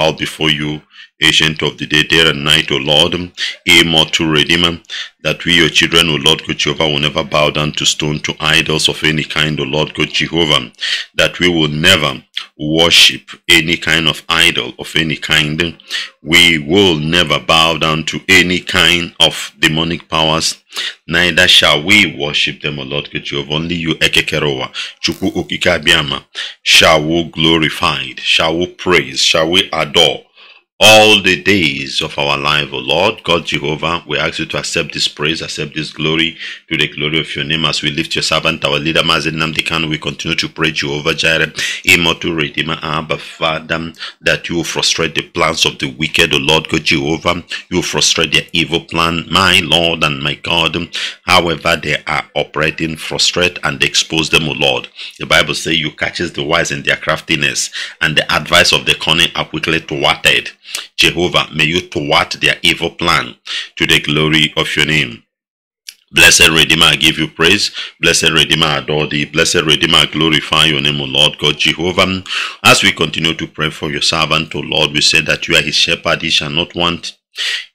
out before you, agent of the day, day and night, O Lord, immortal Redeemer, that we, your children, O Lord God Jehovah, will never bow down to stone, to idols of any kind, O Lord God Jehovah, that we will never worship any kind of idol of any kind. We will never bow down to any kind of demonic powers, neither shall we worship them, O Lord God Jehovah. Only you, Ekekerowa, Chuku Okikabiama, shall we glorify, shall we praise, shall we adore door all the days of our life, O Lord God Jehovah. We ask you to accept this praise, accept this glory to the glory of your name as we lift your servant, our leader, Mazen Namdekan. We continue to pray, Jehovah Jireh, immortal Redeemer, Abba Father, that you frustrate the plans of the wicked, O Lord God Jehovah. You frustrate their evil plan, my Lord and my God. However, they are operating, frustrate and expose them, O Lord. The Bible says you catches the wise in their craftiness, and the advice of the cunning are quickly thwarted. Jehovah, may you thwart their evil plan to the glory of your name. Blessed Redeemer, I give you praise. Blessed Redeemer, adore thee. Blessed Redeemer, glorify your name, O Lord God Jehovah. As we continue to pray for your servant, O Lord, we say that you are his shepherd, he shall not want.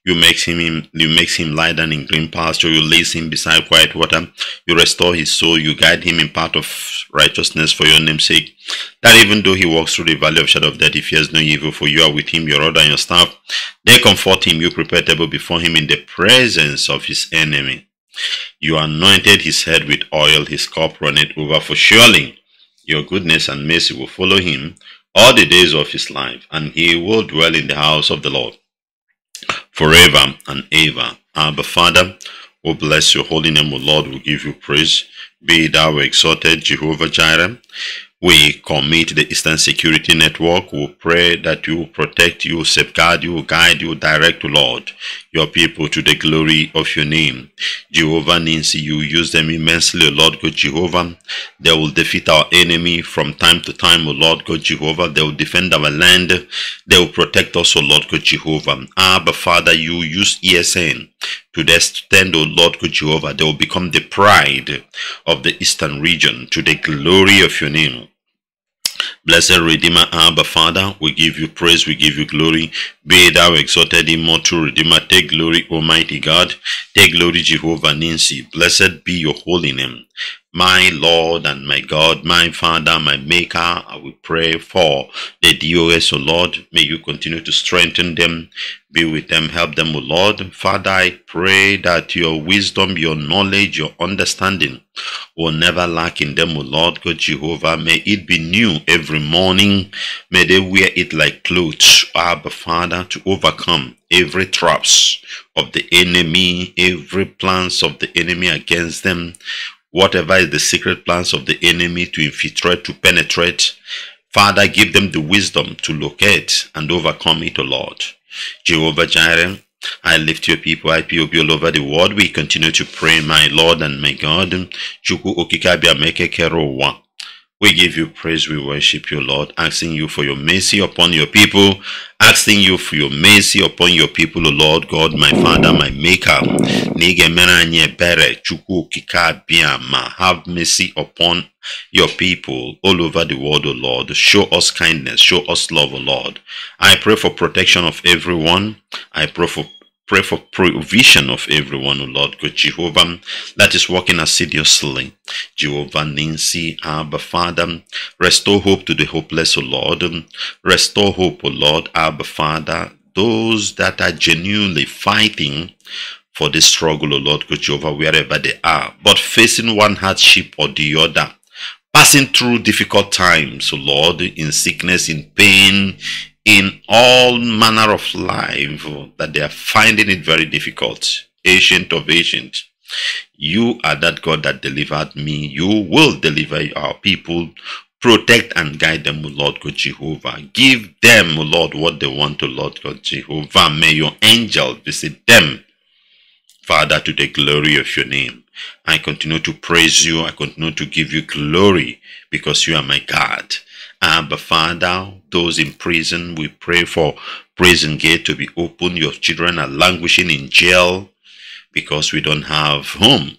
You make him you makes him lie down in green pasture, you lays him beside quiet water, you restore his soul, you guide him in path of righteousness for your name's sake. That even though he walks through the valley of shadow of death, he fears no evil, for you are with him, your rod and your staff. They comfort him, you prepare table before him in the presence of his enemy. You anointed his head with oil, his cup runneth over, for surely your goodness and mercy will follow him all the days of his life, and he will dwell in the house of the Lord forever and ever. Abba Father, O bless your holy name, O Lord, we give you praise. Be thou exalted, Jehovah Jireh. We commit the Eastern Security Network. We pray that you protect, you safeguard, you guide, you direct, Lord, your people to the glory of your name. Jehovah Nancy, you use them immensely, Lord God Jehovah. They will defeat our enemy from time to time, O Lord God Jehovah. They will defend our land. They will protect us, O Lord God Jehovah. Abba, Father, you use ESN to the extent, O Lord God Jehovah. They will become the pride of the eastern region to the glory of your name. Blessed Redeemer, Abba Father, we give you praise, we give you glory. Be thou exalted, immortal Redeemer. Take glory, Almighty God. Take glory, Jehovah Nancy. Blessed be your holy name. My Lord and my God, my Father, my Maker, I will pray for the DOS, O Lord. May you continue to strengthen them, be with them, help them, O Lord. Father, I pray that your wisdom, your knowledge, your understanding will never lack in them, O Lord God Jehovah. May it be new every morning. May they wear it like clothes, Abba Father, to overcome every traps of the enemy, every plans of the enemy against them. Whatever is the secret plans of the enemy to infiltrate, to penetrate, Father, give them the wisdom to locate and overcome it, O Lord. Jehovah Jireh, I lift your people, I IPOB all over the world. We continue to pray, my Lord and my God. Chukwu okike abịa ma ekekere we give you praise, we worship you, Lord, asking you for your mercy upon your people, asking you for your mercy upon your people, O Lord God, my Father, my Maker. Have mercy upon your people all over the world, O Lord. Show us kindness, show us love, O Lord. I pray for protection of everyone. I pray for Pray for provision of everyone, O Lord God Jehovah, that is working assiduously. Jehovah Nancy, Abba Father, restore hope to the hopeless, O Lord. Restore hope, O Lord, Abba Father, those that are genuinely fighting for this struggle, O Lord God Jehovah, wherever they are, but facing one hardship or the other passing through difficult times, O Lord, in sickness, in pain, in all manner of life that they are finding it very difficult. Ancient of ancients, you are that God that delivered me. You will deliver our people. Protect and guide them, O Lord God Jehovah. Give them, O Lord, what they want, O Lord God Jehovah. May your angel visit them, Father, to the glory of your name. I continue to praise you. I continue to give you glory because you are my God. Abba, Father, those in prison. We pray for prison gate to be open. Your children are languishing in jail because we don't have home.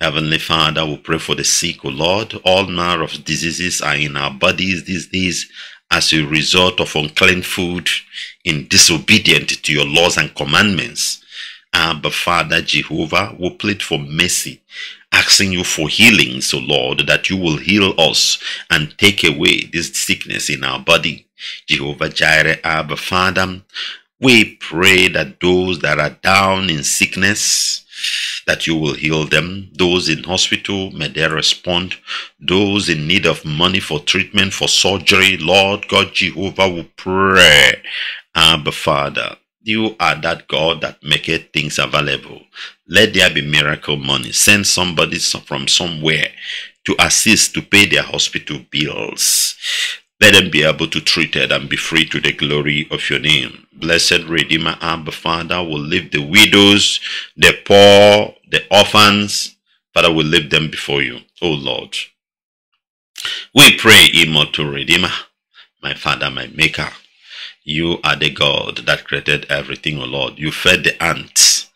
Heavenly Father, we pray for the sick, O Lord. All manner of diseases are in our bodies these days as a result of unclean food in disobedient to your laws and commandments. Abba Father Jehovah, we plead for mercy asking you for healing, so Lord, that you will heal us and take away this sickness in our body. Jehovah Jireh, Abba Father, we pray that those that are down in sickness, that you will heal them. Those in hospital, may they respond. Those in need of money for treatment, for surgery, Lord God Jehovah, we pray. Abba Father, you are that God that maketh things available. Let there be miracle money. Send somebody from somewhere to assist to pay their hospital bills. Let them be able to treat it and be free to the glory of your name. Blessed Redeemer Abba Father will lift the widows, the poor, the orphans. Father will lift them before you, O oh Lord. We pray, immortal Redeemer, my Father, my Maker. You are the God that created everything, O Lord. You fed the ants.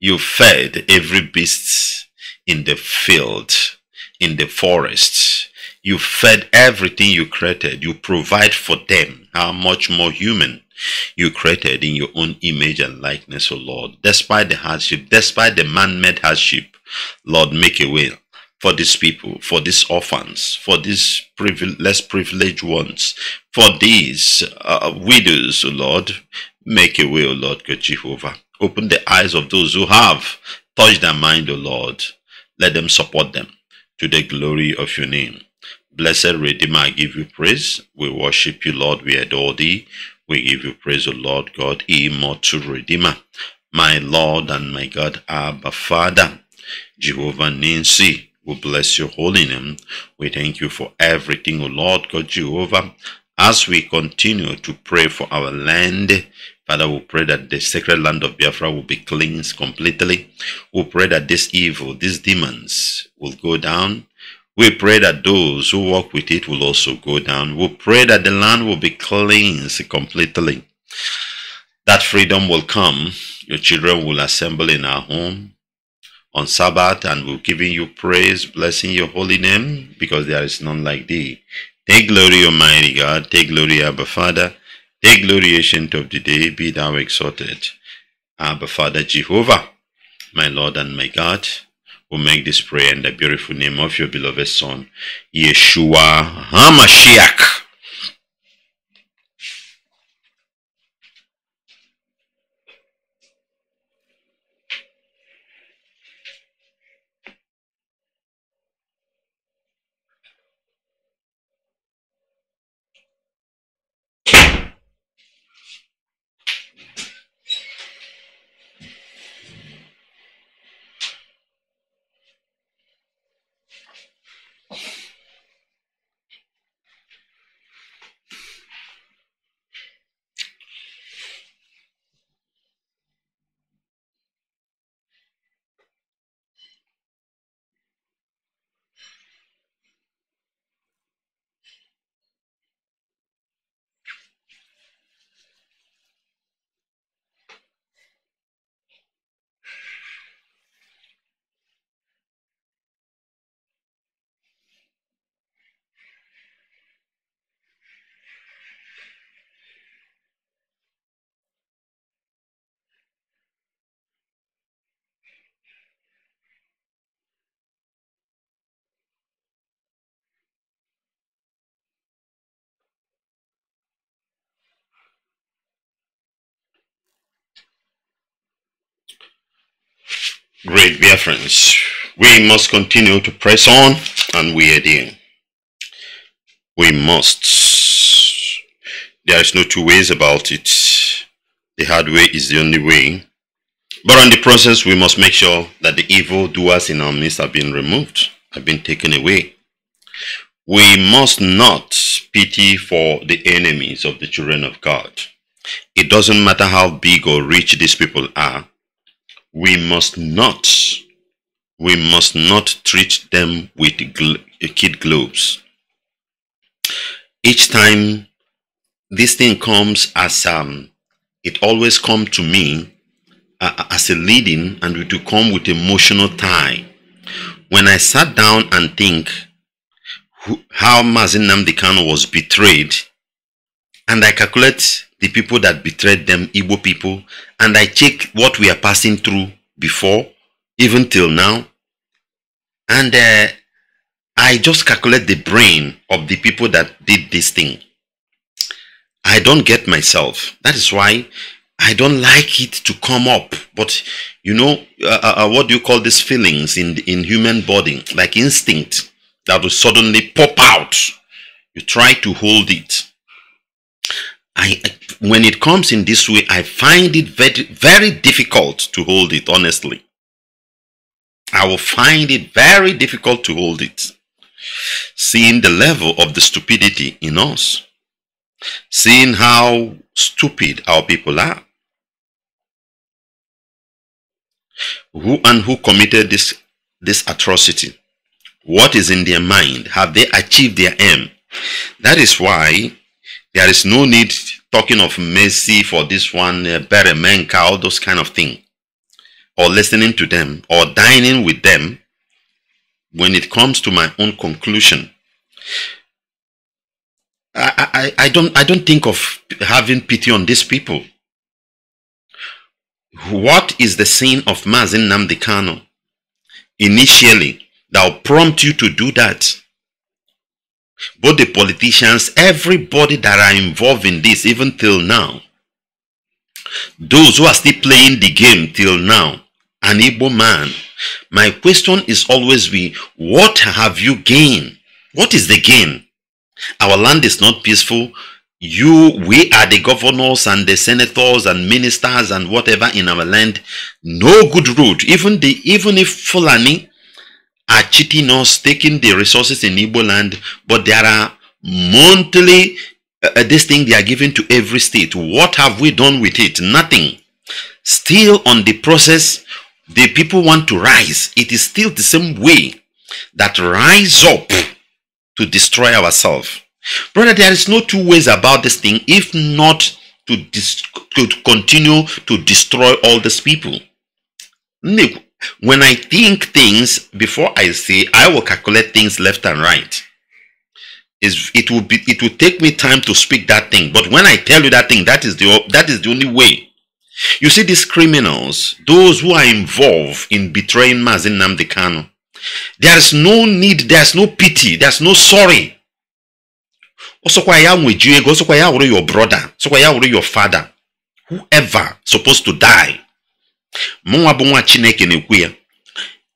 You fed every beast in the field, in the forest. You fed everything you created. You provide for them. How much more human you created in your own image and likeness, O Lord. Despite the hardship, despite the man-made hardship, Lord, make a way for these people, for these orphans, for these less privileged ones, for these uh, widows, O Lord. Make a way, O Lord, God Jehovah. Open the eyes of those who have touched their mind, O Lord. Let them support them to the glory of your name. Blessed Redeemer, I give you praise. We worship you, Lord. We adore thee. We give you praise, O Lord God, immortal Redeemer. My Lord and my God, Abba Father, Jehovah Nancy. We bless your holy name. We thank you for everything, O Lord God Jehovah. As we continue to pray for our land, Father, we pray that the sacred land of Biafra will be cleansed completely. We pray that this evil, these demons will go down. We pray that those who walk with it will also go down. We pray that the land will be cleansed completely. That freedom will come. Your children will assemble in our home on Sabbath and we're giving you praise, blessing your holy name, because there is none like thee. Take glory, Almighty God. Take glory, Abba Father. Take glory, Ancient of the Day. Be thou exalted. Abba Father Jehovah, my Lord and my God, who make this prayer in the beautiful name of your beloved Son, Yeshua HaMashiach. Great, dear friends. We must continue to press on and we are doing. We must. There is no two ways about it. The hard way is the only way. But on the process, we must make sure that the evil doers in our midst have been removed, have been taken away. We must not pity for the enemies of the children of God. It doesn't matter how big or rich these people are, we must not we must not treat them with uh, kid gloves each time this thing comes as um it always come to me uh, as a leading and it come with emotional tie when i sat down and think who, how mazin namdekano was betrayed and i calculate the people that betrayed them, Igbo people, and I check what we are passing through before, even till now. And uh, I just calculate the brain of the people that did this thing. I don't get myself. That is why I don't like it to come up. But you know, uh, uh, uh what do you call these feelings in in human body, like instinct that will suddenly pop out? You try to hold it. I, when it comes in this way, I find it very, very difficult to hold it, honestly. I will find it very difficult to hold it. Seeing the level of the stupidity in us, seeing how stupid our people are, who and who committed this, this atrocity, what is in their mind, have they achieved their aim? That is why there is no need talking of mercy for this one, uh, Beremenka, all those kind of thing, or listening to them, or dining with them, when it comes to my own conclusion, I, I, I don't I don't think of having pity on these people. What is the sin of Mazin Namdekano initially that will prompt you to do that? both the politicians, everybody that are involved in this, even till now, those who are still playing the game till now, an Igbo man, my question is always be, what have you gained? What is the gain? Our land is not peaceful. You, we are the governors and the senators and ministers and whatever in our land. No good road. Even the even if Fulani are cheating us, taking the resources in Igbo land, but there are monthly, uh, uh, this thing they are giving to every state. What have we done with it? Nothing. Still on the process, the people want to rise. It is still the same way that rise up to destroy ourselves. Brother, there is no two ways about this thing if not to, to continue to destroy all these people. When I think things before I say, I will calculate things left and right. Is it will be it will take me time to speak that thing. But when I tell you that thing, that is the that is the only way. You see, these criminals, those who are involved in betraying Mazin Namdekano, there is no need, there's no pity, there's no sorry. Osokwa ya nweju ego, osokwa ya wuru your brother, osokwa ya your father, whoever supposed to die mụnwa bụ chineke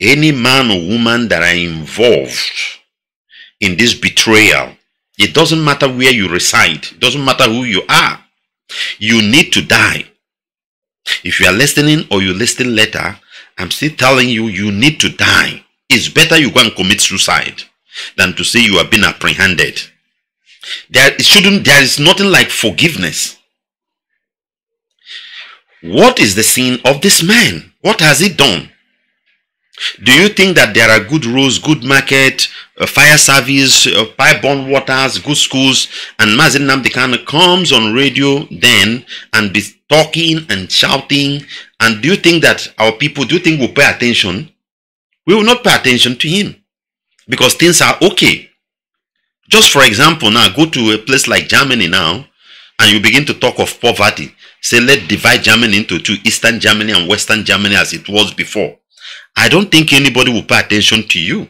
any man or woman that are involved in this betrayal it doesn't matter where you reside it doesn't matter who you are you need to die if you are listening or you listen later i'm still telling you you need to die it's better you go and commit suicide than to say you are being apprehended there shouldn't there is nothing like forgiveness what is the sin of this man? What has he done? Do you think that there are good roads, good market, uh, fire service, uh, pipe-borne waters, good schools, and Mazin Namdekan comes on radio then and be talking and shouting? And do you think that our people, do you think will pay attention? We will not pay attention to him because things are okay. Just for example, now go to a place like Germany now and you begin to talk of poverty. Say, let divide Germany into two, Eastern Germany and Western Germany as it was before. I don't think anybody will pay attention to you.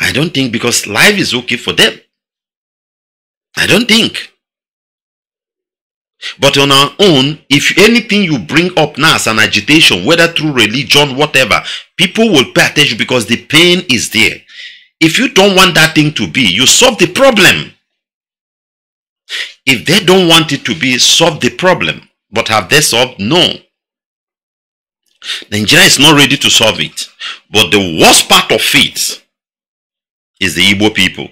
I don't think because life is okay for them. I don't think. But on our own, if anything you bring up now as an agitation, whether through religion, whatever, people will pay attention because the pain is there. If you don't want that thing to be, you solve the problem. If they don't want it to be, solve the problem. But have they solved? No. The is not ready to solve it. But the worst part of it is the Igbo people.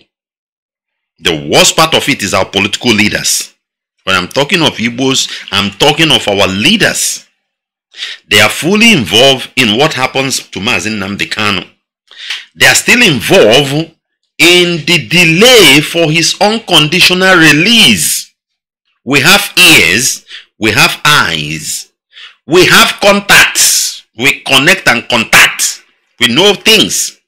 The worst part of it is our political leaders. When I'm talking of Igbos, I'm talking of our leaders. They are fully involved in what happens to Mazin Namdekano. They are still involved in the delay for his unconditional release. We have ears, we have eyes, we have contacts, we connect and contact, we know things.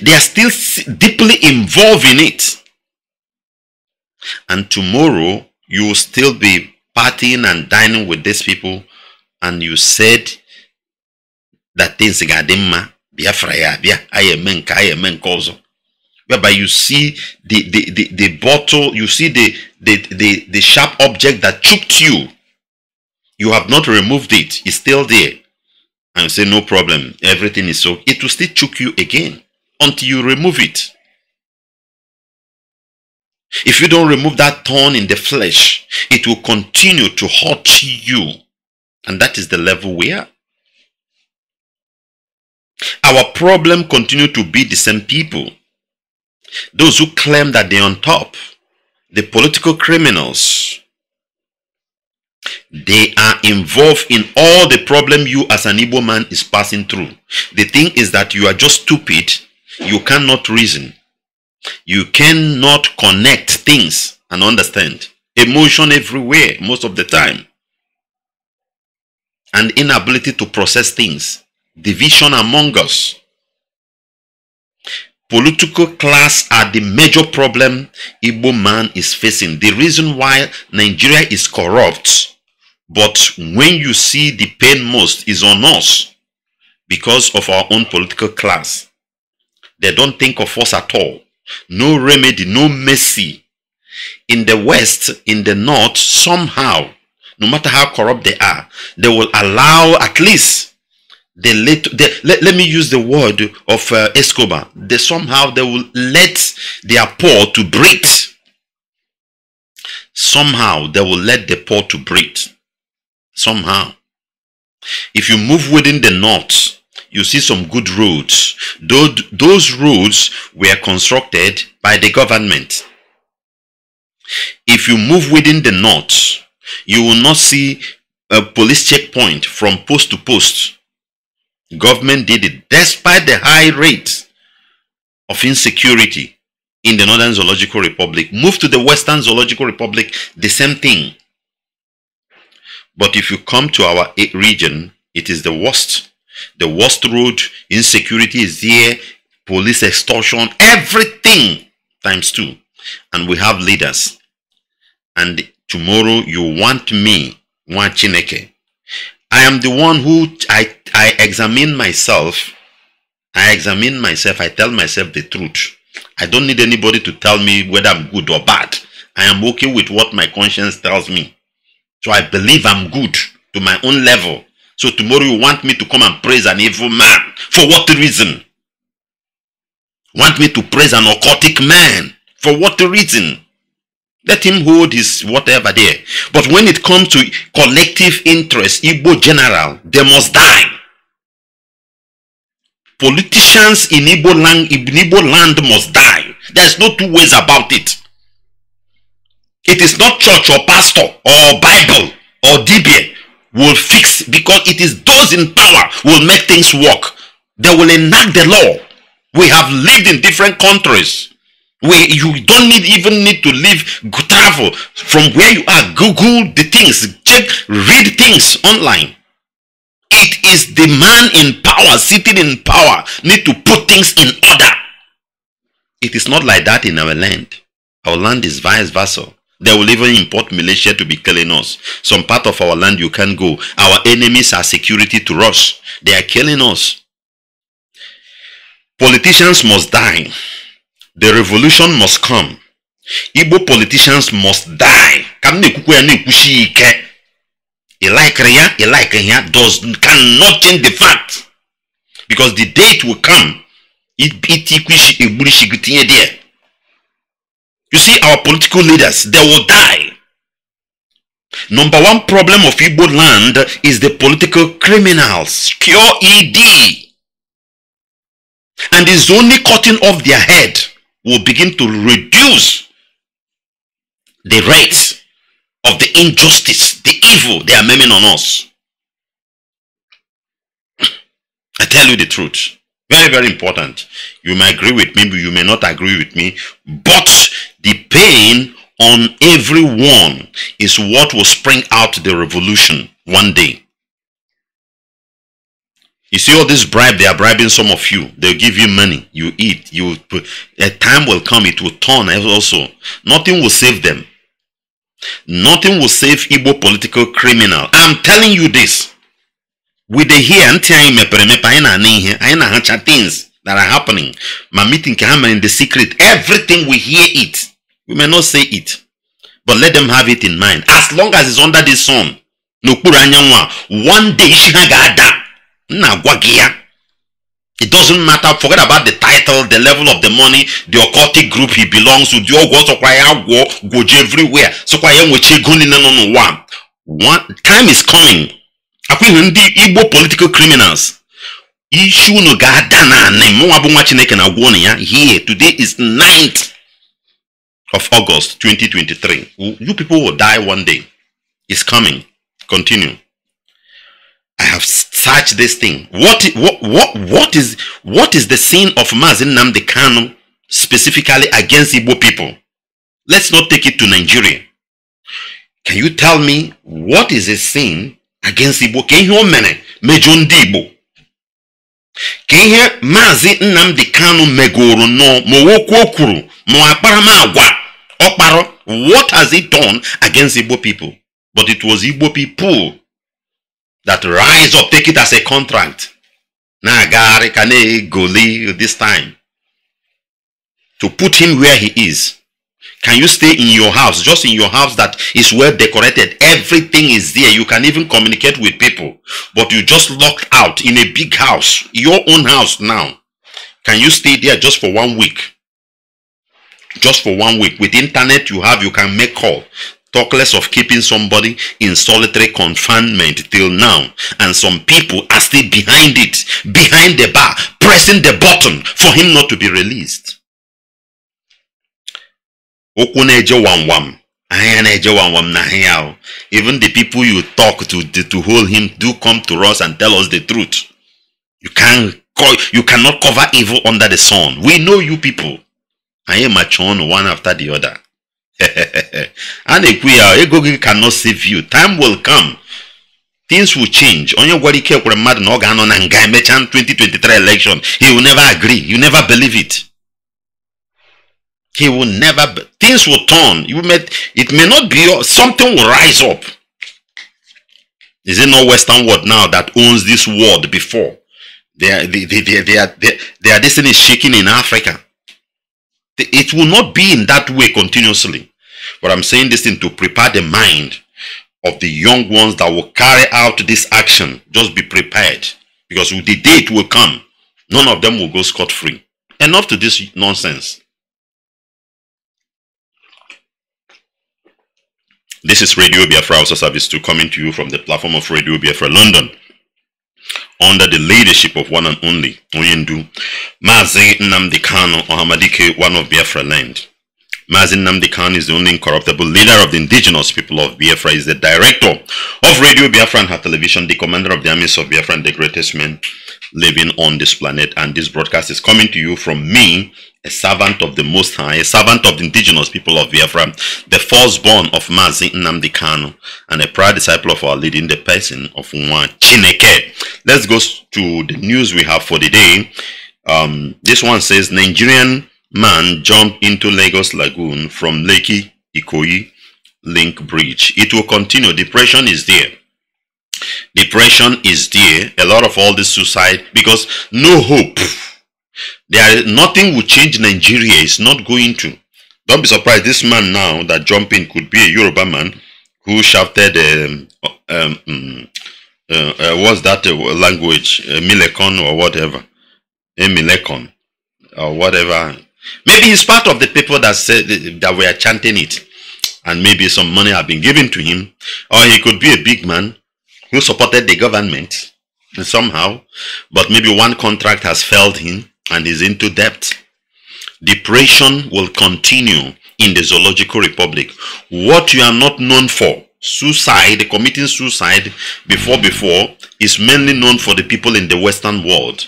They are still deeply involved in it. And tomorrow, you will still be partying and dining with these people, and you said that things are Biafra ya bia ayɛ menka ayɛ menka ọzọ whereby you see the the the, the bottle you see the, the the the sharp object that choked you you have not removed it it's still there and you say no problem everything is so it will still choke you again until you remove it if you don't remove that thorn in the flesh it will continue to hurt you and that is the level we are our problem continue to be the same people. Those who claim that they're on top, the political criminals, they are involved in all the problem you as an Igbo man is passing through. The thing is that you are just stupid. You cannot reason. You cannot connect things and understand. Emotion everywhere most of the time. And inability to process things division among us. Political class are the major problem Igbo man is facing. The reason why Nigeria is corrupt, but when you see the pain most is on us because of our own political class. They don't think of us at all. No remedy, no mercy. In the West, in the North, somehow, no matter how corrupt they are, they will allow at least they let, they, let, let me use the word of uh, Escobar. They somehow they will let their poor to breathe. Somehow they will let the poor to breathe. Somehow. If you move within the north, you see some good roads. Those, those roads were constructed by the government. If you move within the north, you will not see a police checkpoint from post to post. Government did it despite the high rates of insecurity in the Northern Zoological Republic. Move to the Western Zoological Republic, the same thing. But if you come to our region, it is the worst. The worst road, insecurity is there, police extortion, everything times two. And we have leaders. And tomorrow you want me, Nwa Chineke, I am the one who I, I examine myself. I examine myself. I tell myself the truth. I don't need anybody to tell me whether I'm good or bad. I am okay with what my conscience tells me. So I believe I'm good to my own level. So tomorrow you want me to come and praise an evil man. For what reason? Want me to praise an occultic man? For what reason? Let him hold his whatever there. But when it comes to collective interest, Igbo general, they must die. Politicians in Igbo land, in Igbo land must die. There's no two ways about it. It is not church or pastor or Bible or DBA will fix because it is those in power will make things work. They will enact the law. We have lived in different countries where you don't need even need to leave travel from where you are google the things check read things online it is the man in power sitting in power need to put things in order it is not like that in our land our land is vice versa they will even import militia to be killing us. Some part of our land you can't go. Our enemies are security to us. They are killing us. Politicians must die the revolution must come igbo politicians must die ka m ya na ike ilikere ya ilikere ya does cannot change the fact because the date will come itikwishi egburishi gị tinye there you see our political leaders they will die number one problem of igbo land is the political criminals qed and is only cutting off their head will begin to reduce the rates of the injustice, the evil they are maiming on us. I tell you the truth. Very, very important. You may agree with me, you may not agree with me, but the pain on everyone is what will spring out the revolution one day. You see all this bribe, they are bribing some of you. They'll give you money. You eat. You a time will come, it will turn also. Nothing will save them. Nothing will save Igbo political criminal. I'm telling you this. With the here things that are happening. My meeting can happen in the secret. Everything we hear it. We may not say it. But let them have it in mind. As long as it's under the sun. One day she that na-agwa it doesn't matter forget about the title the level of the money the occultic group he belongs to ụdị go to ya gwọ everywhere So ya nwechi ego niile time is coming akwụghị ndị igbo political criminals isi unu ga na here today is 9th of august 2023 you people will die one day it's coming continue I have searched this thing. What, what, what, what, is, what is the sin of Mazin Namdi Kanu specifically against Igbo people? Let's not take it to Nigeria. Can you tell me what is a sin against Igbo? Can you mene mejo ndị Igbo? Ka ihe Maazị Nnamdi Kanu megoro nọ ma okwu o ma akparamagwa what has it done against Igbo people? But it was Igbo people that rise up, take it as a contract. Now, Kane Goli this time. To put him where he is. Can you stay in your house, just in your house that is well decorated? Everything is there. You can even communicate with people. But you just locked out in a big house, your own house now. Can you stay there just for one week? Just for one week. With internet you have, you can make call talk less of keeping somebody in solitary confinement till now and some people are still behind it behind the bar pressing the button for him not to be released okwu na-eje wamwam anya na-eje na even the people you talk to to hold him do come to us and tell us the truth you can you cannot cover evil under the sun we know you people am macha ọnụ one after the other a na-ekwu ya ego gị cannot save you time will come things will change onye gwara ike kwere mmadụ na ọ ga-anọ na nga emechaa 2023 election he will never agree you never believe it he will never things will turn you may, it may not be something will rise up is it not western world now that owns this world before they, they, they, their, their, their destiny is shaking in africa it will not be in that way continuously. But I'm saying this thing to prepare the mind of the young ones that will carry out this action. Just be prepared. Because the day it will come, none of them will go scot-free. Enough to this nonsense. This is Radio Biafra House Service to coming to you from the platform of Radio Biafra London under the leadership of one and only Oyendu, Mazi Nnamdi Kanu Ohamadike, one of Biafra land. Mazi Nnamdi Kanu is the only incorruptible leader of the indigenous people of Biafra, is the director of Radio Biafra and her television, the commander of the armies of Biafra and the greatest man living on this planet. And this broadcast is coming to you from me, a servant of the Most High, a servant of the indigenous people of Biafra, the firstborn of Mazi Nnamdi Kanu, and a proud disciple of our leading the person of Nwa Chineke. Let's go to the news we have for the day. Um, this one says Nigerian man jumped into Lagos Lagoon from lake Ikoyi Link Bridge. It will continue. Depression is there. Depression is there. A lot of all this suicide because no hope. There is nothing will change Nigeria. It's not going to. Don't be surprised. This man now that jumping could be a Yoruba man who shouted, um, um, mm, uh, uh, what's that uh, language? Uh, Milekon or whatever. A eh, Milekon or whatever. Maybe he's part of the people that said that were chanting it. And maybe some money have been given to him. Or he could be a big man who supported the government somehow, but maybe one contract has failed him and is into debt. Depression will continue in the zoological republic. What you are not known for, suicide, committing suicide before before, is mainly known for the people in the Western world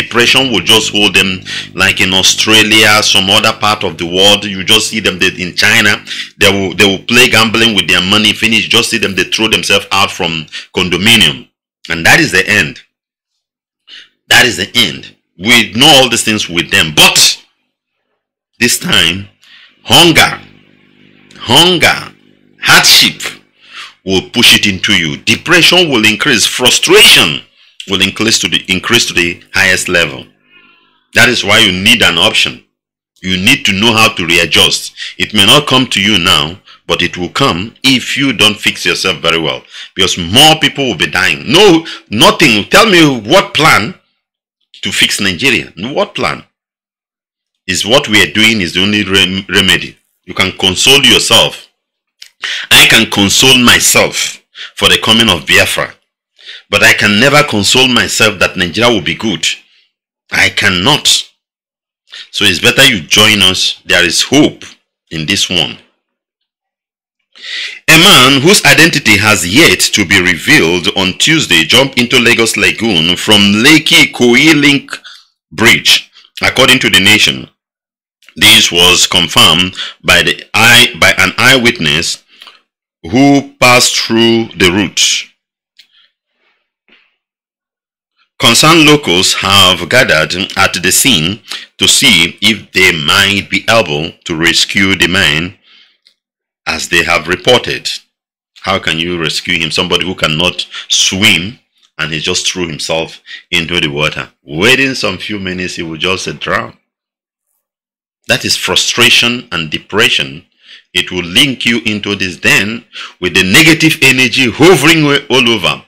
depression will just hold them like in australia some other part of the world you just see them in china they will they will play gambling with their money finish just see them they throw themselves out from condominium and that is the end that is the end we know all these things with them but this time hunger hunger hardship will push it into you depression will increase frustration will increase to the increase to the highest level. That is why you need an option. You need to know how to readjust. It may not come to you now, but it will come if you don't fix yourself very well. Because more people will be dying. No, nothing. Tell me what plan to fix Nigeria. What plan? Is what we are doing is the only rem remedy. You can console yourself. I can console myself for the coming of Biafra but I can never console myself that Nigeria will be good. I cannot. So it's better you join us. There is hope in this one. A man whose identity has yet to be revealed on Tuesday jumped into Lagos Lagoon from Lakey Koi Link Bridge, according to the nation. This was confirmed by the eye by an eyewitness who passed through the route. Concerned locals have gathered at the scene to see if they might be able to rescue the man as they have reported. How can you rescue him? Somebody who cannot swim and he just threw himself into the water. Waiting some few minutes, he would just drown. That is frustration and depression. It will link you into this den with the negative energy hovering all over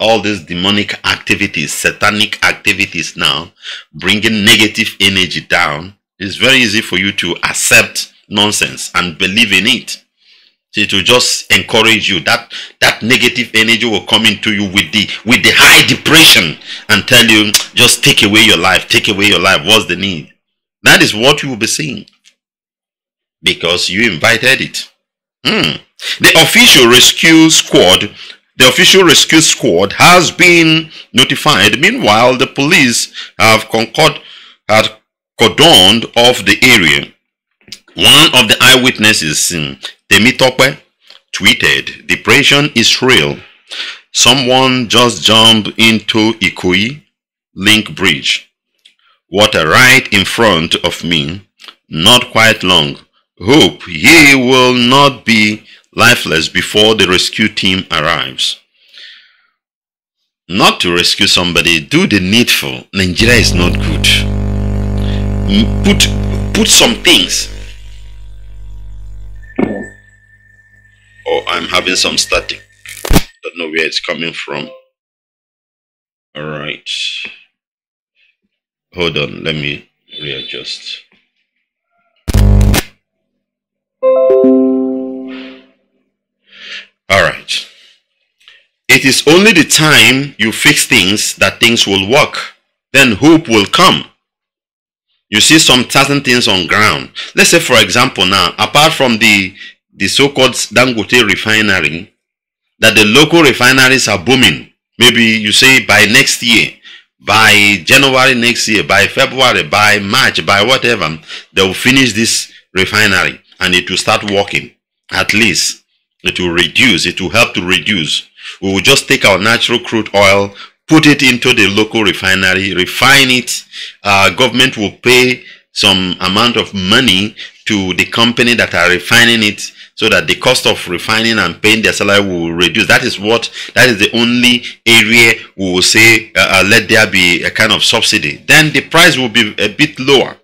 all these demonic activities, satanic activities now, bringing negative energy down, it's very easy for you to accept nonsense and believe in it. See, to just encourage you. That that negative energy will come into you with the with the high depression and tell you, just take away your life, take away your life. What's the need? That is what you will be seeing. Because you invited it. Mm. The official rescue squad the official rescue squad has been notified. Meanwhile, the police have concord, had cordoned off the area. One of the eyewitnesses, Temitope, tweeted, Depression is real. Someone just jumped into Ikoyi Link Bridge. Water right in front of me. Not quite long. Hope he will not be lifeless before the rescue team arrives. Not to rescue somebody, do the needful. Nigeria is not good. Put put some things. Oh, I'm having some static. Don't know where it's coming from. All right. Hold on, let me readjust. All right. It is only the time you fix things that things will work. Then hope will come. You see some thousand things on ground. Let's say, for example, now, apart from the, the so-called Dangote refinery, that the local refineries are booming. Maybe you say by next year, by January next year, by February, by March, by whatever, they will finish this refinery and it will start working, at least. It will reduce, it will help to reduce. We will just take our natural crude oil, put it into the local refinery, refine it. Uh, government will pay some amount of money to the company that are refining it so that the cost of refining and paying their salary will reduce. That is what, that is the only area we will say uh, uh, let there be a kind of subsidy. Then the price will be a bit lower.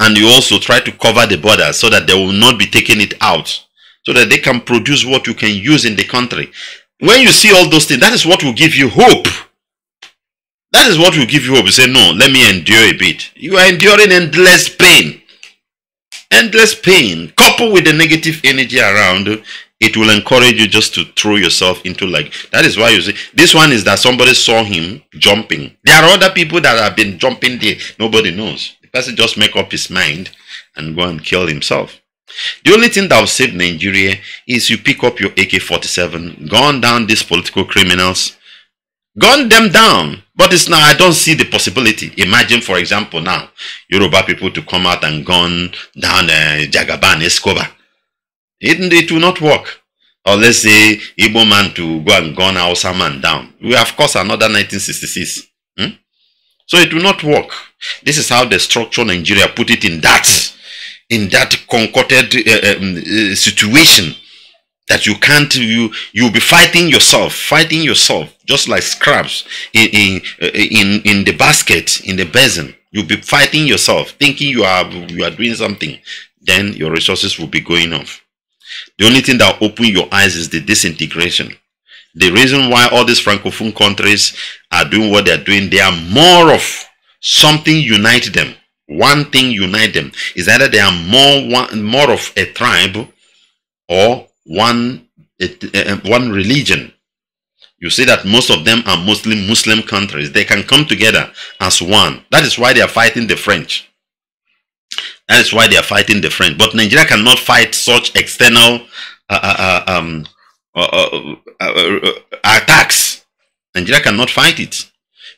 And you also try to cover the borders so that they will not be taking it out so that they can produce what you can use in the country. When you see all those things, that is what will give you hope. That is what will give you hope. You say, no, let me endure a bit. You are enduring endless pain. Endless pain, coupled with the negative energy around, it will encourage you just to throw yourself into like that is why you see this one is that somebody saw him jumping. There are other people that have been jumping there. Nobody knows. The person just make up his mind and go and kill himself. The only thing that will save Nigeria is you pick up your AK-47, gun down these political criminals, gun them down. But it's now, I don't see the possibility. Imagine, for example, now, Yoruba people to come out and gun down uh, Jagaban Escobar. It, it will not work. Or let's say Igbo man to go and gun Hausa man down. We have, of course, another 1966. Hmm? So it will not work. This is how they structure Nigeria, put it in that in that concocted uh, um, uh, situation that you can't you you'll be fighting yourself fighting yourself just like scraps in in uh, in, in the basket in the basin you'll be fighting yourself thinking you are you are doing something then your resources will be going off the only thing that open your eyes is the disintegration the reason why all these francophone countries are doing what they are doing they are more of something unite them one thing unite them is either they are more one more of a tribe or one uh, one religion you see that most of them are mostly muslim countries they can come together as one that is why they are fighting the french that is why they are fighting the french but nigeria cannot fight such external uh, uh, uh um, uh, uh, attacks nigeria cannot fight it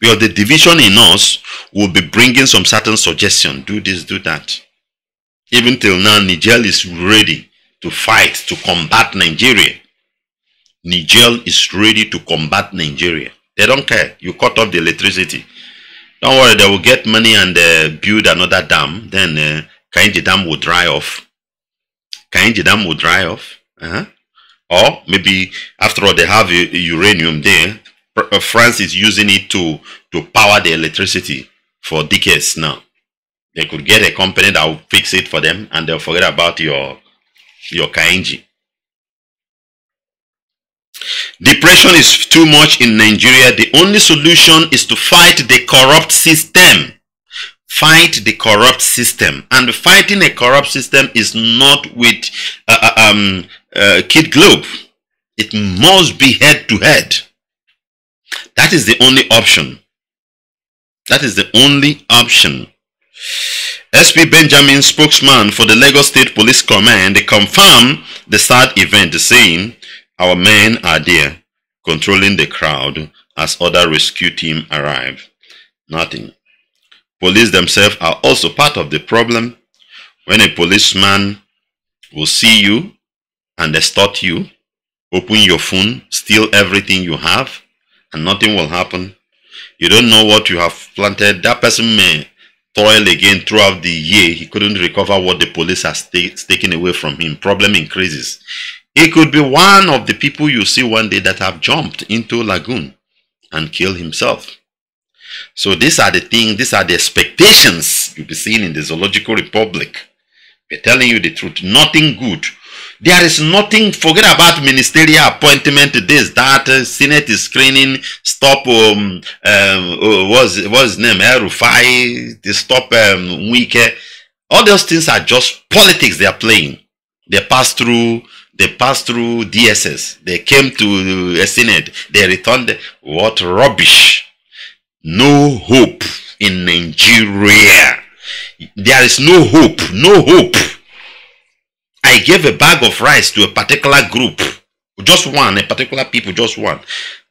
because the division in us will be bringing some certain suggestion. Do this, do that. Even till now, Niger is ready to fight, to combat Nigeria. Niger is ready to combat Nigeria. They don't care. You cut off the electricity. Don't worry, they will get money and uh, build another dam. Then uh, Kainji Dam will dry off. Kainji Dam will dry off. Uh -huh. Or maybe after all, they have uranium there. Uh, France is using it to, to power the electricity for decades now. They could get a company that will fix it for them and they'll forget about your, your Kainji. Depression is too much in Nigeria. The only solution is to fight the corrupt system. Fight the corrupt system. And fighting a corrupt system is not with uh, uh um, uh, Kid Globe. It must be head to head. That is the only option. That is the only option. SP Benjamin, spokesman for the Lagos State Police Command, confirmed the sad event, saying, Our men are there, controlling the crowd as other rescue team arrive. Nothing. Police themselves are also part of the problem. When a policeman will see you and extort you, open your phone, steal everything you have, and nothing will happen. You don't know what you have planted. That person may toil again throughout the year. He couldn't recover what the police has taken away from him. Problem increases. He could be one of the people you see one day that have jumped into lagoon and killed himself. So these are the things, these are the expectations you'll be seeing in the Zoological Republic. We're telling you the truth. Nothing good There is nothing, forget about ministerial appointment, this, that, uh, Senate screening, stop, um, um, uh, what's, what's his name, El The stop um, Wike. All those things are just politics they are playing. They pass through they pass through DSS. They came to a uh, Senate. They returned. What rubbish. No hope in Nigeria. There is no hope. No hope. I gave a bag of rice to a particular group, just one, a particular people, just one,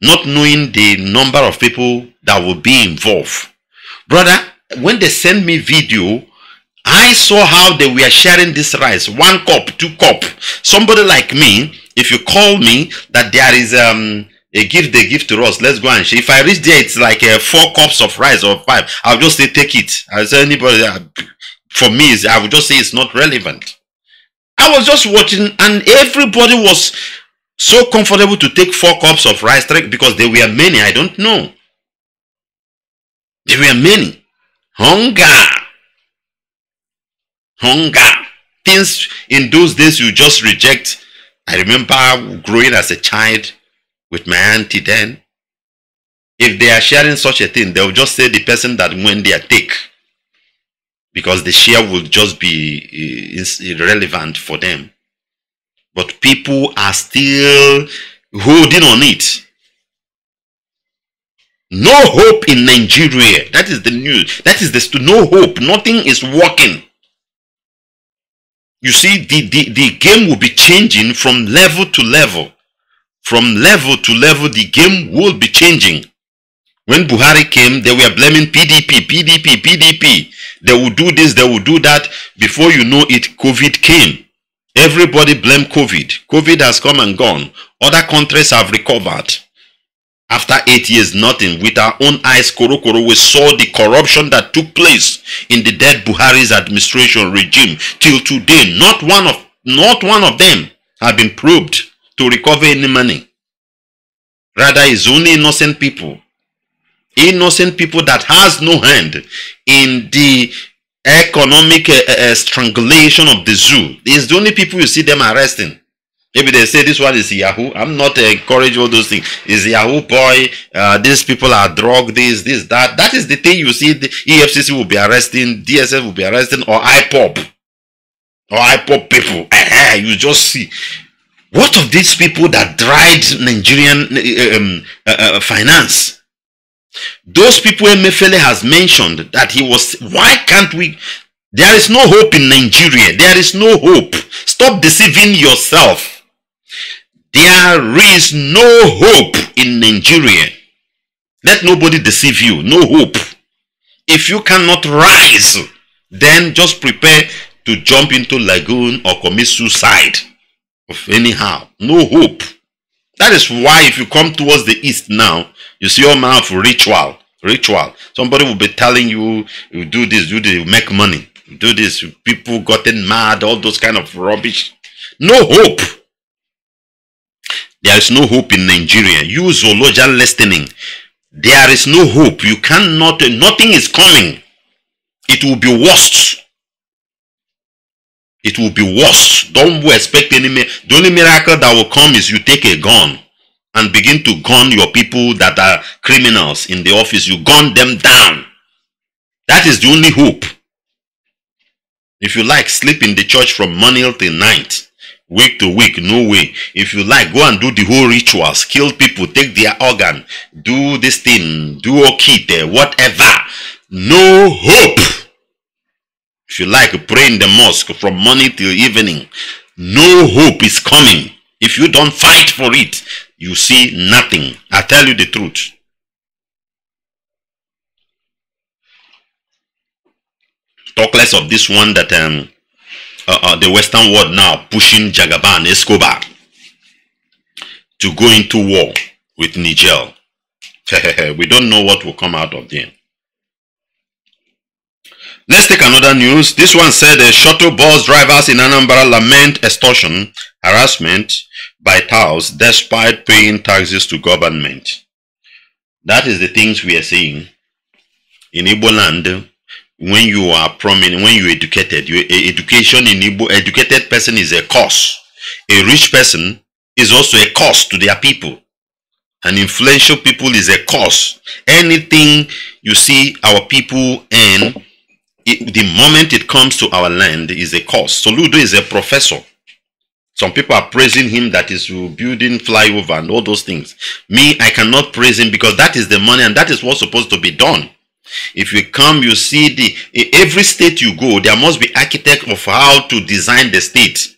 not knowing the number of people that will be involved. Brother, when they sent me video, I saw how they were sharing this rice. One cup, two cup. Somebody like me, if you call me that there is um, a gift they give to us, let's go and share. If I reach there, it's like uh, four cups of rice or five. I'll just say take it. I say anybody. Uh, for me, I would just say it's not relevant. I was just watching and everybody was so comfortable to take four cups of rice because there were many. I don't know. There were many. Hunger. Hunger. Things in those days you just reject. I remember growing as a child with my auntie then. If they are sharing such a thing, they'll just say the person that when they are take because the share will just be eh, irrelevant for them. But people are still holding on it. No hope in Nigeria. That is the news. That is the no hope. Nothing is working. You see, the, the, the game will be changing from level to level. From level to level, the game will be changing. When Buhari came, they were blaming PDP, PDP, PDP. They will do this, they will do that. Before you know it, COVID came. Everybody blamed COVID. COVID has come and gone. Other countries have recovered. After eight years, nothing. With our own eyes, Korokoro, Koro, we saw the corruption that took place in the dead Buhari's administration regime. Till today, not one of not one of them have been proved to recover any money. Rather, it's only innocent people innocent people that has no hand in the economic uh, uh, strangulation of the zoo. It's the only people you see them arresting. Maybe they say this one is Yahoo. I'm not uh, encouraging all those things. Is Yahoo boy? Uh, these people are drug. This, this, that. That is the thing you see. The EFCC will be arresting, DSS will be arresting, or IPOP, or IPOP people. you just see. What of these people that dried Nigerian um, finance? Those people Emefele has mentioned that he was, why can't we? There is no hope in Nigeria. There is no hope. Stop deceiving yourself. There is no hope in Nigeria. Let nobody deceive you. No hope. If you cannot rise, then just prepare to jump into lagoon or commit suicide of anyhow. No hope. That is why if you come towards the east now, you see your mouth ritual, ritual. Somebody will be telling you, you do this, you do this, you make money, you do this. People gotten mad, all those kind of rubbish. No hope. There is no hope in Nigeria. You zoological listening. There is no hope. You cannot, nothing is coming. It will be worse. It will be worse. Don't expect any, the only miracle that will come is you take a gun and begin to gun your people that are criminals in the office. You gun them down. That is the only hope. If you like, sleep in the church from morning till night, week to week, no way. If you like, go and do the whole rituals, kill people, take their organ, do this thing, do okite, whatever. No hope. If you like, pray in the mosque from morning till evening. No hope is coming if you don't fight for it you see nothing. I tell you the truth. Talk less of this one that um, uh, uh, the Western world now pushing Jagaban Escobar to go into war with Niger. we don't know what will come out of them. Let's take another news. This one said uh, shuttle bus drivers in Anambra lament extortion, harassment, by Taos despite paying taxes to government. That is the things we are seeing in Igbo land when you are prominent, when you educated. your education in Igbo, educated person is a cost. A rich person is also a cost to their people. An influential people is a cost. Anything you see our people earn, it, the moment it comes to our land, is a cost. Soludo is a professor. Some people are praising him that is building flyover and all those things. Me, I cannot praise him because that is the money and that is what's supposed to be done. If you come, you see the every state you go, there must be architect of how to design the state.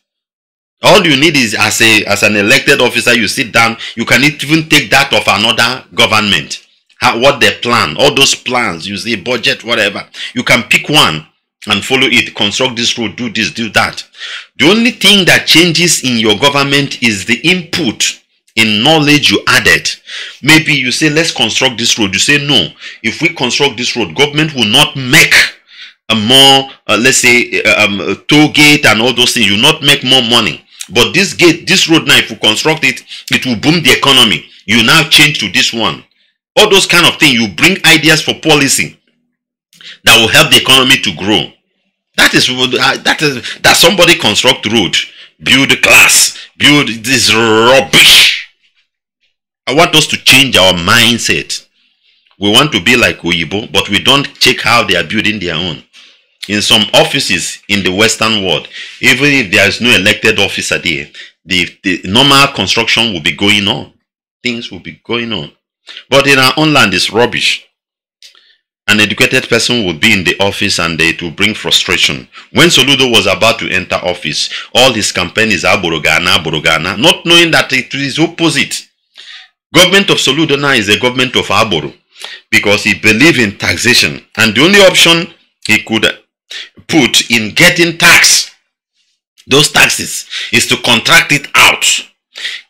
All you need is as a as an elected officer, you sit down, you can even take that of another government. How, what they plan, all those plans, you see budget, whatever. You can pick one and follow it, construct this road, do this, do that. The only thing that changes in your government is the input in knowledge you added. Maybe you say, let's construct this road. You say, no, if we construct this road, government will not make a more, uh, let's say, uh, um, a toll gate and all those things. You not make more money. But this gate, this road now, if we construct it, it will boom the economy. You now change to this one. All those kind of things. You bring ideas for policy that will help the economy to grow. That is uh, that is that somebody construct road, build class, build this rubbish. I want us to change our mindset. We want to be like Oyibo, but we don't check how they are building their own. In some offices in the Western world, even if there is no elected officer there, the, the normal construction will be going on. Things will be going on. But in our own land, it's rubbish an educated person would be in the office and it will bring frustration. When Soludo was about to enter office, all his campaign is Aborogana, Aborogana, not knowing that it is opposite. Government of Soludo now is a government of Aboro because he believed in taxation. And the only option he could put in getting tax, those taxes, is to contract it out.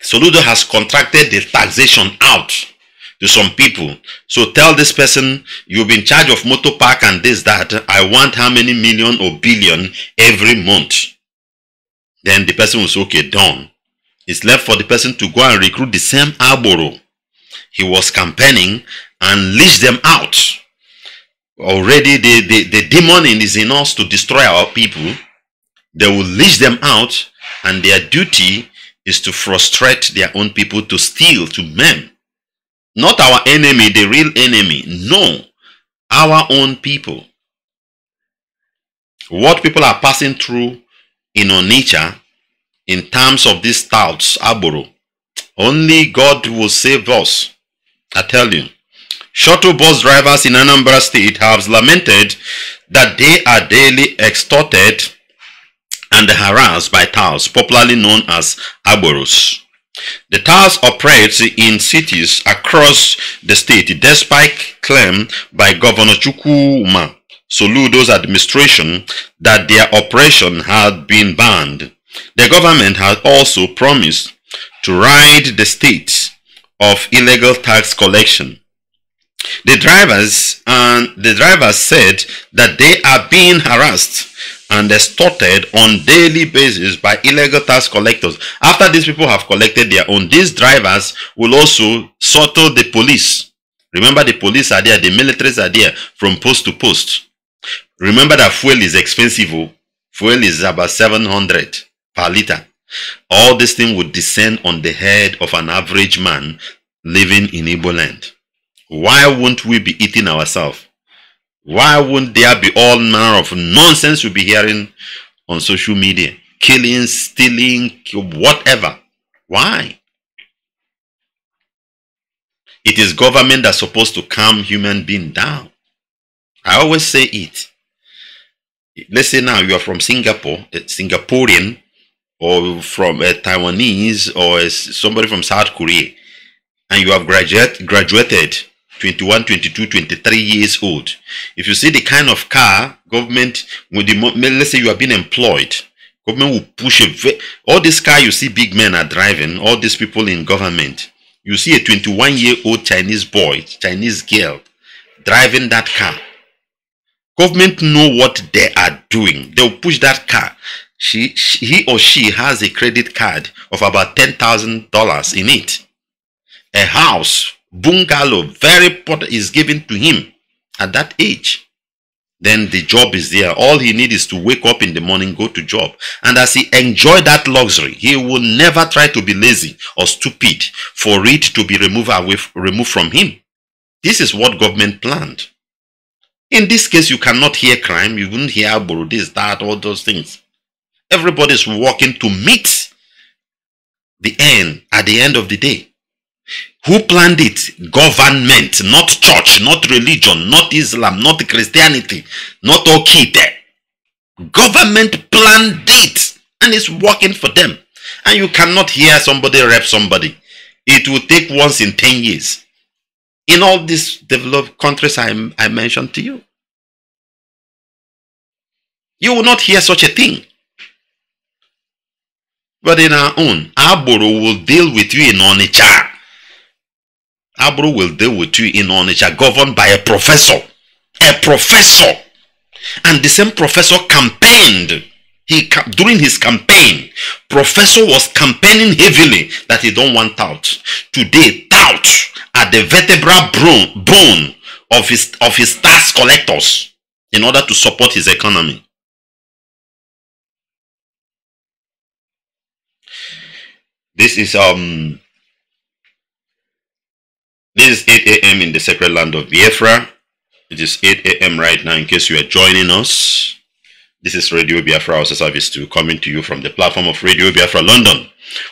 Soludo has contracted the taxation out to some people. So tell this person, you have been in charge of motor park and this, that. I want how many million or billion every month. Then the person will say, okay, done. It's left for the person to go and recruit the same Arboro. He was campaigning and leash them out. Already the, the, the demon is in us to destroy our people. They will leash them out and their duty is to frustrate their own people, to steal, to maim, not our enemy, the real enemy. No, our own people. What people are passing through in Onitsha in terms of these thoughts, Aboro. Only God will save us. I tell you. Shuttle bus drivers in Anambra State have lamented that they are daily extorted and harassed by touts, popularly known as Aboros. The tax operates in cities across the state despite claim by Governor Chukwuma Soludo's administration that their operation had been banned. The government had also promised to rid the state of illegal tax collection the drivers and the drivers said that they are being harassed and extorted on daily basis by illegal tax collectors. After these people have collected their own, these drivers will also settle the police. Remember the police are there, the militaries are there from post to post. Remember that fuel is expensive. Oh. Fuel is about 700 per liter. All this thing would descend on the head of an average man living in Igbo land why won't we be eating ourselves? Why won't there be all manner of nonsense you'll be hearing on social media? Killing, stealing, whatever. Why? It is government that's supposed to calm human being down. I always say it. Let's say now you are from Singapore, a eh, Singaporean, or from a eh, Taiwanese, or eh, somebody from South Korea, and you have graduate, graduated 21, 22, 23 years old. If you see the kind of car government, when the, let's say you have been employed, government will push a, all this car you see big men are driving, all these people in government. You see a 21 year old Chinese boy, Chinese girl driving that car. Government know what they are doing. They'll push that car. She, she, he or she has a credit card of about $10,000 in it. A house bungalow, very pot is given to him at that age. Then the job is there. All he needs is to wake up in the morning, go to job. And as he enjoy that luxury, he will never try to be lazy or stupid for it to be removed away, removed from him. This is what government planned. In this case, you cannot hear crime. You wouldn't hear ah, this, that, all those things. Everybody's working to meet the end at the end of the day. Who planned it? Government, not church, not religion, not Islam, not Christianity, not Okite. Government planned it and it's working for them. And you cannot hear somebody rep somebody. It will take once in 10 years. In all these developed countries I, I mentioned to you. You will not hear such a thing. But in our own, our borough will deal with you in Onitsha. Abro will deal with you in Onitsha, governed by a professor. A professor. And the same professor campaigned. He During his campaign, professor was campaigning heavily that he don't want out. Today, out at the vertebral bone, bone of, his, of his tax collectors in order to support his economy. This is um this is 8 a.m. in the sacred land of Biafra. It is 8 a.m. right now in case you are joining us. This is Radio Biafra also Service 2 coming to you from the platform of Radio Biafra London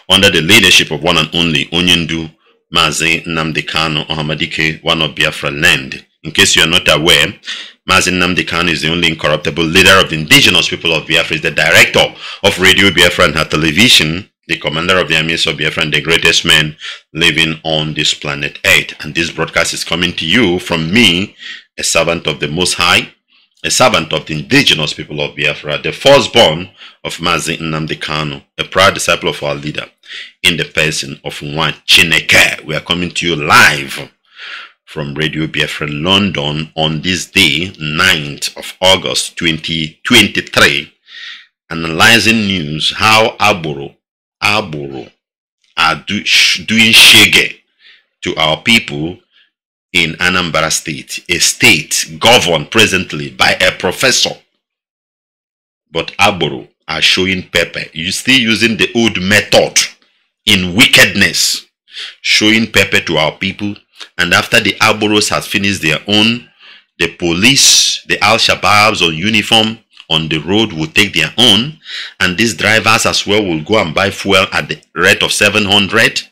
under the leadership of one and only Onyendu Mazi Namdekano Ohamadike, one of Biafra land. In case you are not aware, Mazin Namdekanu is the only incorruptible leader of the indigenous people of Biafra, is the director of Radio Biafra and her television the commander of the armies of Biafra and the greatest men living on this planet Earth. And this broadcast is coming to you from me, a servant of the Most High, a servant of the indigenous people of Biafra, the firstborn of Mazi Nnamdi a proud disciple of our leader, in the person of Nwa Chineke. We are coming to you live from Radio Biafra London on this day, 9th of August 2023, analyzing news how Aburu agbụrụ are do, sh, doing shege to our people in Anambra State, a state governed presently by a professor. But agbụrụ are showing pepper. You still using the old method in wickedness, showing pepper to our people. And after the Alboros has finished their own, the police, the Al Shababs on uniform, on the road will take their own, and these drivers as well will go and buy fuel at the rate of 700.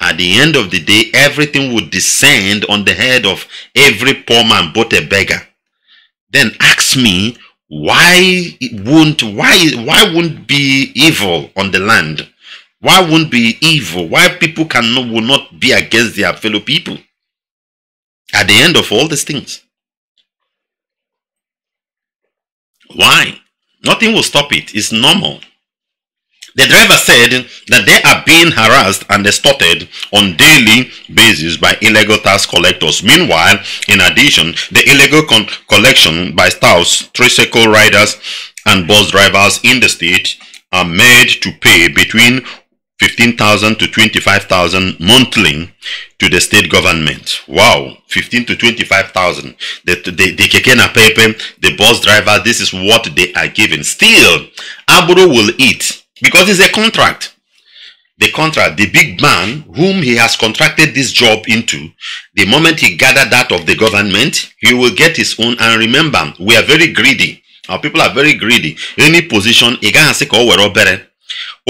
At the end of the day, everything will descend on the head of every poor man but a beggar. Then ask me, why won't why why won't be evil on the land? Why won't be evil? Why people can will not be against their fellow people? At the end of all these things, Why? Nothing will stop it. It's normal. The driver said that they are being harassed and extorted on daily basis by illegal tax collectors. Meanwhile, in addition, the illegal collection by spouse, tricycle riders, and bus drivers in the state are made to pay between 15,000 to 25,000 monthly to the state government. Wow, 15 to 25,000. The, the, the the bus driver, this is what they are given. Still, Aburo will eat because it's a contract. The contract, the big man whom he has contracted this job into, the moment he gathered that of the government, he will get his own. And remember, we are very greedy. Our people are very greedy. Any position, ị gaghị oh, we're all better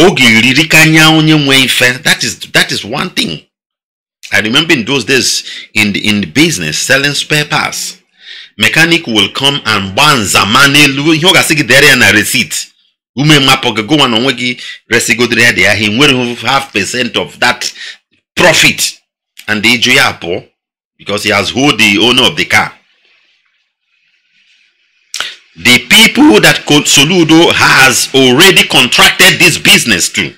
ọ ga-eririkanya onye nwe ife that is that is one thing i remember in those days in the, in the business selling spare parts mechanic will come and gbaa nzama n'elu ihe ọ ga-asị gị dere ya na receipt ume mapụ gị gụwa na onwe gị resigodere ya dị ya he nwere half percent of that profit and the ijo ya because he has hold the owner of the car the people that Soludo has already contracted this business to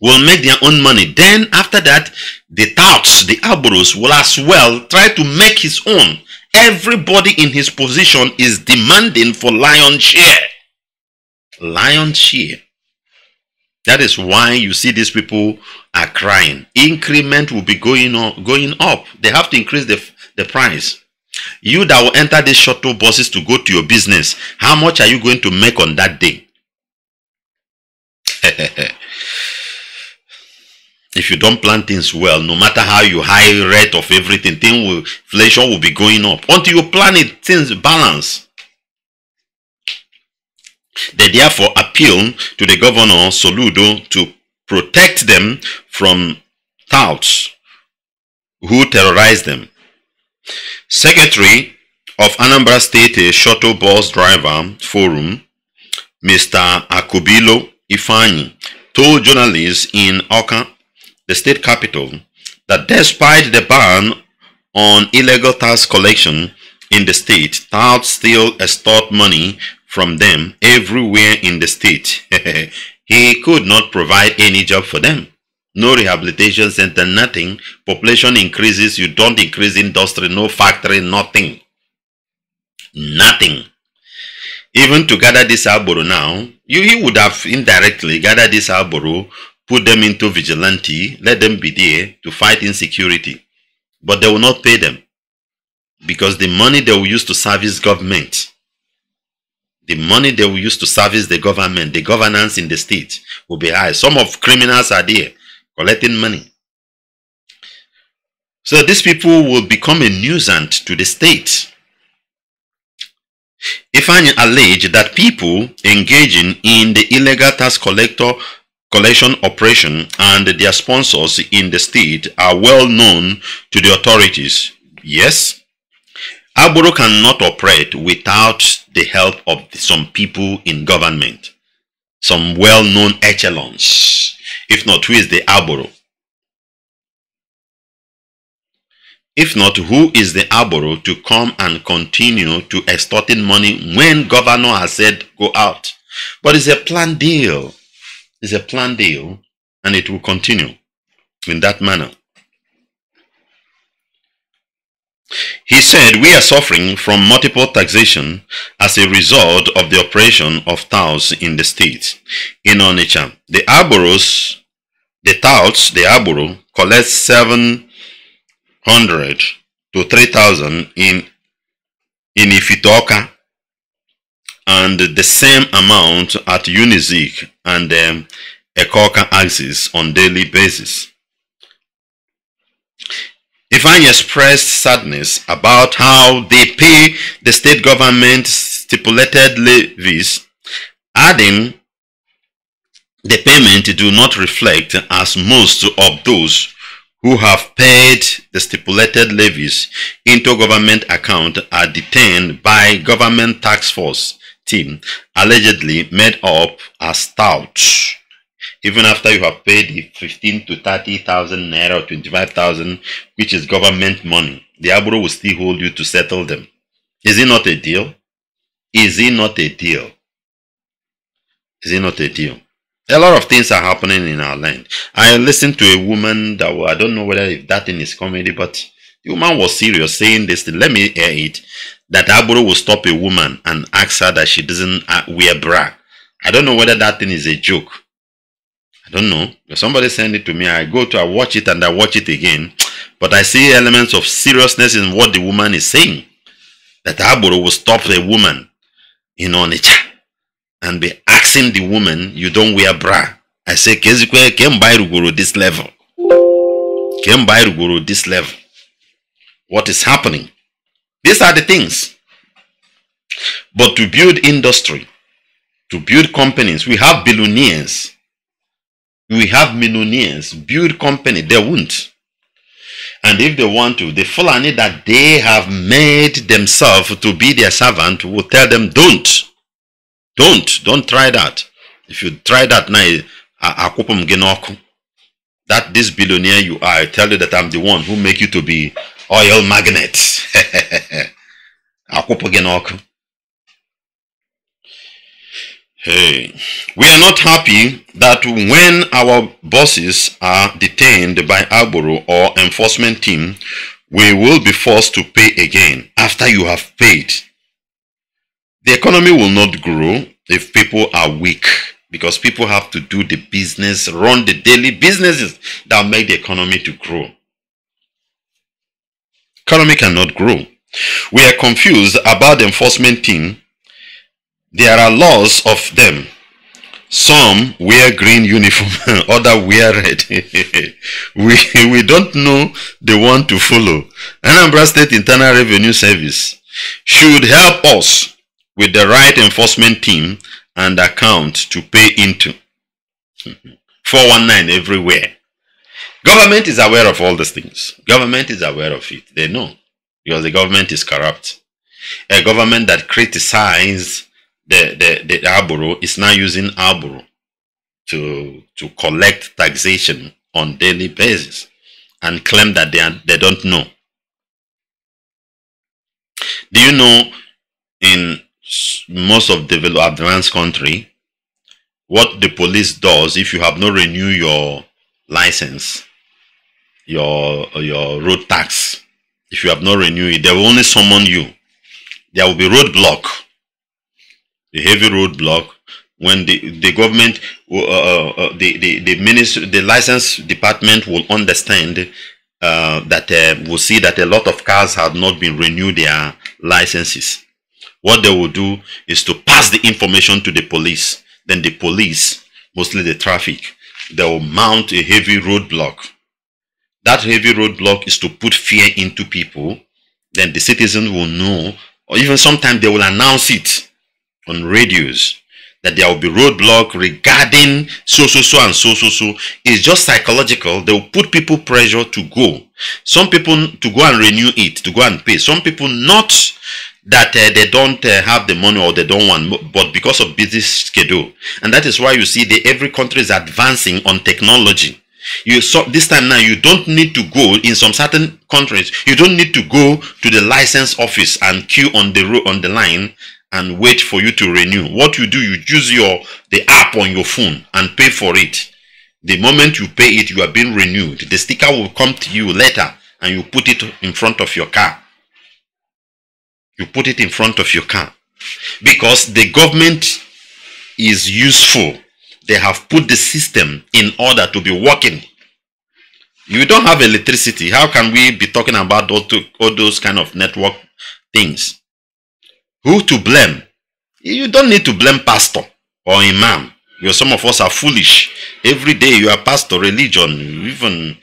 will make their own money. Then after that, the touts, the aboros will as well try to make his own. Everybody in his position is demanding for lion share. Lion share. That is why you see these people are crying. Increment will be going, on, going up. They have to increase the, the price. You that will enter these shuttle buses to go to your business, how much are you going to make on that day? if you don't plan things well, no matter how you high rate of everything, thing will, inflation will be going up. Until you plan it, things balance. They therefore appeal to the governor Soludo to protect them from touts who terrorize them. Secretary of Anambra State eh, Shuttle Bus Driver Forum, Mr. Akubilo Ifani, told journalists in Oka, the state capital, that despite the ban on illegal tax collection in the state, touts still extort money from them everywhere in the state. he could not provide any job for them no rehabilitation center, nothing. Population increases, you don't increase industry, no factory, nothing. Nothing. Even to gather this Alboro now, you, you would have indirectly gathered this Alboro, put them into vigilante, let them be there to fight insecurity. But they will not pay them because the money they will use to service government, the money they will use to service the government, the governance in the state will be high. Some of criminals are there collecting money. So these people will become a nuisance to the state. Ifan alleged that people engaging in the illegal tax collector collection operation and their sponsors in the state are well known to the authorities. Yes, Aburo cannot operate without the help of some people in government, some well-known echelons if not, who is the arboro? If not, who is the arboro to come and continue to extorting money when governor has said go out? But it's a planned deal. It's a planned deal and it will continue in that manner. He said, We are suffering from multiple taxation as a result of the operation of touts in the state. In Onicha, the Arboros, the touts, the Arboro, collects 700 to 3,000 in, in Ifitoka and the same amount at Unizik and um, Ekoka axis on daily basis. Ifeanyi expressed sadness about how they pay the state government stipulated levies, adding the payment do not reflect as most of those who have paid the stipulated levies into government account are detained by government tax force team allegedly made up as touts even after you have paid the 15 to 30,000 naira or 25,000, which is government money, the Abro will still hold you to settle them. Is it not a deal? Is it not a deal? Is it not a deal? A lot of things are happening in our land. I listened to a woman that I don't know whether if that thing is comedy, but the woman was serious saying this. Thing. Let me hear it. That Aburo will stop a woman and ask her that she doesn't uh, wear bra. I don't know whether that thing is a joke. I don't know. Somebody send it to me. I go to, I watch it and I watch it again. But I see elements of seriousness in what the woman is saying. That Aburo will stop a woman in Onitsha and be asking the woman, you don't wear bra. I say, Kezikwe, came by Ruguru this level. Came by Ruguru this level. What is happening? These are the things. But to build industry, to build companies, we have billionaires we have millionaires build company. They won't. And if they want to, the Fulani that they have made themselves to be their servant will tell them, don't. Don't. Don't try that. If you try that now, akupum genoku. That this billionaire you are, I tell you that I'm the one who make you to be oil magnet. Akupum genoku. Hey, we are not happy that when our bosses are detained by Arboro or enforcement team, we will be forced to pay again after you have paid. The economy will not grow if people are weak because people have to do the business, run the daily businesses that make the economy to grow. Economy cannot grow. We are confused about the enforcement team there are laws of them. Some wear green uniform, other wear red. we, we don't know the one to follow. Anambra State Internal Revenue Service should help us with the right enforcement team and account to pay into. 419 everywhere. Government is aware of all these things. Government is aware of it. They know. Because the government is corrupt. A government that criticizes the, the, the Arboro is now using Arboro to, to collect taxation on daily basis and claim that they, are, they don't know. Do you know in most of developed advanced country, what the police does if you have not renewed your license, your, your road tax, if you have not renewed it, they will only summon you. There will be roadblock the heavy roadblock when the the government uh, uh, uh, the the the minister the license department will understand uh, that uh, will see that a lot of cars have not been renewed their licenses what they will do is to pass the information to the police then the police mostly the traffic they will mount a heavy roadblock that heavy roadblock is to put fear into people then the citizens will know or even sometimes they will announce it on radios that there will be roadblock regarding so so so and so so so it's just psychological they will put people pressure to go some people to go and renew it to go and pay some people not that uh, they don't uh, have the money or they don't want but because of busy schedule and that is why you see that every country is advancing on technology you saw this time now you don't need to go in some certain countries you don't need to go to the license office and queue on the road on the line and wait for you to renew. What you do, you use your the app on your phone and pay for it. The moment you pay it, you are being renewed. The sticker will come to you later and you put it in front of your car. You put it in front of your car. Because the government is useful. They have put the system in order to be working. You don't have electricity. How can we be talking about all, those kind of network things? Who to blame? You don't need to blame pastor or imam. You some of us are foolish. Every day you are pastor, religion, even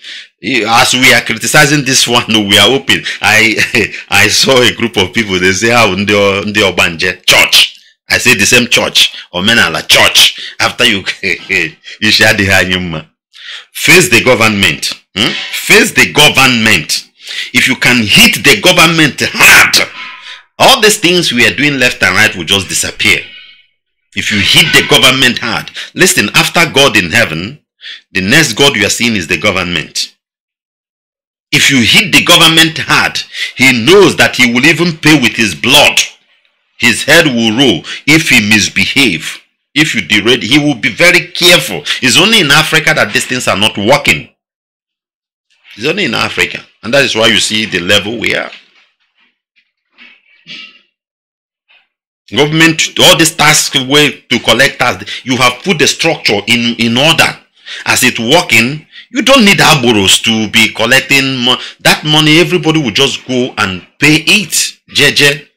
as we are criticizing this one, we are open. I I saw a group of people, they say, how ah, ndi obanje church. I say the same church, or like church. After you, you share the hanyuma. Face the government. Hmm? Face the government. If you can hit the government hard, all these things we are doing left and right will just disappear. If you hit the government hard, listen, after God in heaven, the next God you are seeing is the government. If you hit the government hard, he knows that he will even pay with his blood. His head will roll if he misbehave. If you derate, he will be very careful. It's only in Africa that these things are not working. It's only in Africa. And that is why you see the level we are. Government, all these tasks way to collect tax, you have put the structure in, in order. As it working, you don't need arboros to be collecting mo that money. Everybody will just go and pay it, JJ.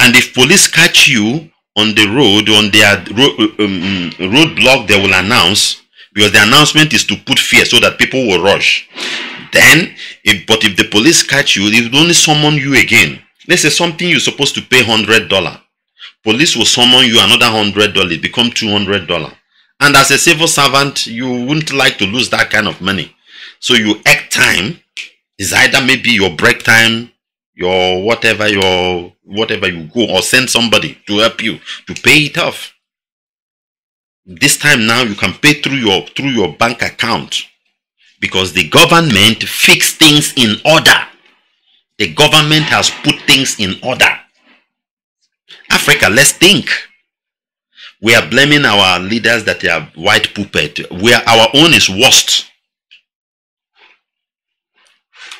And if police catch you on the road, on their ro- um, roadblock, they will announce because the announcement is to put fear so that people will rush. Then, if, but if the police catch you, they will only summon you again. Let's say something you're supposed to pay hundred dollar police will summon you another hundred dollar become two hundred dollar and as a civil servant you wouldn't like to lose that kind of money so you act time is either maybe your break time your whatever your whatever you go or send somebody to help you to pay it off this time now you can pay through your through your bank account because the government fix things in order the government has put things in order Africa, let's think. We are blaming our leaders that they are white puppet. Where our own is worst.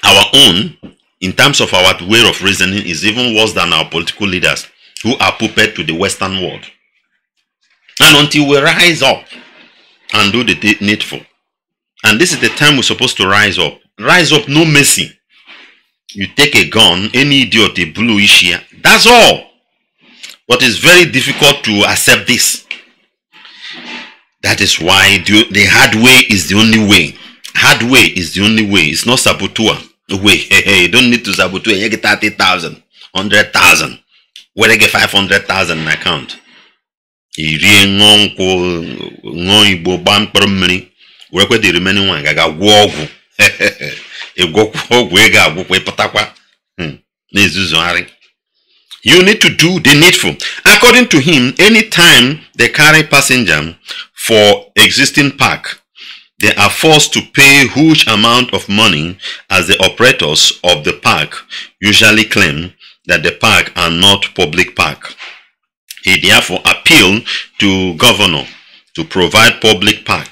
Our own, in terms of our way of reasoning, is even worse than our political leaders who are puppet to the Western world. And until we rise up and do the needful, and this is the time we're supposed to rise up. Rise up, no mercy. You take a gun, any idiot, a blue issue. That's all. But it's very difficult to accept this. That is why the, the hard way is the only way. Hard way is the only way. It's not sabotua way. you don't need to saboteur. You get 30,000, 100,000. Where they get 500,000 in account. i rie ṅụọ nkwụ ṅụọ igbo gbaa mkpụrụ mmiri werekwe the remaining one gaga gwụọ ọgwụ ịgwọkwa ọgwụ ị ga-agwụkwa Hmm. na-ezuzugharị You need to do the needful. According to him, any time they carry passenger for existing park, they are forced to pay huge amount of money as the operators of the park usually claim that the park are not public park. He therefore appealed to governor to provide public park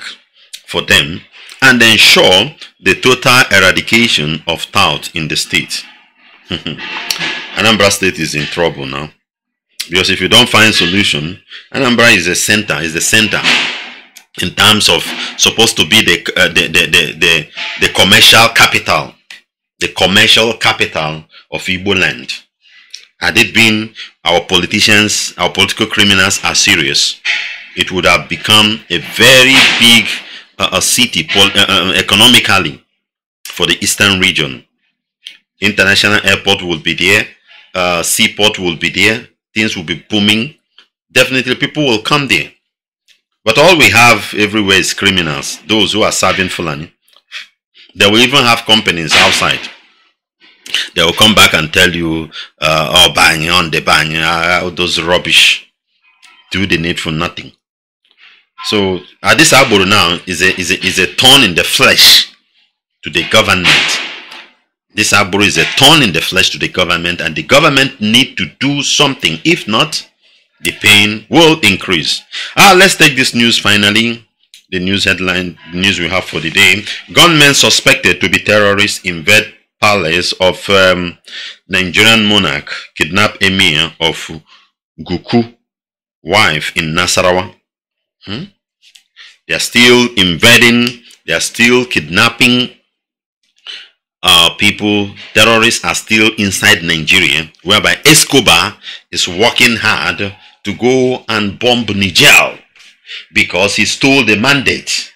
for them and ensure the total eradication of tout in the state. Anambra State is in trouble now. Because if you don't find solution, Anambra is the center, is the center in terms of supposed to be the, uh, the, the, the, the, the commercial capital, the commercial capital of Igbo land. Had it been our politicians, our political criminals are serious, it would have become a very big uh, a uh, city uh, uh, economically for the eastern region international airport will be there, uh, seaport will be there, things will be booming. Definitely people will come there. But all we have everywhere is criminals, those who are serving Fulani. They will even have companies outside. They will come back and tell you, uh, oh, bang on the bang, uh, all those rubbish. Do the need for nothing. So at this Aburu now is a, is, a, is a thorn in the flesh to the government. This Abu is a thorn in the flesh to the government, and the government need to do something. If not, the pain will increase. Ah, let's take this news finally. The news headline, the news we have for the day. Gunmen suspected to be terrorists invade palace of um, Nigerian monarch, kidnap emir of Guku, wife in Nasarawa. Hmm? They are still invading, they are still kidnapping uh, people, terrorists are still inside Nigeria, whereby Escobar is working hard to go and bomb Niger because he stole the mandate.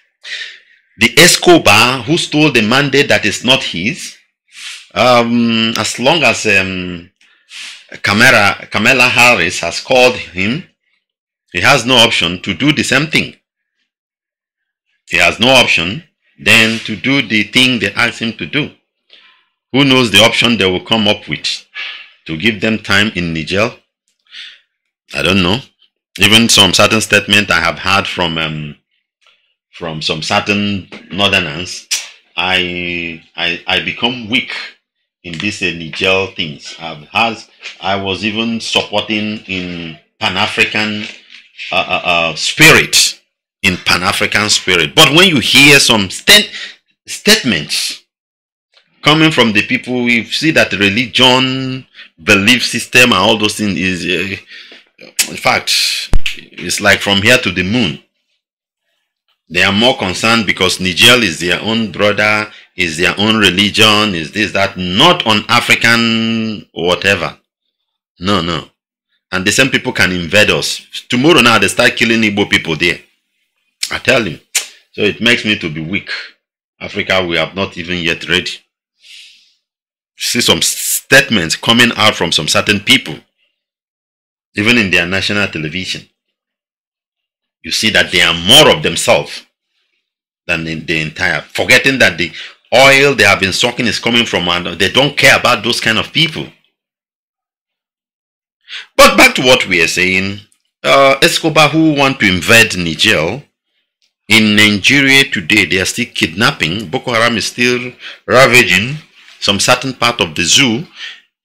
The Escobar who stole the mandate that is not his, um, as long as um, Kamala, Kamala Harris has called him, he has no option to do the same thing. He has no option then to do the thing they asked him to do. Who knows the option they will come up with to give them time in Niger? I don't know. Even some certain statement I have heard from um, from some certain northerners, I I I become weak in this uh, Niger things. I've had I was even supporting in Pan African uh, uh, uh, spirit in Pan African spirit. But when you hear some st statements coming from the people we see that religion belief system and all those things is uh, in fact it's like from here to the moon they are more concerned because niger is their own brother is their own religion is this that not on african whatever no no and the same people can invade us tomorrow now they start killing igbo people there i tell you so it makes me to be weak africa we have not even yet ready see some statements coming out from some certain people, even in their national television. You see that they are more of themselves than the entire, forgetting that the oil they have been sucking is coming from, and they don't care about those kind of people. But back to what we are saying, uh, Escobar who want to invade Niger, in Nigeria today they are still kidnapping, Boko Haram is still ravaging, some certain part of the zoo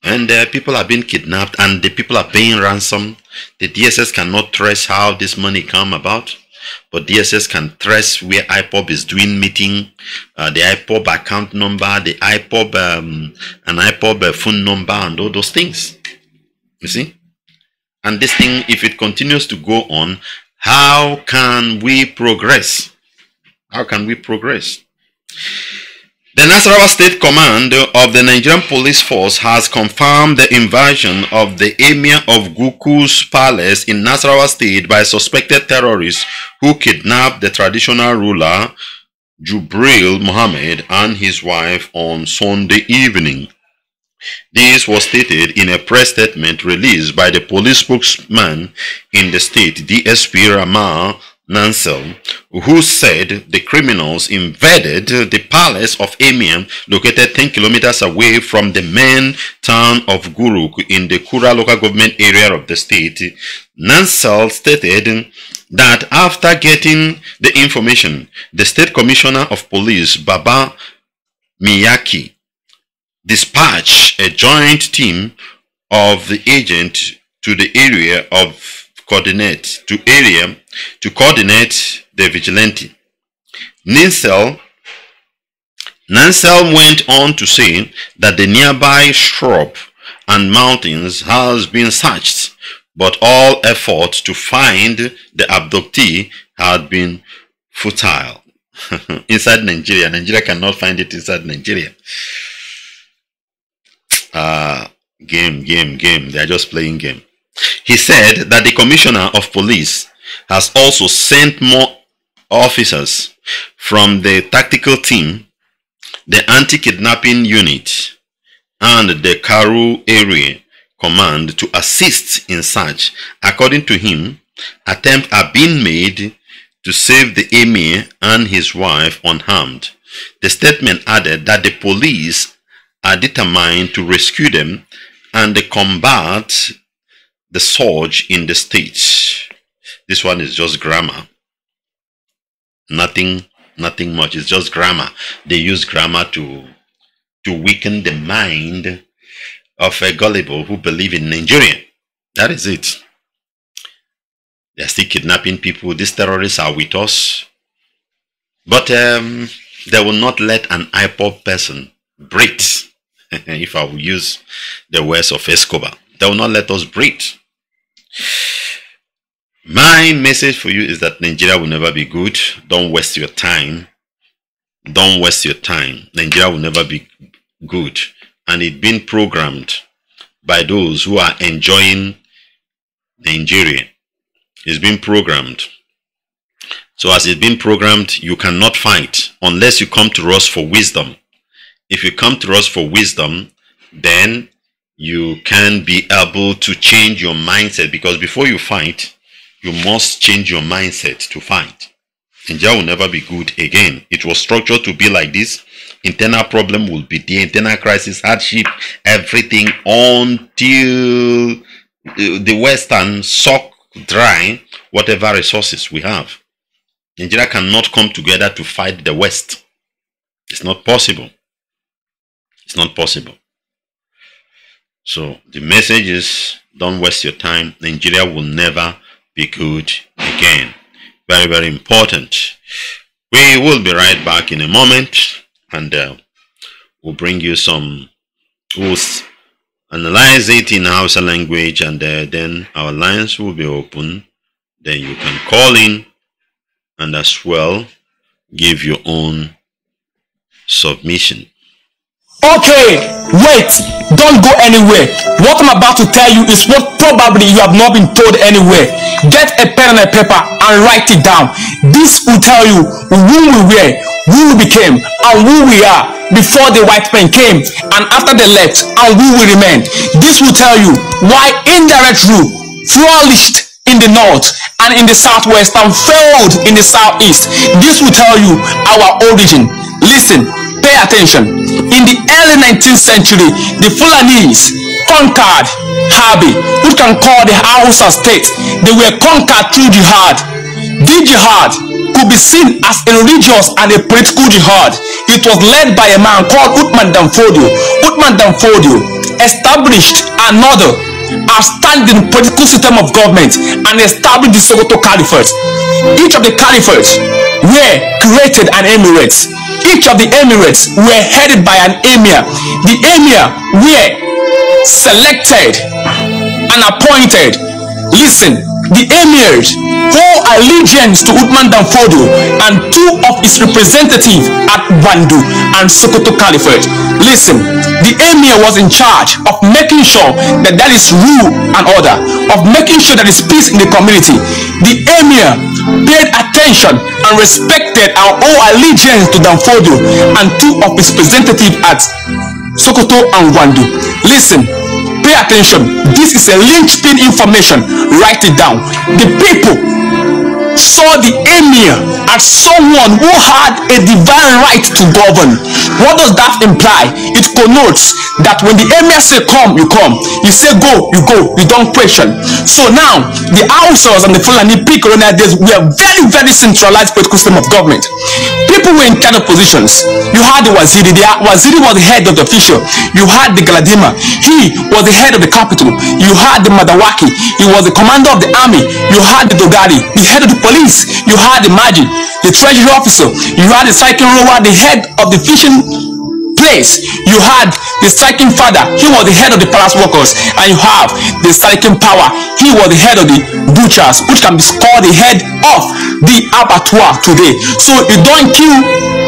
and uh, people are being kidnapped and the people are paying ransom. The DSS cannot trace how this money come about, but DSS can trace where IPOB is doing meeting, uh, the IPOB account number, the IPOB um, and IPOB uh, phone number and all those things. You see? And this thing, if it continues to go on, how can we progress? How can we progress? The Nasarawa State Command of the Nigerian Police Force has confirmed the invasion of the emir of Guku's palace in Nasarawa State by suspected terrorists who kidnapped the traditional ruler Jubril Mohammed and his wife on Sunday evening. This was stated in a press statement released by the police spokesman in the state, DSP Ramal Nansel, who said the criminals invaded the palace of Amiens, located 10 kilometers away from the main town of Guruk in the Kura local government area of the state. Nansel stated that after getting the information, the state commissioner of police, Baba Miyaki, dispatched a joint team of the agent to the area of coordinate to area to coordinate the vigilante. Ninsel Nansel went on to say that the nearby shrub and mountains has been searched, but all efforts to find the abductee had been futile. inside Nigeria, Nigeria cannot find it inside Nigeria. Uh, game, game, game. They are just playing game. He said that the commissioner of police has also sent more officers from the tactical team, the anti-kidnapping unit, and the Karu area command to assist in search. According to him, attempts are being made to save the emir and his wife unharmed. The statement added that the police are determined to rescue them and combat the surge in the states. This one is just grammar. Nothing, nothing much. It's just grammar. They use grammar to to weaken the mind of a gullible who believe in Nigeria. That is it. They are still kidnapping people. These terrorists are with us. But um, they will not let an IPOP person breathe. if I will use the words of Escobar, they will not let us breathe. My message for you is that Nigeria will never be good. Don't waste your time. Don't waste your time. Nigeria will never be good. And it's been programmed by those who are enjoying Nigeria. It's been programmed. So as it's been programmed, you cannot fight unless you come to us for wisdom. If you come to us for wisdom, then you can be able to change your mindset because before you fight, you must change your mindset to fight. Nigeria will never be good again. It was structured to be like this. Internal problem will be the internal crisis, hardship, everything until uh, the Western suck dry whatever resources we have. Nigeria cannot come together to fight the West. It's not possible. It's not possible. So the message is don't waste your time. Nigeria will never be good again. Very, very important. We will be right back in a moment and uh, we'll bring you some, we analyze it in Hausa language and uh, then our lines will be open. Then you can call in and as well give your own submission. Okay, wait, don't go anywhere. What I'm about to tell you is what probably you have not been told anywhere. Get a pen and a paper and write it down. This will tell you who we were, who we became, and who we are before the white men came and after they left and who we remain. This will tell you why indirect rule flourished in the north and in the southwest and failed in the southeast. This will tell you our origin. Listen, pay attention. In the early 19th century, the Fulanese conquered Harbi, who can call the Hausa state. They were conquered through jihad. The jihad could be seen as a religious and a political jihad. It was led by a man called Utman Danfodio. Utman Fodio established another outstanding political system of government and established the Sokoto Caliphate. Each of the caliphates were created an emirate. Each of the emirates were headed by an emir. The emir were selected and appointed. Listen, the emirs owe allegiance to Uthman Danfodio and two of his representatives at Bandu and Sokoto Caliphate. Listen, the emir was in charge of making sure that there is rule and order, of making sure there is peace in the community. The emir paid attention and respected and owe allegiance to Danfodio and two of his representatives at Sokoto and Wandu. Listen, Pay attention. This is a linchpin information. Write it down. The people saw the emir as someone who had a divine right to govern. What does that imply? It connotes that when the emir say come, you come. You say go, you go. You don't question. So now, the Hausas and the Fulani pre that days were very, very centralized political system of government. People were in kind of positions. You had the Waziri. The Waziri was the head of the official. You had the Galadima. He was the head of the capital. You had the Madawaki. He was the commander of the army. You had the Dogari, the head of the police, you had the magic, the treasury officer, you had the cycle rower, the head of the fishing place, you had the striking father, he was the head of the palace workers, and you have the striking power, he was the head of the butchers, which can be called the head of the abattoir today. So you don't kill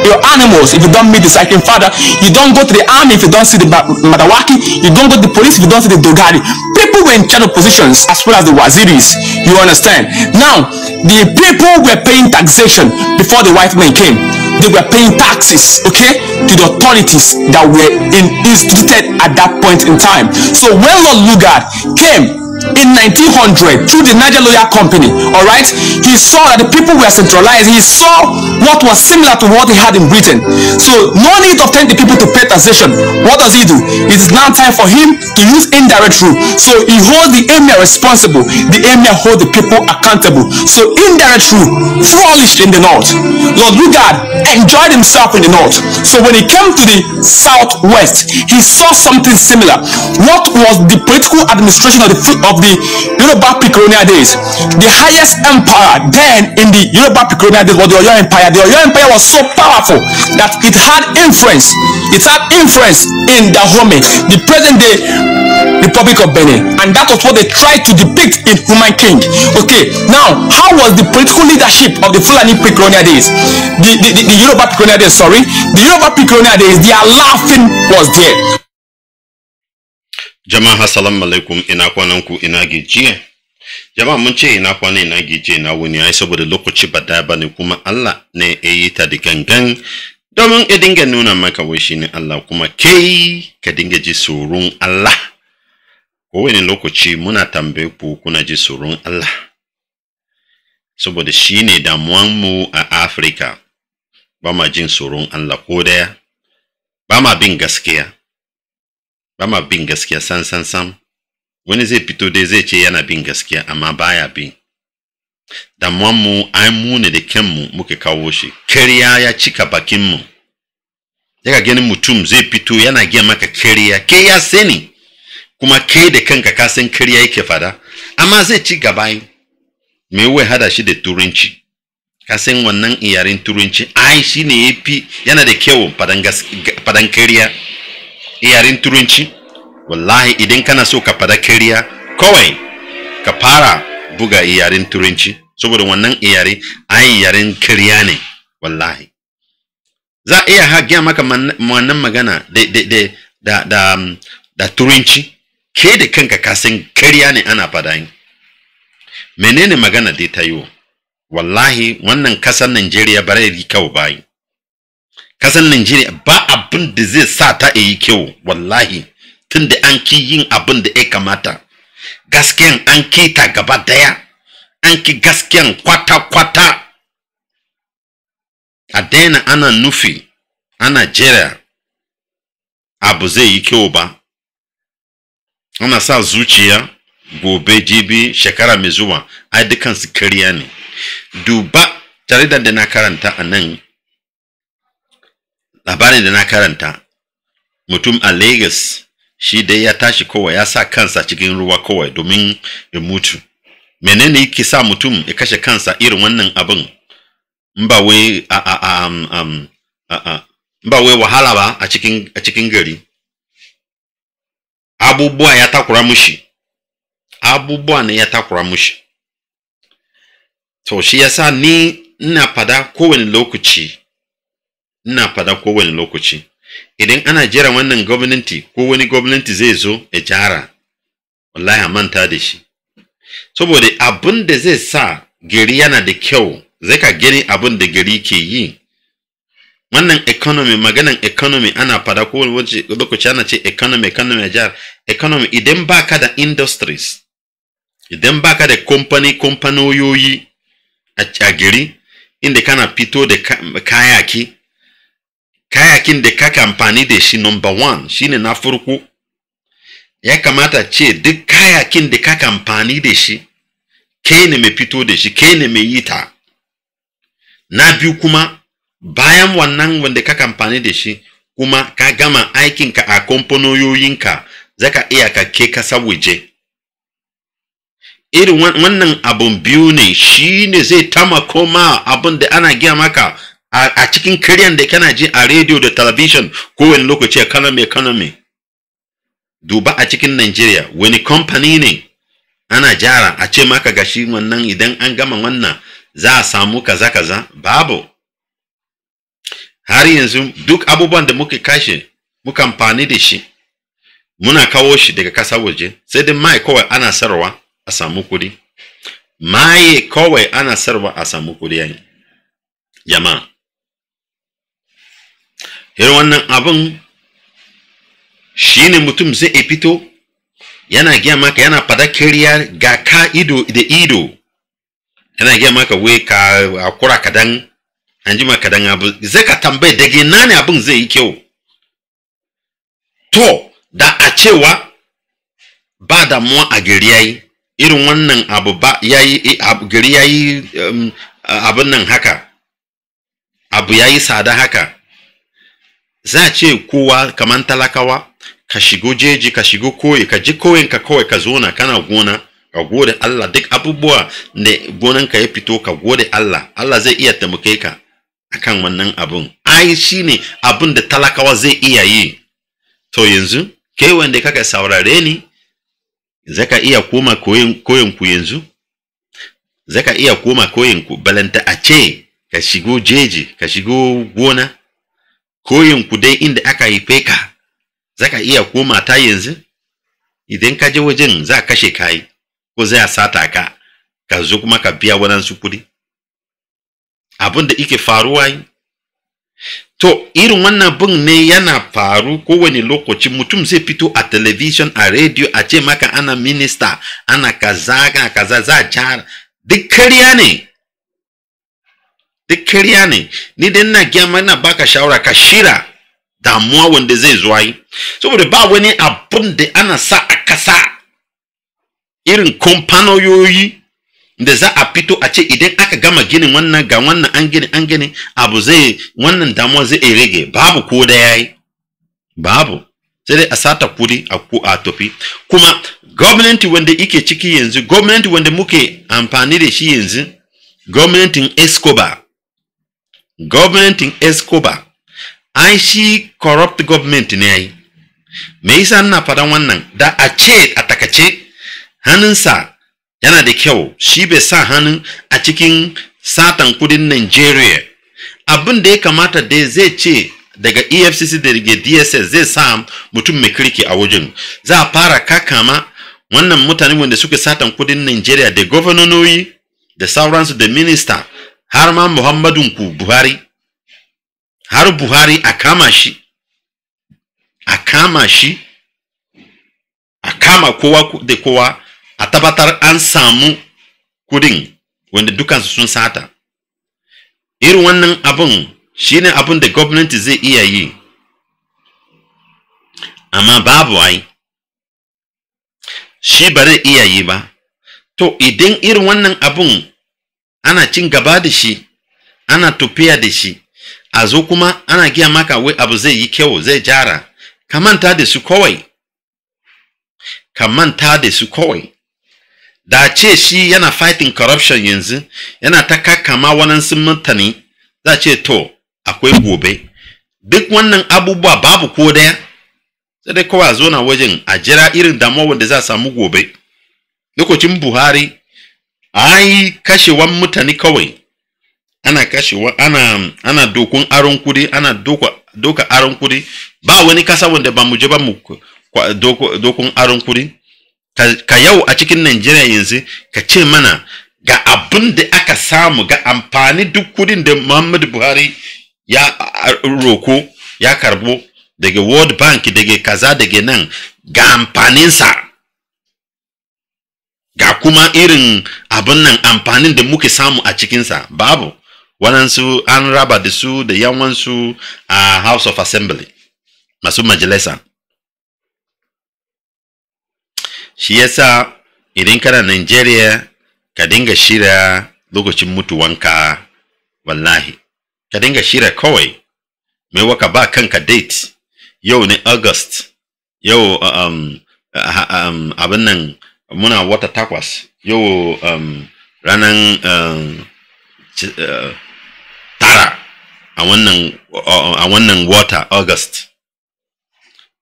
your animals if you don't meet the striking father, you don't go to the army if you don't see the Madawaki, you don't go to the police if you don't see the Dogari. People were in charge of positions as well as the Waziris, you understand? Now, the people were paying taxation before the white men came they were paying taxes, okay, to the authorities that were in, instituted at that point in time. So when Lord Lugard came in 1900 through the Niger Lawyer Company. All right, he saw that the people were centralized. He saw what was similar to what he had in Britain. So no need to tempt the people to pay taxation. What does he do? It is now time for him to use indirect rule. So he holds the emir responsible. The emir holds the people accountable. So indirect rule flourished in the north. Lord Lugard enjoyed himself in the north. So when he came to the southwest, he saw something similar. What was the political administration of the of of the Yoruba pre-colonial days. The highest empire then in the Yoruba pre-colonial days was the Oyo Empire. The Oyo Empire was so powerful that it had influence. It had influence in Dahomey, the present day Republic of Benin. And that was what they tried to depict in Human King. Okay, now how was the political leadership of the Fulani pre-colonial days? The, the, the, the Yoruba pre-colonial days, sorry. The Yoruba pre-colonial days, their laughing was there. Jama'a assalamu alaikum ina kwanan ku ina gajiya. Jama'a mun ce ina kwana ina gajiya na wuni ai saboda lokaci ba da bane kuma Allah ne ya yi ta da gangan domin ya dinga nuna maka wai shine Allah kuma kai ka dinga ji tsoron Allah. Kowane lokaci muna tambaye ku kuna ji tsoron Allah. Saboda shine damuwan mu a Afirka ba ma jin tsoron Allah ko daya ba ma bin gaskiya. ba ma bin gaskiya san san san wani zai fito dai zai ce yana bin gaskiya amma baya bin damuwan mu ai mu ne da kyanmu muka kawo shi kariya ya cika mu daga ganin mutum zai fito yana giya maka kariya ke ya sani kuma kai da kanka ka san kariya yake fada amma zai ci gaba mai wai hada shi da turanci ka san wannan iyarin turanci ai ne yafi yana da kyau fadan padan kariya yaren turanci wallahi idan kana so ka fada kariya kawai ka fara buga yaren turanci saboda wannan yare ai yaren kariya ne wallahi za a iya hagiya maka wannan magana da da da turanci ke da kanka ka san kariya ne ana fada menene magana dai ta yi wallahi wannan kasar Najeriya bare kawai bayi kasan Najeriya ba abin da zai sa ta yi kyau wallahi tunda an ki yin abin da ya kamata gaskiyan an ki ta gaba daya an ki gaskiyan kwata-kwata a daina ana nufi a Najeriya abu zai yi kyau ba ana sa zuciya gobe jibi shekara mai zuwa ai dukansu kariya ne duba jaridar da na karanta a nan labarin da na karanta mutum a lagos shi dai ya tashi kowa ya sa kansa cikin ruwa kowai domin ya mutu menene yake sa mutum ya kashe kansa irin wannan abin ba wai a a wahala ba a cikin gari abubuwa ya takura mushi abubuwa ne ya takura mushi to shi yasa ni ina fada kowane lokaci ina fada kowane lokaci idan ana jira wannan gwamnati ko wani gwamnati zai zo ya jara wallahi a manta da shi saboda abin da zai sa gari yana da kyau zai ka gani abin da gari ke yi wannan economy maganan economy ana fada ko lokaci ana ce economy economy a jara economy idan baka da industries idan baka da company kompanoyoyi a gari inda kana fito da kayaki kayakin da kaka amfani da shi number one shine na farko ya kamata ce duk kayakin da kaka amfani da shi ke ne mai fito da shi ke ne mai yi ta na biyu kuma bayan wannan wanda kaka amfani da shi kuma ka gama aikinka a kamfanoyoyinka zaka iya ka ke kasa waje irin wannan abun biyu ne shi ne zai tamako ma abu da ana giya maka a cikin kiryan da kana ji a rediyo da talabishin kowane lokaci economy economy duba a cikin nigeria wani kamfani ne ana jara a ce maka gashi wannan idan an gama wannan za a samu kaza kaza babu har yanzu duk abubuwan da muka kashe muka amfani da shi muna kawo shi daga kasa waje sai dai mai kawai ana sarwa a samu kuɗi maye kawai ana sarwa a samu kuɗi yayi jama'a irin wannan abin shine mutum zai fito yana giya maka yana fada kariya ga ka ido da ido yana giya maka wai ka akura kadan an ji maka abu zai ka tambaye daga na ne abin zai yi kyau to da a cewa ba damuwa a gari yayi irin wannan abu ba yayi e, gari yayi abin nan haka abu yayi tsada haka za a ce kowa kamar talakawa ka shigo jeji ka shigo koyi ka ji koyin ka kawai ka zona kana gona ka gode Allah duk abubuwa da gonan ka ya fito ka gode Allah Allah zai iya taimake ka akan wannan abun ai shine abun da talakawa zai iya yi to yanzu kai wanda kaka saurare ni zaka iya koma koyin koyin ku yanzu zaka iya koma koyin ku balanta a ce ka shigo jeji ka shigo gona koyin ku dai inda aka haife ka zaka iya koma ta yanzu idan ka je wajen za kashe kai ko za a sata ka ka zo kuma ka biya waɗansu kuɗi abin da ike faruwa yi to irin wannan bin ne yana faru kowane lokaci mutum zai fito a television a radio a ce maka ana minista ana kaza kaza za a duk karya ne duk kariya ne ni dai ina gyama ina baka shawara ka shira damuwa wanda zai zuwa yi saboda ba wani abun da ana sa a kasa irin kamfanoyoyi da za a fito a ce idan aka gama ginin wannan ga wannan an gini an gini abu zai wannan damuwa zai iya rage babu ko da yayi babu sai dai a sata kudi a ku a tafi kuma gwamnati wanda ike ciki yanzu gwamnati wanda muke amfani da shi yanzu gwamnatin escobar gwamnatin escoba an shi corrupt government ne ya yi me isa ina fadan wannan da a ce a takace hannunsa yana da kyau shi bai sa hannun a cikin satan kudin nigeria abin da ya kamata da zai ce daga efcc daga dss zai sa mutum mai kirki a wajen za a fara kakama wannan mutane wanda suka satan kudin nigeria da gwamnoni da sauransu da minista har ma muhammadun ku buhari har buhari a kama shi a kama shi a kama kowa da kowa a tabbatar an samu kudin wanda dukansu sun sata irin wannan abin ne abin da gwamnati zai iya yi amma babu ai shi ba zai iya yi ba to idan irin wannan abin ana cin gaba da shi ana tafiya da shi a zo kuma ana giya maka wai abu zai yi kyau zai jara ka manta da su kawai ka manta da su kawai da ce shi yana fighting corruption yanzu yana ta kakama waɗansu mutane za ce to akwai gobe duk wannan abubuwa babu ko daya sai dai kawai a zo na wajen a jira irin damuwa da za samu gobe lokacin buhari ai wan mutane kawai ana kashe ana ana dokun aron kudi ana doka doka aron kudi ba wani kasa wanda ba mu je ba mu dokun aron kudi ka yau a cikin Najeriya yanzu ka ce mana ga abin da aka samu ga amfani duk kudin da Muhammadu Buhari ya roko ya karbo daga World Bank daga kaza daga nan ga amfaninsa ga kuma irin abin nan amfanin da muke samu a cikinsa babu waɗansu an raba da su da yawansu a house of assembly masu majalisa shi yasa idan kana nigeria ka dinga shirya lokacin mutuwanka wallahi ka dinga shira kawai mai waka ba kanka date yau ne august yau um, um, um abin nan muna wata takwas yau um, ranar um, uh, tara uh, a wannan wata august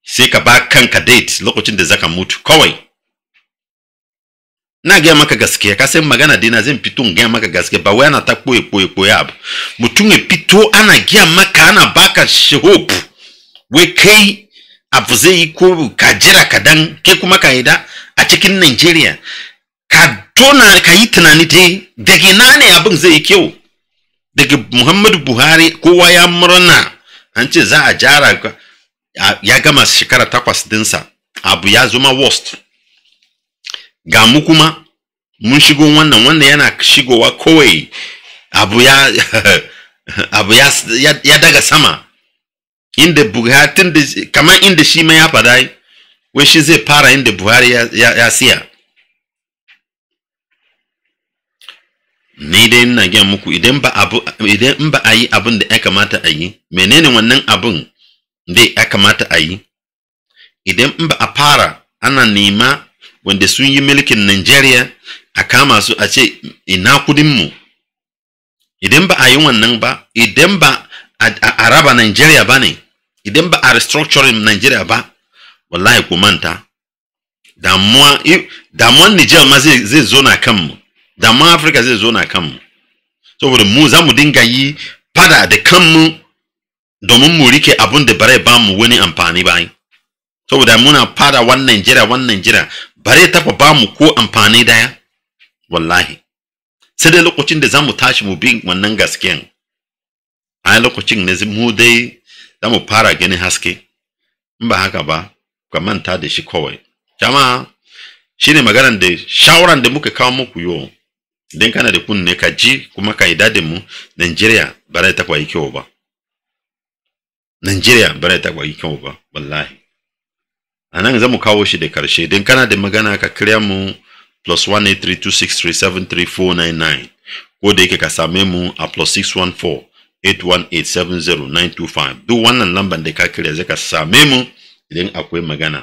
sai ka ba kanka date lokacin da zaka mutu kawai na gaya maka gaskiya ka san magana dina zan fito gaya maka gaskiya ba wai ana ta koye koye koye abu mutum ya fito ana gaya maka ana baka shi hope wai kai abu zai yi ko ka jira kadan kai kuma ka da a cikin Najeriya ka tona ka yi tunani dai daga na ne abin zai yi kyau daga Muhammadu Buhari kowa ya murna an ce za a jara ya gama shekara takwas dinsa abu ya zama worst ga mu kuma mun shigo wannan wannan yana shigowa kawai abu ya abu ya, daga sama inda buhatun da kamar inda shi ma ya fada wai shi zai fara inda buhari ya siya ni dai ina gina muku idan ba abu idan ba a yi abin da ya kamata a yi menene wannan abin da ya kamata a yi idan ba a fara ana nema wanda sun yi mulkin nigeria a kama su a ce ina kudinmu idan ba a yi wannan ba idan ba a raba nigeria ba ne idan ba a restructuring nigeria ba wallahi ku manta damuwa damuwan Nijar ma zai zo na kanmu damuwa Afirka zai zo na kanmu saboda mu za mu dinga yi fada da kanmu domin mu rike abun da bare ba mu wani amfani ba saboda muna fada wannan jira wannan jira bare tafa ba mu ko amfani daya wallahi sai dai lokacin da za tashi mu bin wannan gaskiyan a lokacin ne mu dai za fara ganin haske in ba haka ba ka manta da shi kawai jama'a shine maganar da shawaran da muka kawo muku yau don kana da kunne ka ji kuma ka yi dadin mu Najeriya ba zai taɓa yi kyau ba Najeriya ba zai taɓa yi kyau ba wallahi a nan zamu kawo shi da karshe don kana da magana ka kira mu plus 18326373499 ko da yake ka same mu a plus 614 81870925 duk wannan lamban da ka kira zai ka same mu idan akwai magana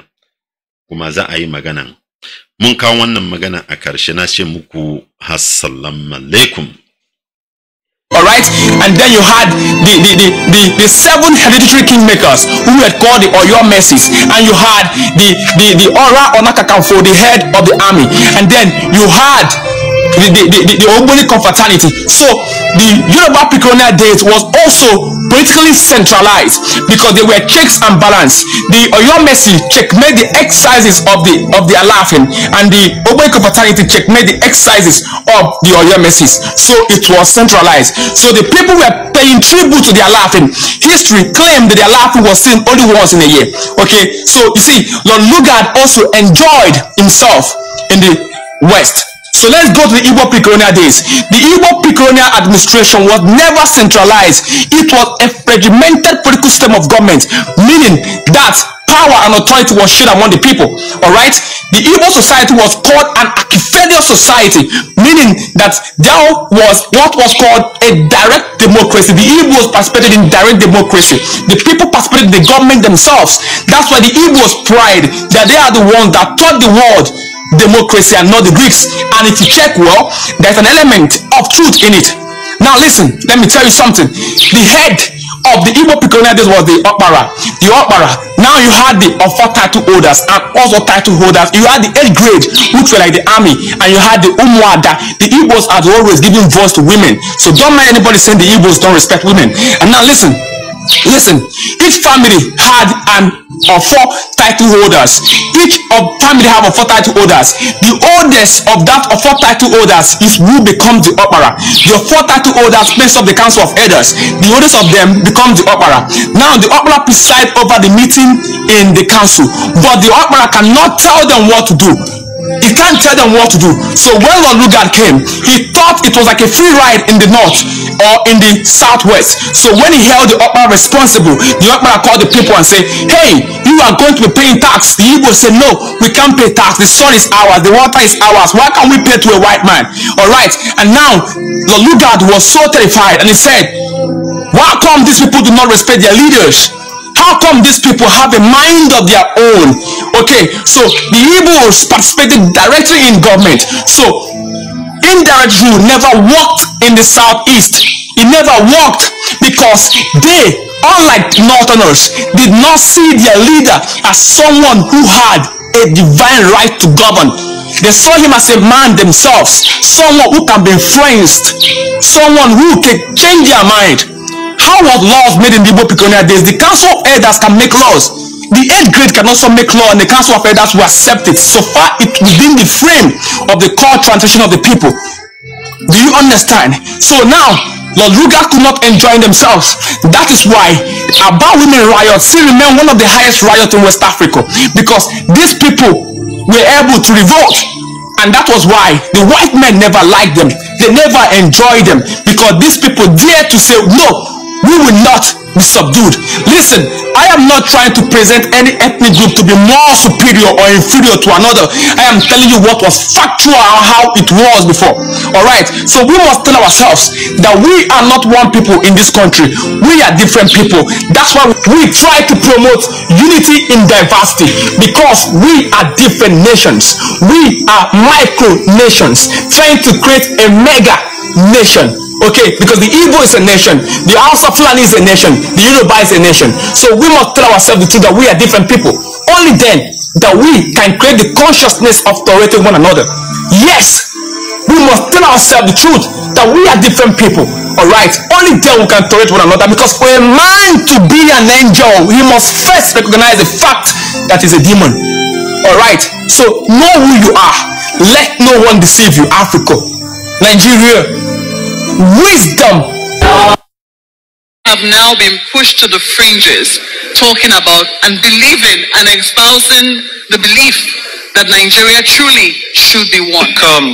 kuma za a yi magana mun kawo wannan magana a karshe na ce muku assalamu alaikum All right, and then you had the the, the, the, the seven hereditary kingmakers who were called the Oyo Mercies, and you had the the the Ora Onakakanfo, the head of the army, and then you had the, the, the, the, the Ogboni confraternity. So the Yoruba pre-colonial days was also politically centralized because they were checks and balance. The check checkmate the exercises of the of the Alafin and the Ogboni confraternity checkmate the exercises of the Oyomesis. So it was centralized. So the people were paying tribute to the Alafin. History claimed that the Alafin was seen only once in a year. Okay, so you see, Lord Lugard also enjoyed himself in the West So let's go to the Igbo pre-colonial days. The Igbo pre-colonial administration was never centralized. It was a regimented political system of government, meaning that power and authority was shared among the people. All right, The Igbo society was called an Akifedian society, meaning that there was what was called a direct democracy. The Igbos participated in direct democracy. The people participated in the government themselves. That's why the Igbos pride that they are the ones that taught the world democracy and not the Greeks. And if you check well, there's an element of truth in it. Now listen, let me tell you something. The head of the Igbo pre was the Okpara. The Okpara. Now you had the Offa title holders and also title holders. You had the eighth grade, which were like the army, and you had the Umuada. The Igbos had always given voice to women. So don't mind anybody saying the Igbos don't respect women. And now listen, Listen, each family had an or four title holders. Each of family have a four title holders. The oldest of that of four title holders is who becomes the opera. The four title holders makes up the council of elders. The oldest of them becomes the opera. Now the opera preside over the meeting in the council, but the opera cannot tell them what to do. He can't tell them what to do. So when Lord Lugard came, he thought it was like a free ride in the north or in the southwest. So when he held the upper responsible, the upper called the people and said, Hey, you are going to be paying tax. The Igbo said, No, we can't pay tax. The sun is ours, the water is ours. Why can't we pay to a white man? Alright. And now Lord Lugard was so terrified and he said, Why come these people do not respect their leaders? How come these people have a mind of their own? Okay, so the Hebrews participated directly in government. So indirect rule never worked in the southeast. It never worked because they, unlike Northerners, did not see their leader as someone who had a divine right to govern. They saw him as a man themselves, someone who can be influenced, someone who can change their mind. How was laws made in the Igbo Piconial days? The council elders can make laws. The eighth grade can also make law and the council of elders will accept it so far it within the frame of the core transition of the people. Do you understand? So now, Lord Ruga could not enjoy themselves. That is why about women riot still remain one of the highest riots in West Africa because these people were able to revolt and that was why the white men never liked them. They never enjoyed them because these people dared to say, no, we will not be subdued. Listen, I am not trying to present any ethnic group to be more superior or inferior to another. I am telling you what was factual and how it was before. All right, so we must tell ourselves that we are not one people in this country, we are different people. That's why we try to promote unity in diversity because we are different nations, we are micro nations trying to create a mega nation. Okay, because the Igbo is a nation, the Hausa Fulani is a nation, the Yoruba is a nation. So we must tell ourselves the truth that we are different people. Only then that we can create the consciousness of tolerating one another. Yes, we must tell ourselves the truth that we are different people. All right, only then we can tolerate one another. Because for a man to be an angel, he must first recognize the fact that he's a demon. All right, so know who you are. Let no one deceive you, Africa, Nigeria, wisdom. Have now been pushed to the fringes, talking about and believing and espousing the belief that Nigeria truly should be one. Come,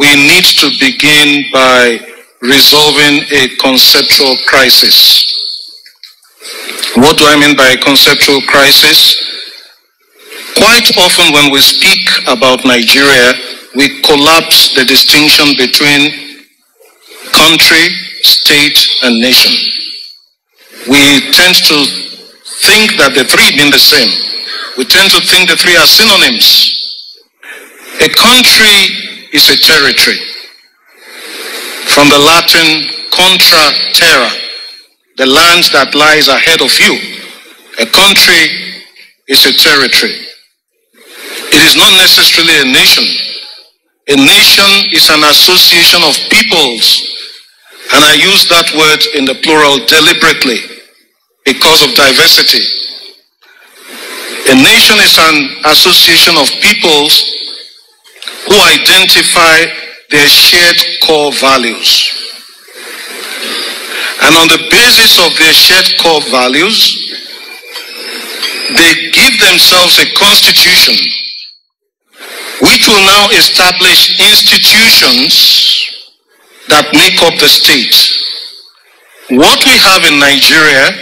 we need to begin by resolving a conceptual crisis. What do I mean by a conceptual crisis? Quite often when we speak about Nigeria, we collapse the distinction between country, state, and nation. We tend to think that the three mean the same. We tend to think the three are synonyms. A country is a territory. From the Latin contra terra, the land that lies ahead of you. A country is a territory. It is not necessarily a nation. A nation is an association of peoples and I use that word in the plural deliberately because of diversity. A nation is an association of peoples who identify their shared core values. And on the basis of their shared core values, they give themselves a constitution which will now establish institutions that make up the state. What we have in Nigeria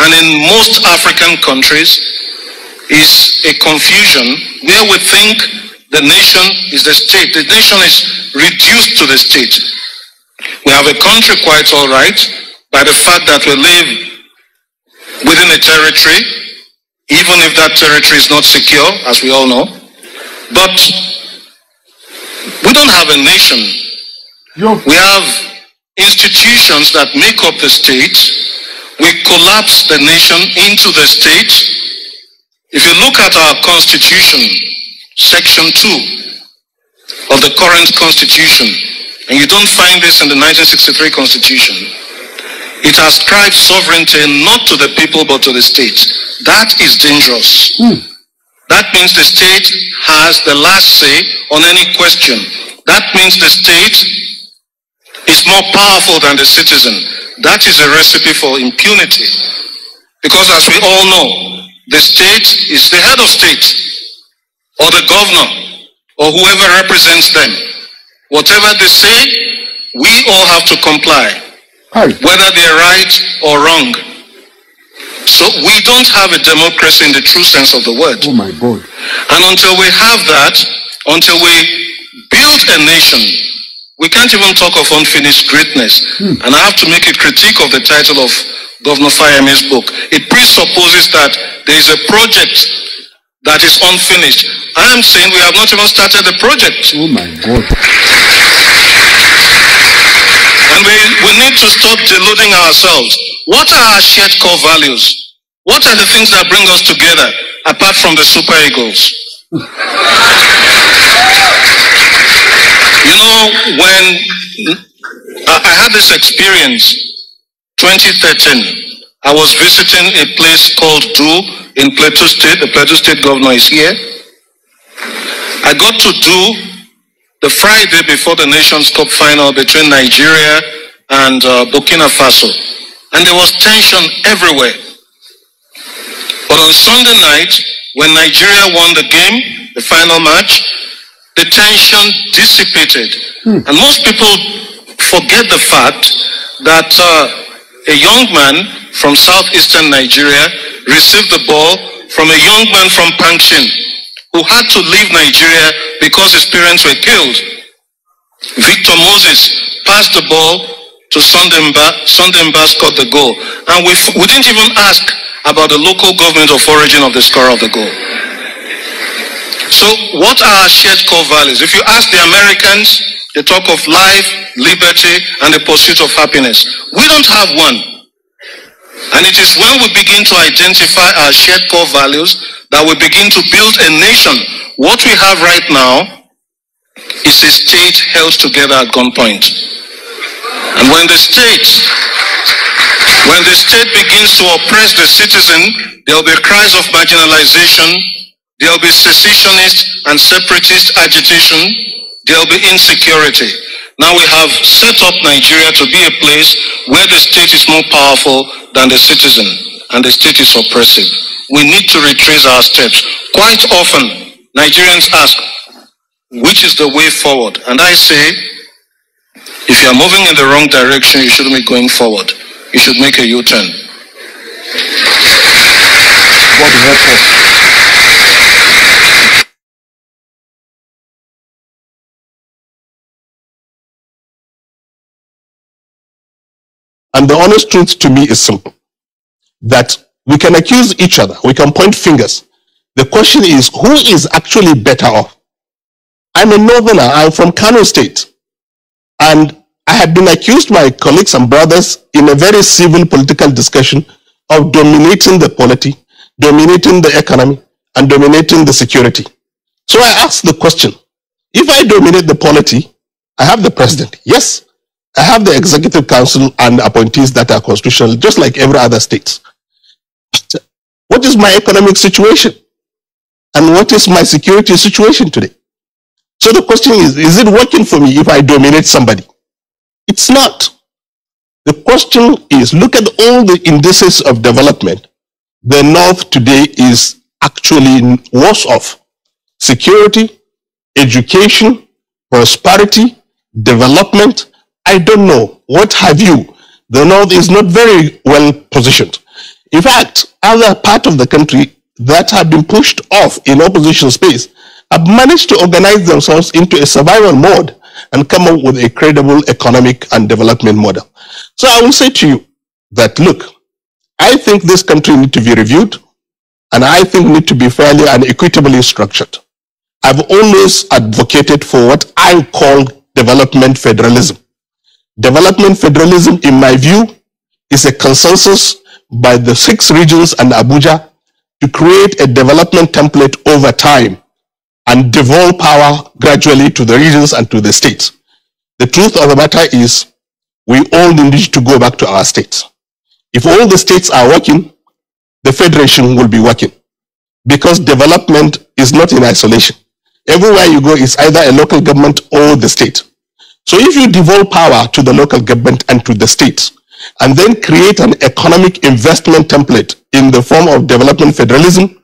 and in most African countries is a confusion where we think the nation is the state. The nation is reduced to the state. We have a country quite all right by the fact that we live within a territory, even if that territory is not secure, as we all know. But we don't have a nation we have institutions that make up the state. We collapse the nation into the state. If you look at our constitution, section 2 of the current constitution, and you don't find this in the 1963 constitution, it ascribes sovereignty not to the people but to the state. That is dangerous. Mm. That means the state has the last say on any question. That means the state is more powerful than the citizen. That is a recipe for impunity. Because as we all know, the state is the head of state, or the governor, or whoever represents them. Whatever they say, we all have to comply, whether they're right or wrong. So we don't have a democracy in the true sense of the word. Oh my God. And until we have that, until we build a nation we can't even talk of unfinished greatness. Hmm. And I have to make a critique of the title of Governor Fayeme's book. It presupposes that there is a project that is unfinished. I am saying we have not even started the project. Oh my God. And we, we need to stop deluding ourselves. What are our shared core values? What are the things that bring us together apart from the super egos? when I had this experience, 2013, I was visiting a place called Do in Plateau State. The Plateau State governor is here. I got to Do the Friday before the Nations Cup final between Nigeria and uh, Burkina Faso. And there was tension everywhere. But on Sunday night, when Nigeria won the game, the final match, the tension dissipated. Hmm. And most people forget the fact that uh, a young man from southeastern Nigeria received the ball from a young man from Pangshin who had to leave Nigeria because his parents were killed. Victor Moses passed the ball to Sundemba. Sundemba scored the goal. And we, we didn't even ask about the local government of origin of the scorer of the goal. So what are our shared core values? If you ask the Americans, they talk of life, liberty, and the pursuit of happiness. We don't have one. And it is when we begin to identify our shared core values that we begin to build a nation. What we have right now is a state held together at gunpoint. And when the state when the state begins to oppress the citizen, there will be cries of marginalization, there will be secessionist and separatist agitation, there will be insecurity. Now we have set up Nigeria to be a place where the state is more powerful than the citizen and the state is oppressive. We need to retrace our steps. Quite often, Nigerians ask, which is the way forward? And I say, if you're moving in the wrong direction, you shouldn't be going forward. You should make a U-turn. God help us. And the honest truth to me is simple that we can accuse each other, we can point fingers. The question is who is actually better off? I'm a northerner, I'm from Kano State. And I have been accused by colleagues and brothers in a very civil political discussion of dominating the polity, dominating the economy, and dominating the security. So I asked the question, if I dominate the polity, I have the president. Yes, I have the executive council and appointees that are constitutional, just like every other state. But what is my economic situation? And what is my security situation today? So the question is, is it working for me if I dominate somebody? It's not. The question is, look at all the indices of development. The North today is actually worse off. Security, education, prosperity, development, I don't know, what have you, the North is not very well positioned. In fact, other part of the country that have been pushed off in opposition space have managed to organize themselves into a survival mode and come up with a credible economic and development model. So I will say to you that, look, I think this country needs to be reviewed and I think need to be fairly and equitably structured. I've always advocated for what I call development federalism. Development federalism, in my view, is a consensus by the six regions and Abuja to create a development template over time and devolve power gradually to the regions and to the states. The truth of the matter is we all need to go back to our states. If all the states are working, the federation will be working because development is not in isolation. Everywhere you go is either a local government or the state. So if you devolve power to the local government and to the state, and then create an economic investment template in the form of development federalism,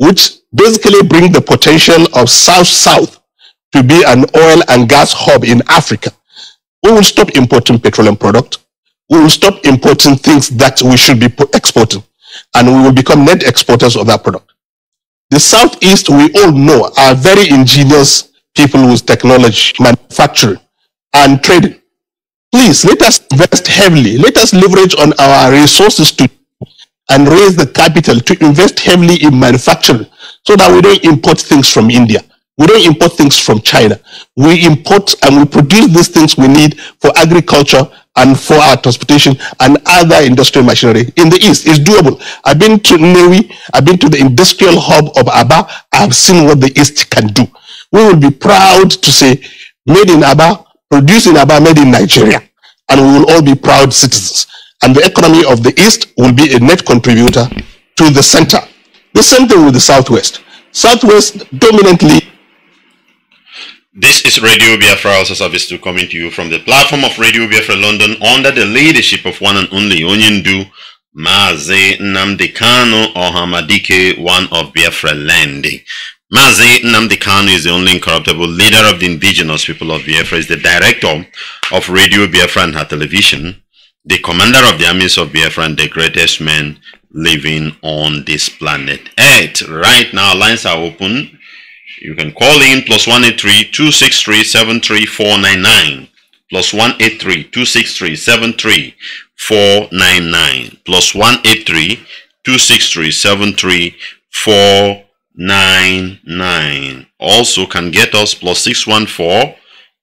which basically bring the potential of South-South to be an oil and gas hub in Africa, we will stop importing petroleum products. We will stop importing things that we should be exporting, and we will become net exporters of that product. The Southeast, we all know, are very ingenious people with technology, manufacturing, and trading. Please let us invest heavily. Let us leverage on our resources to and raise the capital to invest heavily in manufacturing so that we don't import things from India. We don't import things from China. We import and we produce these things we need for agriculture and for our transportation and other industrial machinery in the east. It's doable. I've been to Newi, I've been to the industrial hub of Aba, I've seen what the east can do. We will be proud to say, made in Aba, produced in Aba, made in Nigeria. And we will all be proud citizens. And the economy of the East will be a net contributor to the center. The same thing with the Southwest. Southwest dominantly this is Radio Biafra also service to coming to you from the platform of Radio Biafra London under the leadership of one and only Onyendu Maze Namdekano Ohamadike, one of Biafra Landing. Mazi Namdekanu is the only incorruptible leader of the indigenous people of Biafra, is the director of Radio Biafra and her television, the commander of the armies of Biafra and the greatest man living on this planet Earth. Right now, lines are open. You can call in plus 183-263-73499. Plus 183-263-73499. Plus 183-263-73499 nine nine also can get us plus six one four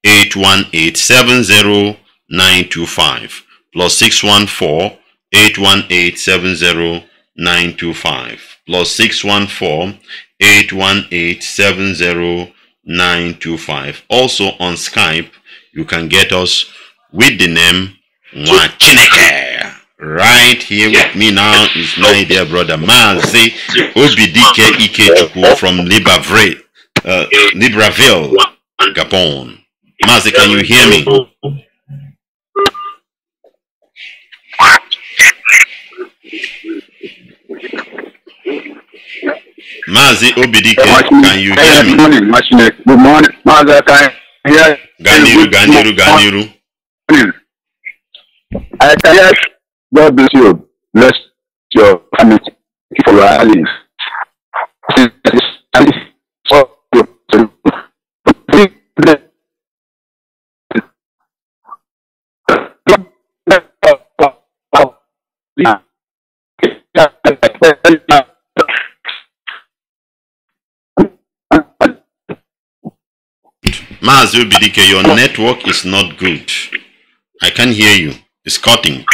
eight one eight seven zero nine two five plus six one four eight one eight seven zero nine two five plus six one four eight one eight seven zero nine two five also on Skype you can get us with the name Mwachineke Right here with me now is my oh. dear brother Mazi Obidike Ikechukwu from Libavre, uh, Libraville, Gabon. Mazi, can you hear me? Mazi Obidike, can you hear me? Good morning, Good morning, Mazi, can you hear me? Ganiru, Ganiru, Ganiru. I can hear God bless you. Bless your family for your allies. Maazubidike, your network is not good. I can't hear you. It's cutting.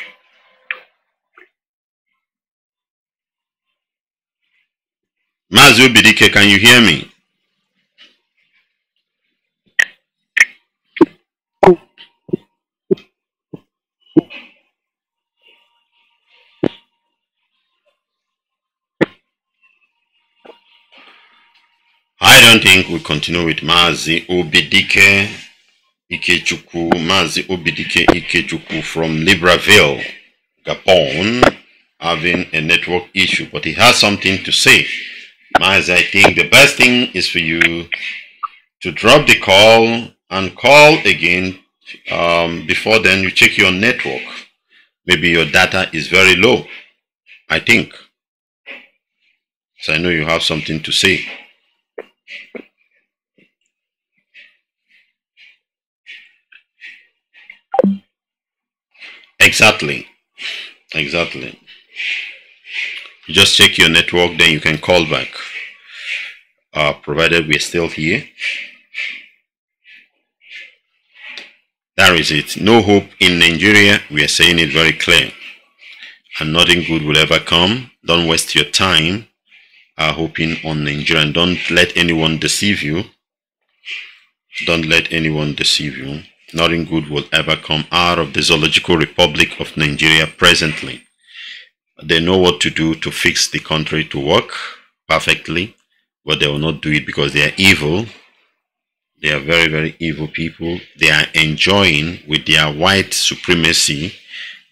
Mazi Obidike, can you hear me? I don't think we continue with Mazi Obidike Ikechukwu, Mazi Obidike Ikechukwu from Libreville, Gabon, having a network issue, but he has something to say. Mas, I think the best thing is for you to drop the call and call again. Um, before then, you check your network. Maybe your data is very low, I think. So I know you have something to say. Exactly. Exactly you just check your network then you can call back uh, provided we're still here that is it no hope in Nigeria we are saying it very clear and nothing good will ever come don't waste your time uh, hoping on Nigeria and don't let anyone deceive you don't let anyone deceive you nothing good will ever come out of the zoological republic of Nigeria presently they know what to do to fix the country to work perfectly, but they will not do it because they are evil. They are very, very evil people. They are enjoying with their white supremacy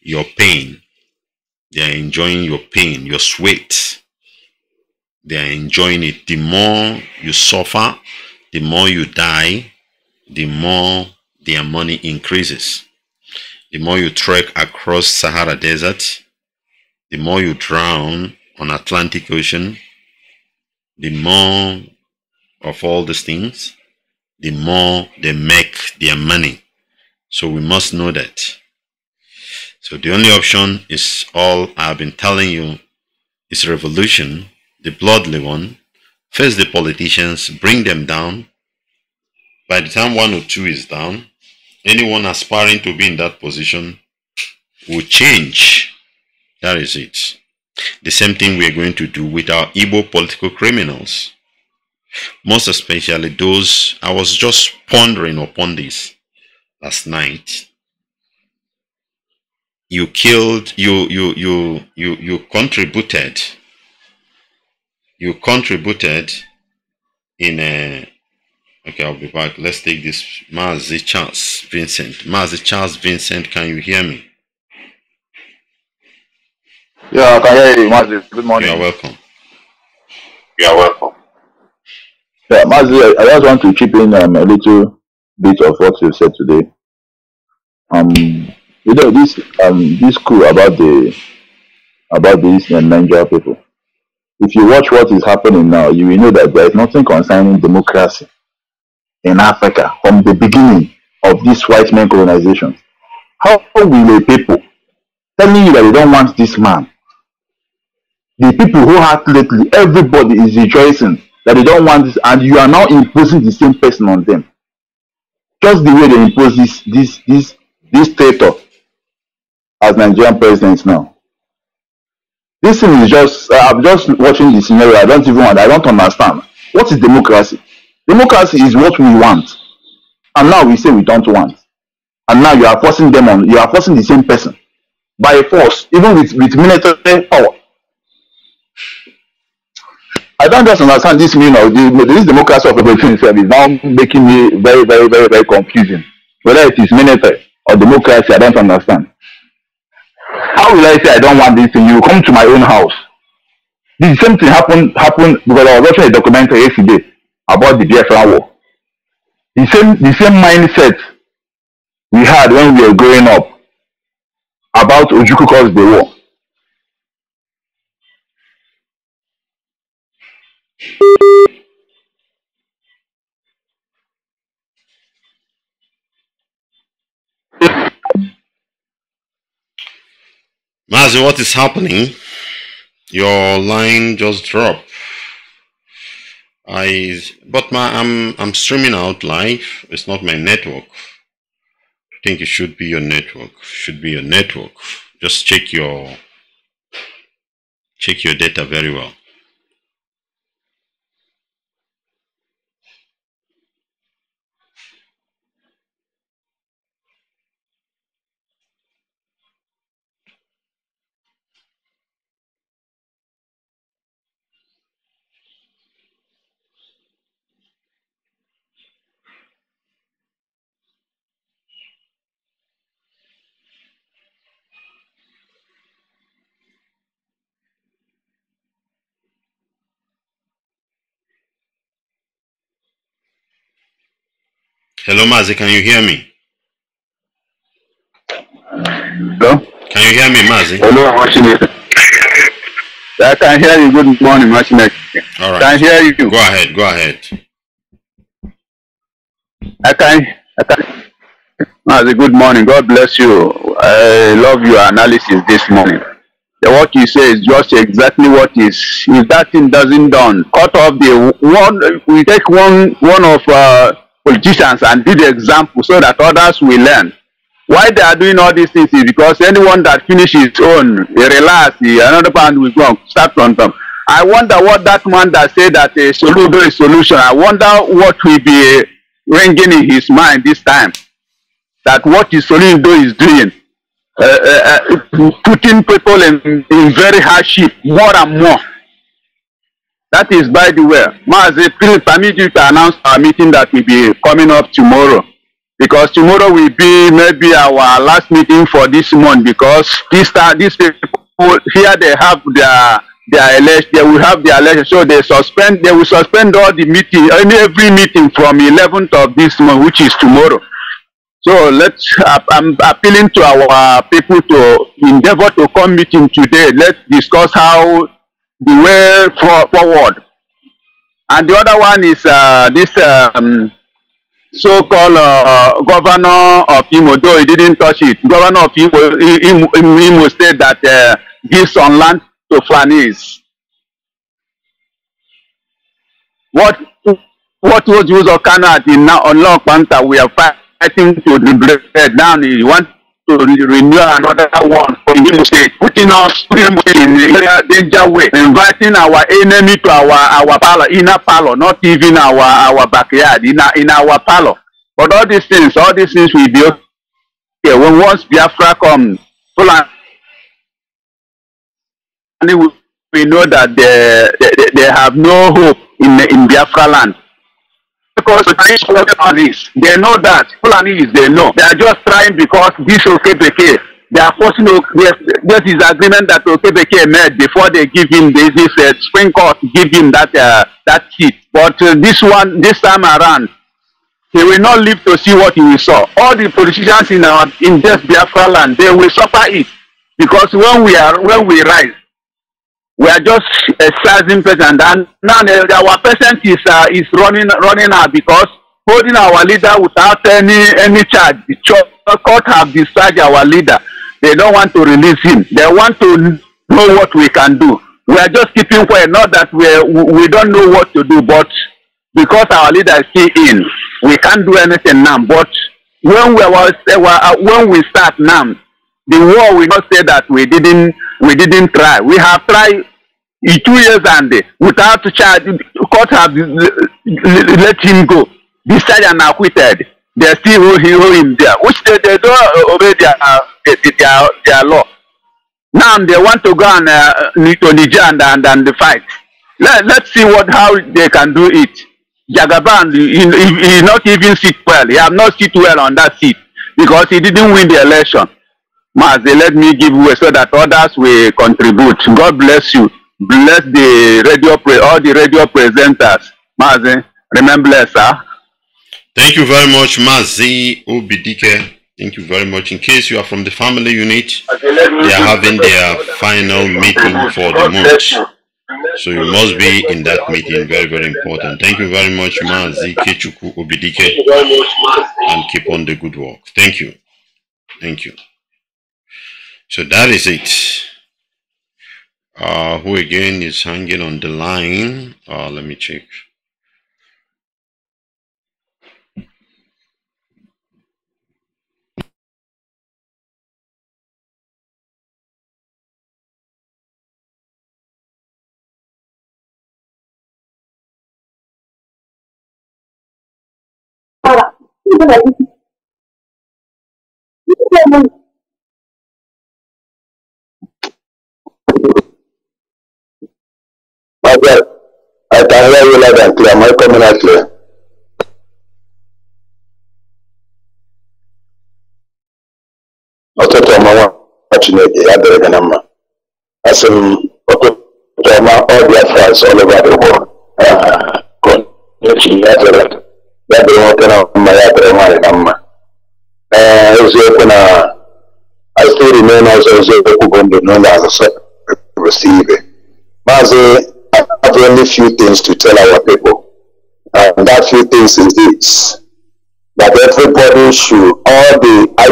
your pain. They are enjoying your pain, your sweat. They are enjoying it. The more you suffer, the more you die, the more their money increases. The more you trek across Sahara Desert, the more you drown on Atlantic Ocean, the more of all these things, the more they make their money. So we must know that. So the only option is all I've been telling you is revolution, the bloodly one. First, the politicians, bring them down. By the time one or two is down, anyone aspiring to be in that position will change that is it. The same thing we are going to do with our Igbo political criminals. Most especially those, I was just pondering upon this last night. You killed, you, you, you, you, you contributed, you contributed in a, okay, I'll be back. Let's take this Mazi Charles Vincent. Mazi Charles Vincent, can you hear me? Yeah, I can hear you, Mazi. Good morning. You're welcome. You're welcome. Yeah, Mazi, I just want to chip in um, a little bit of what you said today. Um, you know this um this cool about the about these um, Niger people. If you watch what is happening now, you will know that there is nothing concerning democracy in Africa from the beginning of this white man colonization. How will a people telling you that they don't want this man the people who athletely everybody is rejoicing that they don't want this and you are now imposing the same person on them just the way they impose this this this this traitor as nigerian president now this thing is just uh, i'm just watching the scenario i don't even want i don't understand what is democracy democracy is what we want and now we say we don't want and now you are forcing them on you are forcing the same person by force even with with military power I don't just understand this meaning of the, this democracy of revolution itself is now making me very, very, very, very confusing. Whether it is military or democracy, I don't understand. How will I say I don't want this thing? You come to my own house. The same thing happened happened because I was watching a documentary yesterday about the Biafran war. The same the same mindset we had when we were growing up about Ojukwu caused the war. Mazi, what is happening? Your line just dropped. I but my I'm I'm streaming out live. It's not my network. I think it should be your network. Should be your network. Just check your check your data very well. Hello, Mazi, can you hear me? Hello? Can you hear me, Mazi? Hello, Machineke. I can hear you. Good morning, Machineke. All right. I can hear you. Go ahead, go ahead. I can, I can. Mazi, good morning. God bless you. I love your analysis this morning. What you say is just exactly what is. If that thing doesn't done, cut off the one. We take one one of uh, politicians and be the example so that others will learn. Why they are doing all these things is because anyone that finishes his own, he relax, he, another man will go start from them. I wonder what that man that said that a soludo is solution, I wonder what will be ringing in his mind this time. That what is soludo is doing, uh, uh, uh, putting people in, in very hardship more and more. That is by the way. Mazi, please permit you to announce our meeting that will be coming up tomorrow. Because tomorrow will be maybe our last meeting for this month because this these, these people here they have their their election they will have their election so they suspend they will suspend all the meeting any every meeting from 11th of this month which is tomorrow so let's uh, i'm appealing to our people to endeavor to come meeting today let's discuss how the way for, forward. And the other one is uh, this um, so-called uh, governor of Imo, though he didn't touch it. Governor of Imo, Imo, Imo, State that uh, gives on land to Flanis. What what was use of Canada in now on Long Panther? We are fighting to the bread down. He wants to renew another one for Imo State, putting us putting us in a danger way, inviting our enemy to our our parlor, inner parlor, not even our our backyard, in our, in our parlor. But all these things, all these things will be okay when once Biafra comes, Fulani we know that they, they, they have no hope in, in Biafra land because the Fulani families, they know that. Fulani is they know. They are just trying because this OKPK, they are forcing this is agreement that OKPK made before they give him this, this uh, Supreme Court give him that uh, that seat. But uh, this one, this time around, he will not live to see what he saw. All the politicians in our in this Biafra land, they will suffer it because when we are when we rise, we are just exercising present and now uh, our present is uh, is running running out because holding our leader without any any charge the court have discharged our leader they don't want to release him they want to know what we can do we are just keeping quiet not that we we don't know what to do but because our leader is still in we can't do anything now but when we was when we start now the war will not say that we didn't we didn't try. We have tried in two years and uh, without charge, court have uh, let him go. decided and acquitted. They still hold him, hold him there, which they, they don't uh, obey their, uh, their, their, their law. Now they want to go and uh, to Niger and, and, and fight. Let, let's see what how they can do it. Jagaban, he, he, he not even sit well. He have not sit well on that seat because he didn't win the election. Mazi, let me give you so that others will contribute. God bless you. Bless the radio, pre- all the radio presenters. Mazi, remember sir. Thank you very much, Mazi Obidike. Thank you very much. In case you are from the family unit, they are having their final meeting for the month. So you must be in that meeting. Very, very important. Thank you very much, Mazi Kechuku Obidike. And keep on the good work. Thank you. Thank you. So that is it. Uh, who again is hanging on the line? Uh, let me check. hear, I can hear you loud and clear. Am I coming out clear? Ọtụtụ ọma nwa Chineke ya dịrị gị na mma. Asị m ọtụtụ ọma ọ France all over the world. Kọnechi ya dịrị ya dịrị nwoke na mma ya dịrị nwaanyị na mma. Ee, eziokwu na eziokwu bụ ndụ n'ụlọ Maazị have only few things to tell our people. And that few things is this. That everybody should, all the I,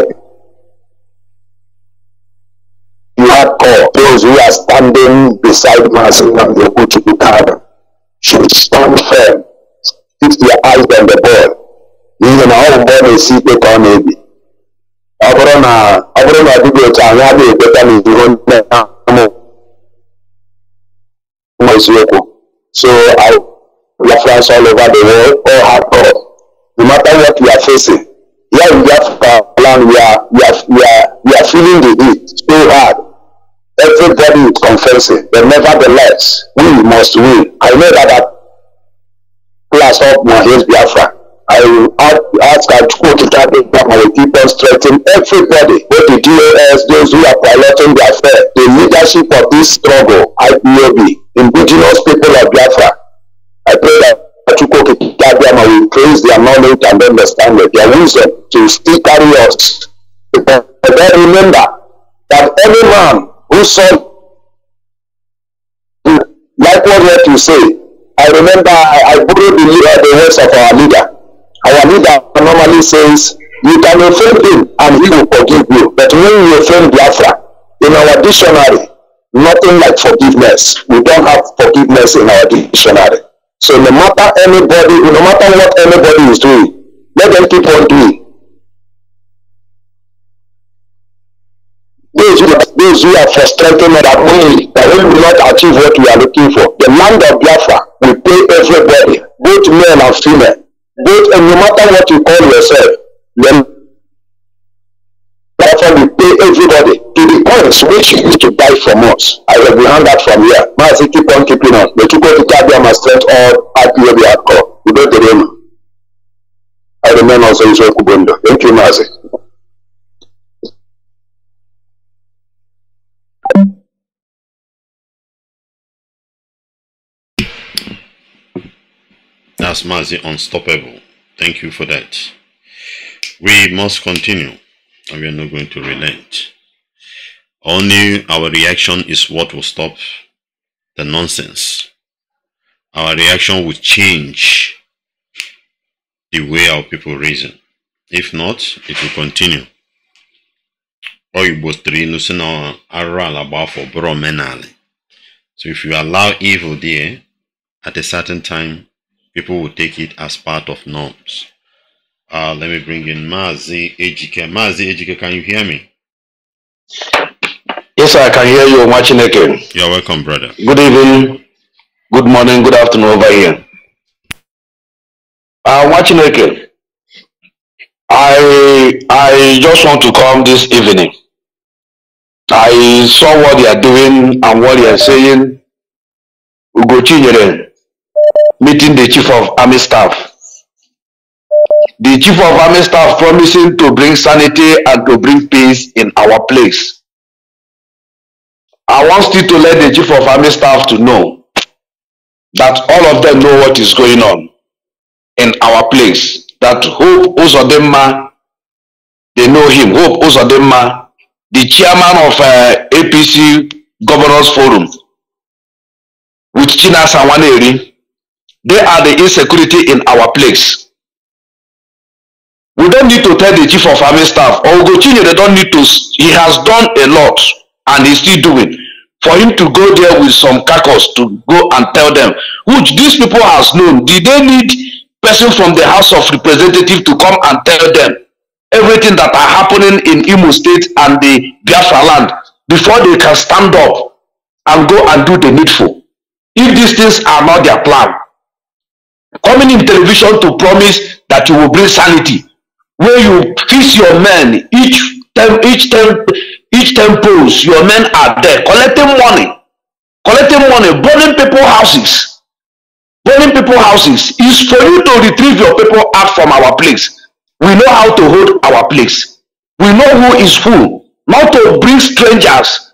you have called, those who are standing beside and Namdoku Chibukara, should stand firm, fix their eyes on the ball. Even our ọ bụ mgbe ọ na-esi ikpe ka ọ na-ebi. Ọ bụrụ na ọ bụrụ na ọ dịghị otu ma eziokwu so friends all over the world all hard up no matter what we are facing here in Africa, land we are we are we are we are feeling the heat so hard everybody is confessing but nevertheless we must win i know that that class up my hate biafra i will add ask and quote it out will keep people, strengthen everybody, both the DOS, those who are piloting the affair, the leadership of this struggle, IPOB, indigenous people of Biafra. I pray that them and we praise their knowledge and understanding, their wisdom to still carry us. But then remember that any man who saw like what you say, I remember I, I borrowed the, the words of our leader. Our leader normally says, you can offend him and he will forgive you. But when you offend Biafra, in our dictionary, nothing like forgiveness. We don't have forgiveness in our dictionary. So no matter anybody, no matter what anybody is doing, let them keep on doing. Those who, those who are frustrating that we, that we will not achieve what we are looking for. The land of Biafra will pay everybody, both men and female both and no matter what you call yourself you're therefore we pay everybody to the coins which you need to buy from us i will be hand out from here maazị keep on keeping on to okike abịama strength all ipob akọ udo dịrị unu i remain ọzọ izu okwu bụ ndụ thank you maazị as Mazi unstoppable. Thank you for that. We must continue and we are not going to relent. Only our reaction is what will stop the nonsense. Our reaction will change the way our people reason. If not, it will continue. So if you allow evil there, at a certain time, people will take it as part of norms. Uh, let me bring in Mazi Ejike. Mazi Ejike, can you hear me? Yes, I can hear you, again. You're welcome, brother. Good evening, good morning, good afternoon over here. Uh, again. I, I just want to come this evening. I saw what they are doing and what they are saying. meeting the chief of army staff. The chief of army staff promising to bring sanity and to bring peace in our place. I want still to let the chief of army staff to know that all of them know what is going on in our place. That Hope Uzodema, they know him. Hope Uzodema, the chairman of uh, APC Governors Forum with China Sawaneri, They are the insecurity in our place. We don't need to tell the chief of army staff, or Ogochinye, they don't need to, he has done a lot, and he's still doing. For him to go there with some carcass to go and tell them, which these people has known, did they need person from the House of Representative to come and tell them everything that are happening in Imo State and the Biafra land before they can stand up and go and do the needful? If these things are not their plan, coming in television to promise that you will bring sanity Where you fix your men each term each term each term polls your men are there collecting money collecting money burning people houses burning people houses is for you to retrieve your people out from our place we know how to hold our place we know who is who not to bring strangers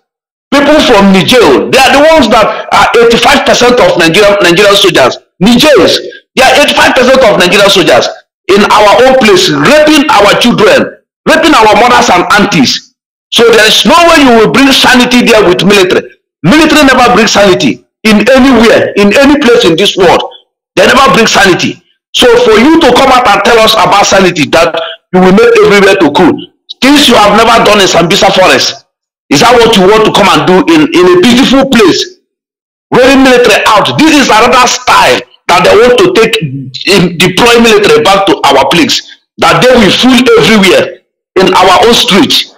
people from Niger, they are the ones that are eighty-five percent of Nigerian Nigerian soldiers. Nigerians, There are 85 percent of Nigerian soldiers in our own place raping our children, raping our mothers and aunties. So there is no way you will bring sanity there with military. Military never brings sanity in anywhere, in any place in this world. They never bring sanity. So for you to come out and tell us about sanity that you will make everywhere to cool, things you have never done in Sambisa Forest, is that what you want to come and do in, in a beautiful place? Wearing military out. This is another style that they want to take deploy military back to our place that they will fool everywhere in our own street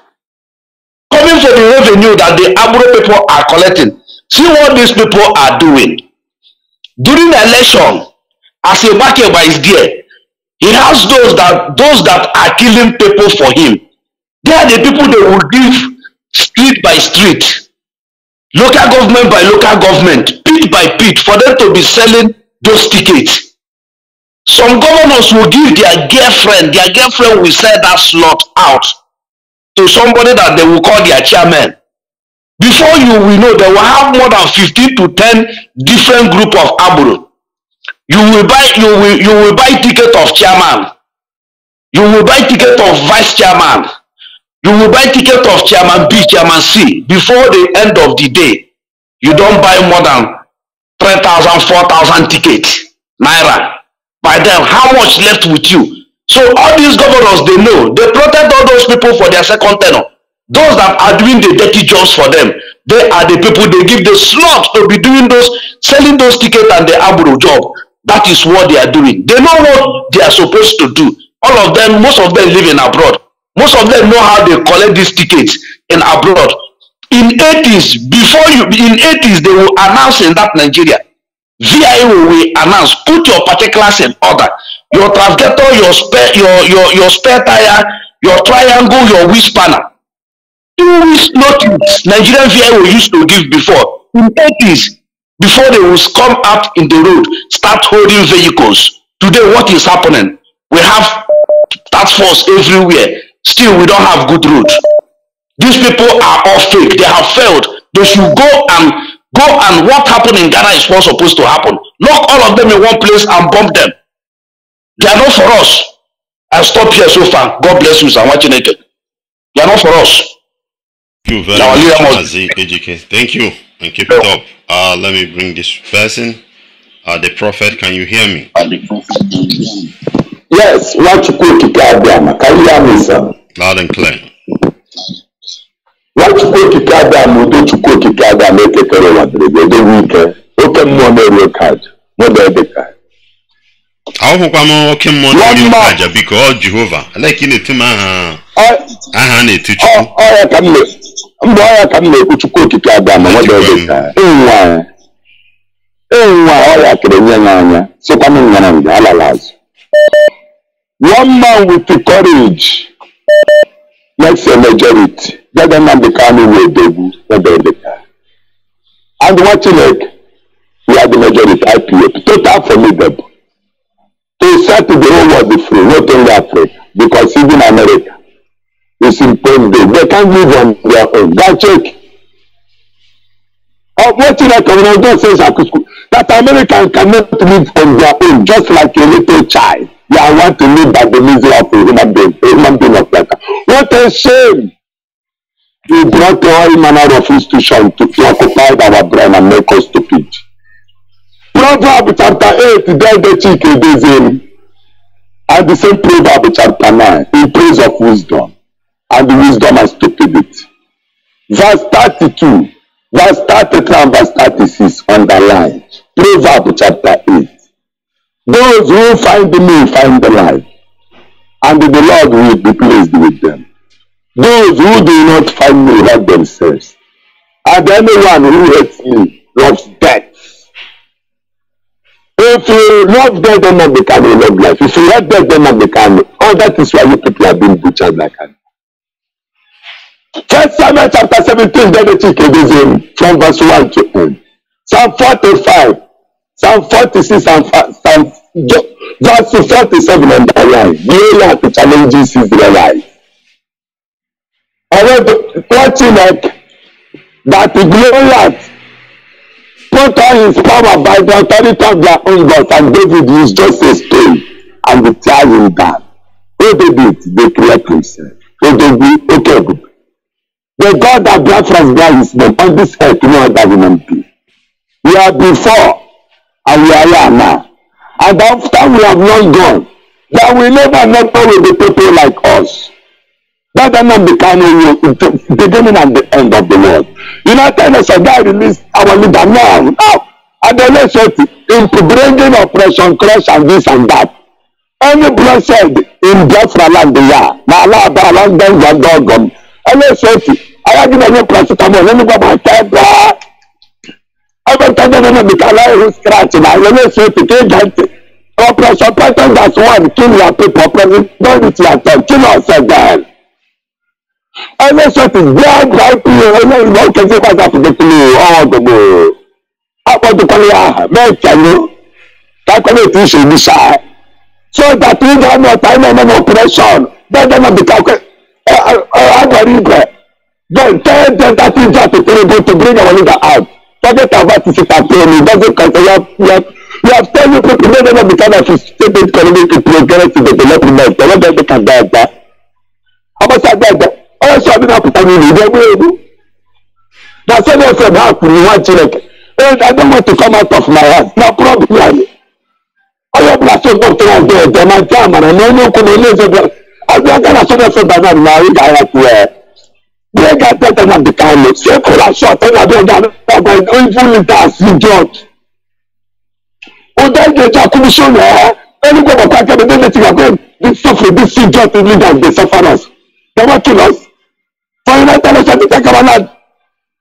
coming from the revenue that the agro people are collecting see what these people are doing during the election as a bakeba is there he has those that those that are killing people for him they are the people that will give street by street local government by local government pit by pit for them to be selling those tickets. Some governors will give their girlfriend, their girlfriend will sell that slot out to somebody that they will call their chairman. Before you will know, they will have more than 15 to 10 different group of aburu. You will buy, you will, you will buy ticket of chairman. You will buy ticket of vice chairman. You will buy ticket of chairman B, chairman C. Before the end of the day, you don't buy more than 3,000, 4,000 tickets, Naira. By then, how much left with you? So all these governors, they know. They protect all those people for their second tenor. Those that are doing the dirty jobs for them, they are the people they give the slots to be doing those, selling those tickets and the aburo job. That is what they are doing. They know what they are supposed to do. All of them, most of them living abroad. Most of them know how they collect these tickets in abroad in 80s before you in 80s they will announce in that nigeria via will announce put your particulars in order your transgator your spare your your your spare tire your triangle your wheel spanner two weeks notice nigerian via used to give before in 80s before they will come out in the road start holding vehicles today what is happening we have task force everywhere still we don't have good roads These people are all fake. They have failed. They should go and go and what happened in Ghana is what's supposed to happen. Lock all of them in one place and bomb them. They are not for us. I stop here so far. God bless you, sir. Watching it. They are not for us. Thank you very now, much, AJK. Thank you and keep it up. Uh, let me bring this person. Uh, the prophet, can you hear me? yes, what you could can you hear me, sir? Loud and clear. Chukwu okike adam Chukwu okike adam ekekere ụwa dịrị edowe ike oke mmụọ na-eru oke aja n'obe dịka ahụhụkwana oke mmụọ na-eri oke aja biko ọ jehova aleki na-etu m aha aha na-etu chukwu mgbe ọrịa ka m na-ekwu chukwu okike adam nwadedịka nwa enwa ọrịa kere nye ya anya sikwana nyara nga alala azụ one man with the courage makes a majority dada Nnamdi Kanu Nwodogwu Ebeleka. And what you like, we are the majority IPOP, total formidable. To set the whole world be free, not only Africa, because even America is imposed there. They can't live on their own. God check. Uh, what you like, you know, God says that American cannot live on their own, just like a little child. They want to live by the misery of a human being, a human being of like that. What a shame! You brought all manner of institutions to preoccupy our brain and make us stupid. Proverbs chapter 8, there the chick obeys him. And the same proverb chapter nine, in praise of wisdom, and the wisdom and stupidity. Verse 32, verse 33 and verse 36 underline. Proverb chapter eight. Those who find me find the life, and the Lord will be pleased with them. Those who do not find me hurt themselves, and anyone who hates me loves death. If you love death, then not become a love life. If you love death, then not become. Oh, that is why you people are being butchered like that. First Samuel chapter seventeen David Chikedizim from verse one to end. Psalm forty-five, Psalm forty-six, Psalm Psalm verse forty-seven and that line. Goliath challenges Israelites ọ̀rọ̀ Gottlieb that the Goliath put all his power by the authority of their own gods and David is just a stone and the child him down. Who David, it? They cleared himself. Who did it? Okay, good. The God that brought us there is them on this earth, no other human being. We are before and we are here now. And after we have not gone, there will never, never will be people like us. Let them not be counting you the beginning and the end of the world. You know, United Nations that release our leader now. Oh, now, I don't Adele Shetty, into bringing oppression, crush and this and that. Any blessed in Biafra land they are. Na Allah Abba land them your dog on. Adele Shetty, I you give any paracetamol, let me go eh, my table. Every time they want to be alive, who's scratching? Adele Shetty, take that. Oppression, pattern that's one, kill your people, president, don't eat your tongue, kill yourself then. NSSF where IPO ọlọ́run lọ́wọ́ kẹsí pàṣẹ àfọ̀tẹ́sílẹ̀ ọ̀hún gbogbo ọ̀pọ̀tọ̀kọ́lẹ́yà bẹ́ẹ̀ tẹ̀lé kákọ́lẹ́ tí ń ṣe ibi ṣá so that we don know time and money operation bẹ́ẹ̀ dẹ́nà bí kákọ́ agbọ̀rí ibẹ̀ then tell them that is just a terrible to bring our leader out target our vice is campaign it doesn't concern your your your telling people make them become a state economic progressive development ọlọ́dọ̀ ẹ̀dẹ́ka gbàgbà ọmọ sí àgbà ẹ̀dẹ́ so ade na apụta n'ụlọ ụdị egbe egbu na sede fm ha kwuru nwa chineke I don't want to come out of my heart na problem ya ni onye ọbụla so dọkịta adị ede ma nke amara na onye okwu na onye eze bịara abịa gaa na sede fm bana na anyị ga-ahapụ ya They got better than the Kano. Say for a shot, and I don't know even if that's the judge. But then they just commission law. Any go back and they make it again. This suffer, this see judge, the leader, they suffer us. They want to us for United Nations to take our land.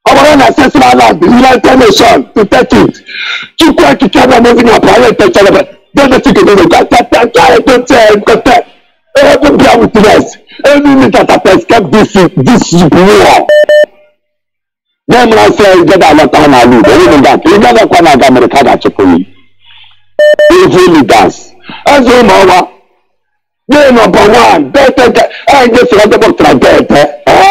Our own ancestral land, United Nations, to take it. Chukwu Akikebe moving up, I ain't take it. Don't think it will go. Don't tell them. Every bear witness, every meter that escaped this, this war. Them now say, get out of town and leave. Even that, you never come out of America, that's your police. Evil leaders. As you know, they number one, they take, I just want to go to the bed.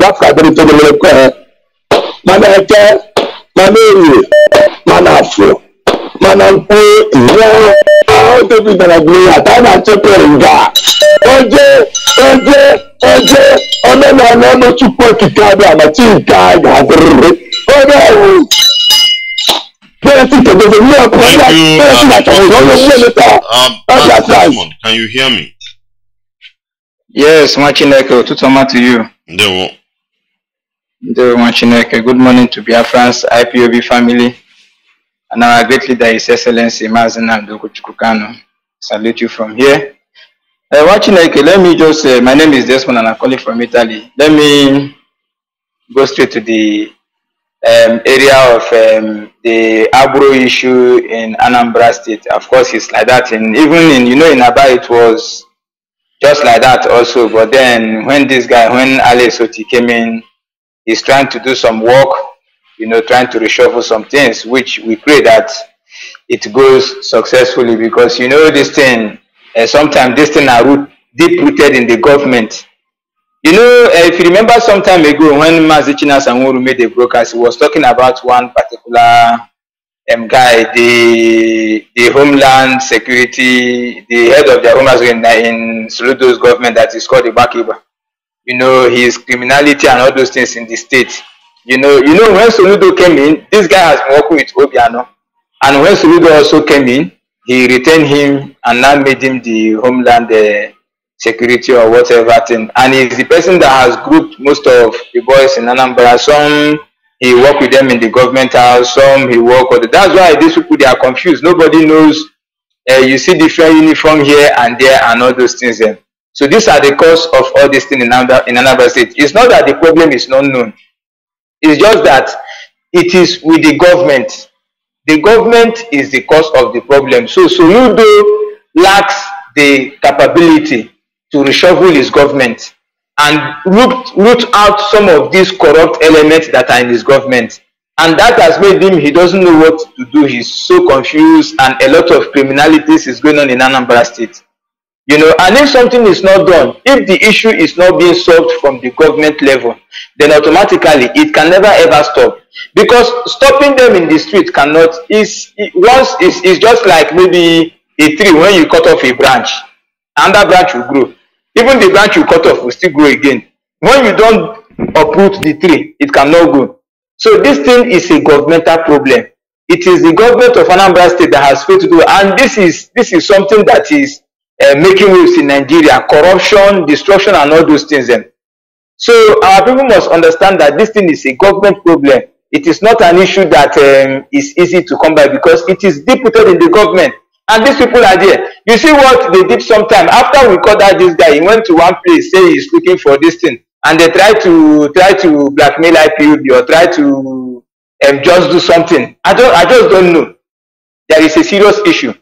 Nafadiri tó lè kọ́ ẹ. Mana ẹkẹ, mana èrè, mana àfọ, mana nkú ìyá àwọn tóbi dàgbìyà táwọn àtẹ́kọ̀ ìgbà. Ọjẹ́ ọjẹ́ ọjẹ́ ọlọ́nà ọlọ́nà túpọ̀ kíkà bí àmàtí ìka àgbàdúró. Ọjọ́ ẹ̀wọ̀n bẹ́ẹ̀ sì tẹ̀gbẹ̀gbẹ̀ uh, ní ọkọ̀ ọ̀la bẹ́ẹ̀ sì àtàwọn ìwọ́n ló ń lẹ́ta ọjà price. Can you hear me? Yes, Machineke, Tutuma to you. Ndewo. good morning to Biafran's IPOB family and our great leader, His Excellency Mazinam Dokuchukukano. Salute you from here. Uh, eh, Wachineke, let me just, uh, my name is Desmond and I'm calling from Italy. Let me go straight to the um, area of um, the Abro issue in Anambra State. Of course, it's like that. And even in, you know, in Aba, it was just like that also. But then when this guy, when Ali Soti came in, He's trying to do some work, you know, trying to reshuffle some things, which we pray that it goes successfully because you know this thing. Uh, eh, sometimes this thing are root, deep rooted in the government. You know, uh, if you remember some time ago when Mazi Sanguru made a broadcast, he was talking about one particular um, guy, the the Homeland Security, the head of the Homeland Security in, in Soludo's government that is called the Bakiba you know, his criminality and all those things in the state. You know, you know when Soludo came in, this guy has been working with Obiano. And when Soludo also came in, he retained him and now made him the homeland uh, security or whatever thing. And he's the person that has grouped most of the boys in Anambra. Some he worked with them in the government house, some he worked with. Them. That's why these people they are confused. Nobody knows. Uh, you see different uniform here and there and all those things. there. Eh. So these are the cause of all these things in Anambra, in State. It's not that the problem is not known. It's just that it is with the government. The government is the cause of the problem. So Soludo lacks the capability to reshuffle his government and root, root out some of these corrupt elements that are in his government. And that has made him, he doesn't know what to do. He's so confused and a lot of criminalities is going on in Anambra State. You know, and if something is not done, if the issue is not being solved from the government level, then automatically it can never ever stop. Because stopping them in the street cannot is it, once is is just like maybe a tree when you cut off a branch, and that branch will grow. Even the branch you cut off will still grow again. When you don't uproot the tree, it cannot grow. So this thing is a governmental problem. It is the government of Anambra State that has failed to do, and this is this is something that is uh, making waves in Nigeria, corruption, destruction, and all those things. Then. So our people must understand that this thing is a government problem. It is not an issue that um, is easy to come by because it is deep rooted in the government. And these people are there. You see what they did sometime. After we caught out this guy, he went to one place, say he's looking for this thing. And they try to try to blackmail IPOB or try to um, just do something. I don't I just don't know. There is a serious issue.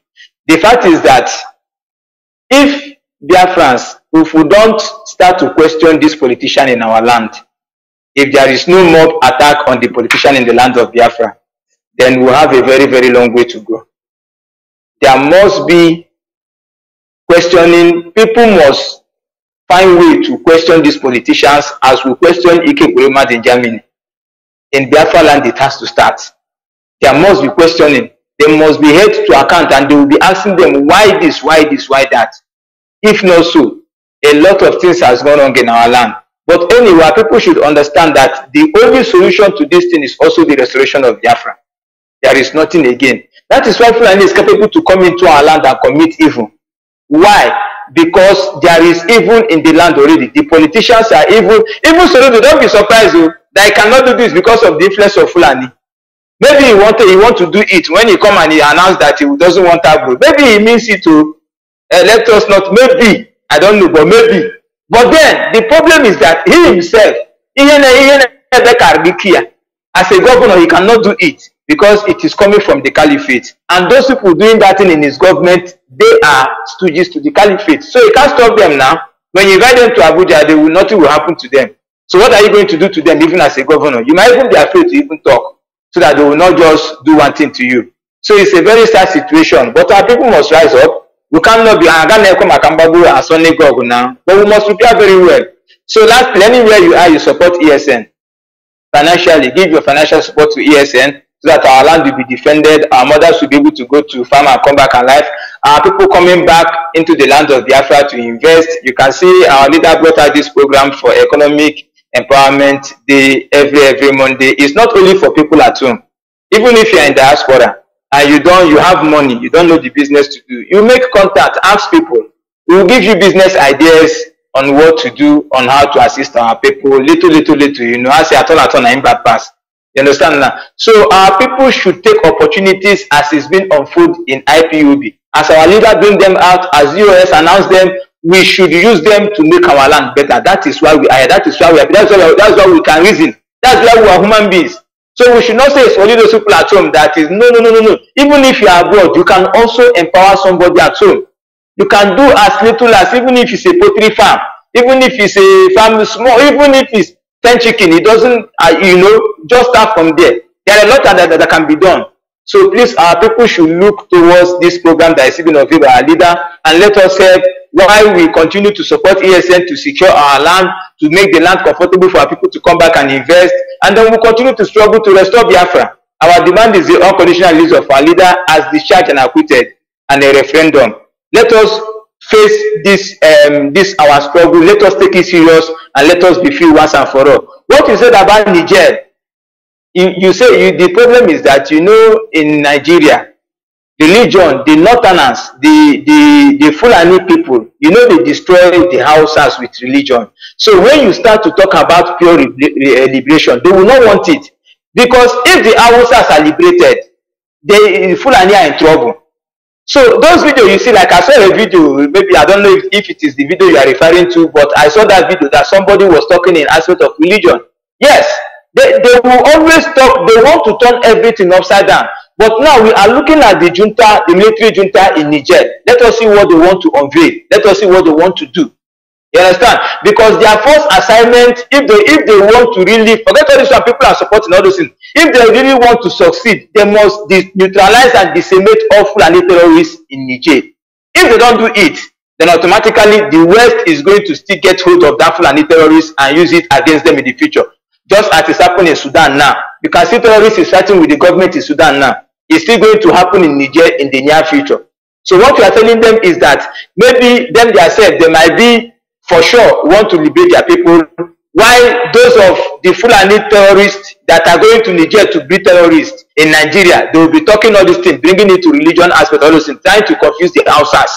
The fact is that if France, if we don't start to question this politician in our land, if there is no mob attack on the politician in the land of Biafra, then we'll have a very, very long way to go. There must be questioning. People must find way to question these politicians as we question Ike in Germany. In Biafra land, it has to start. There must be questioning. They must be held to account and they will be asking them why this, why this, why that. If not so, a lot of things has gone wrong in our land. But anyway, people should understand that the only solution to this thing is also the restoration of Biafra. There is nothing again. That is why Fulani is capable to come into our land and commit evil. Why? Because there is evil in the land already. The politicians are evil. Even so, don't be surprised oh, that I cannot do this because of the influence of Fulani. Maybe he want to, he want to do it when he come and he announce that he doesn't want agbo. Maybe he means it to uh, let us not. Maybe I don't know, but maybe. But then the problem is that he himself, as a governor, he cannot do it because it is coming from the caliphate. And those people doing that thing in his government, they are stooges to the caliphate. So you can't stop them now. When you invite them to Abuja, they will nothing will happen to them. So what are you going to do to them even as a governor? You might even be afraid to even talk so that they will not just do one thing to you. So it's a very sad situation. But our people must rise up. We cannot be Anganekom Akambabu and Sunday Gog now. But we must prepare very well. So lastly, anywhere you are, you support ESN. Financially, give your financial support to ESN so that our land will be defended, our mothers will be able to go to farm and come back alive. Our people coming back into the land of Biafra to invest. You can see our leader brought out this program for economic empowerment day every every monday it's not only for people at home even if you're in diaspora and you don't you have money you don't know the business to do you make contact ask people we will give you business ideas on what to do on how to assist our people little little little you know as at aton aton all na im bad pass you understand now so our people should take opportunities as it's been unfold in ipob as our leader bring them out as us announce them we should use them to make our land better that is why we are that is why we are that's why that's why we can reason that's why we are human beings so we should not say it's only those people at home that is no no no no no even if you are abroad you can also empower somebody at home you can do as little as even if it's a poultry farm even if it's a farm small even if it's ten chicken it doesn't uh, you know just start from there there are a lot that, that, that can be done So please, our people should look towards this program that is even of our leader and let us help while we continue to support ESN to secure our land, to make the land comfortable for our people to come back and invest. And then we'll continue to struggle to restore Biafra. Our demand is the unconditional release of our leader as discharged and acquitted and a referendum. Let us face this, um, this our struggle. Let us take it serious and let us be free once and for all. What you said about Niger, you, you say you, the problem is that you know in Nigeria, religion, the northerners, the, the, the Fulani people, you know they destroy the houses with religion. So when you start to talk about pure eh, liberation, they will not want it. Because if the houses are liberated, they, Fulani are in trouble. So those videos you see, like I saw a video, maybe I don't know if, if it is the video you are referring to, but I saw that video that somebody was talking in aspect of religion. Yes, They, they will always talk, they want to turn everything upside down. But now we are looking at the junta, the military junta in Niger. Let us see what they want to unveil. Let us see what they want to do. You understand? Because their first assignment, if they if they want to really forget all this, these people are supporting all those things, if they really want to succeed, they must neutralize and decimate all Fulani terrorists in Niger. If they don't do it, then automatically the West is going to still get hold of that Fulani terrorists and use it against them in the future just as it's happening in Sudan now. You can see terrorists is fighting with the government in Sudan now. It's still going to happen in Niger in the near future. So what we are telling them is that maybe them themselves, they might be for sure want to liberate their people, while those of the Fulani terrorists that are going to Niger to be terrorists in Nigeria, they will be talking all these things, bringing it to religion aspect, all those things, trying to confuse the Hausas.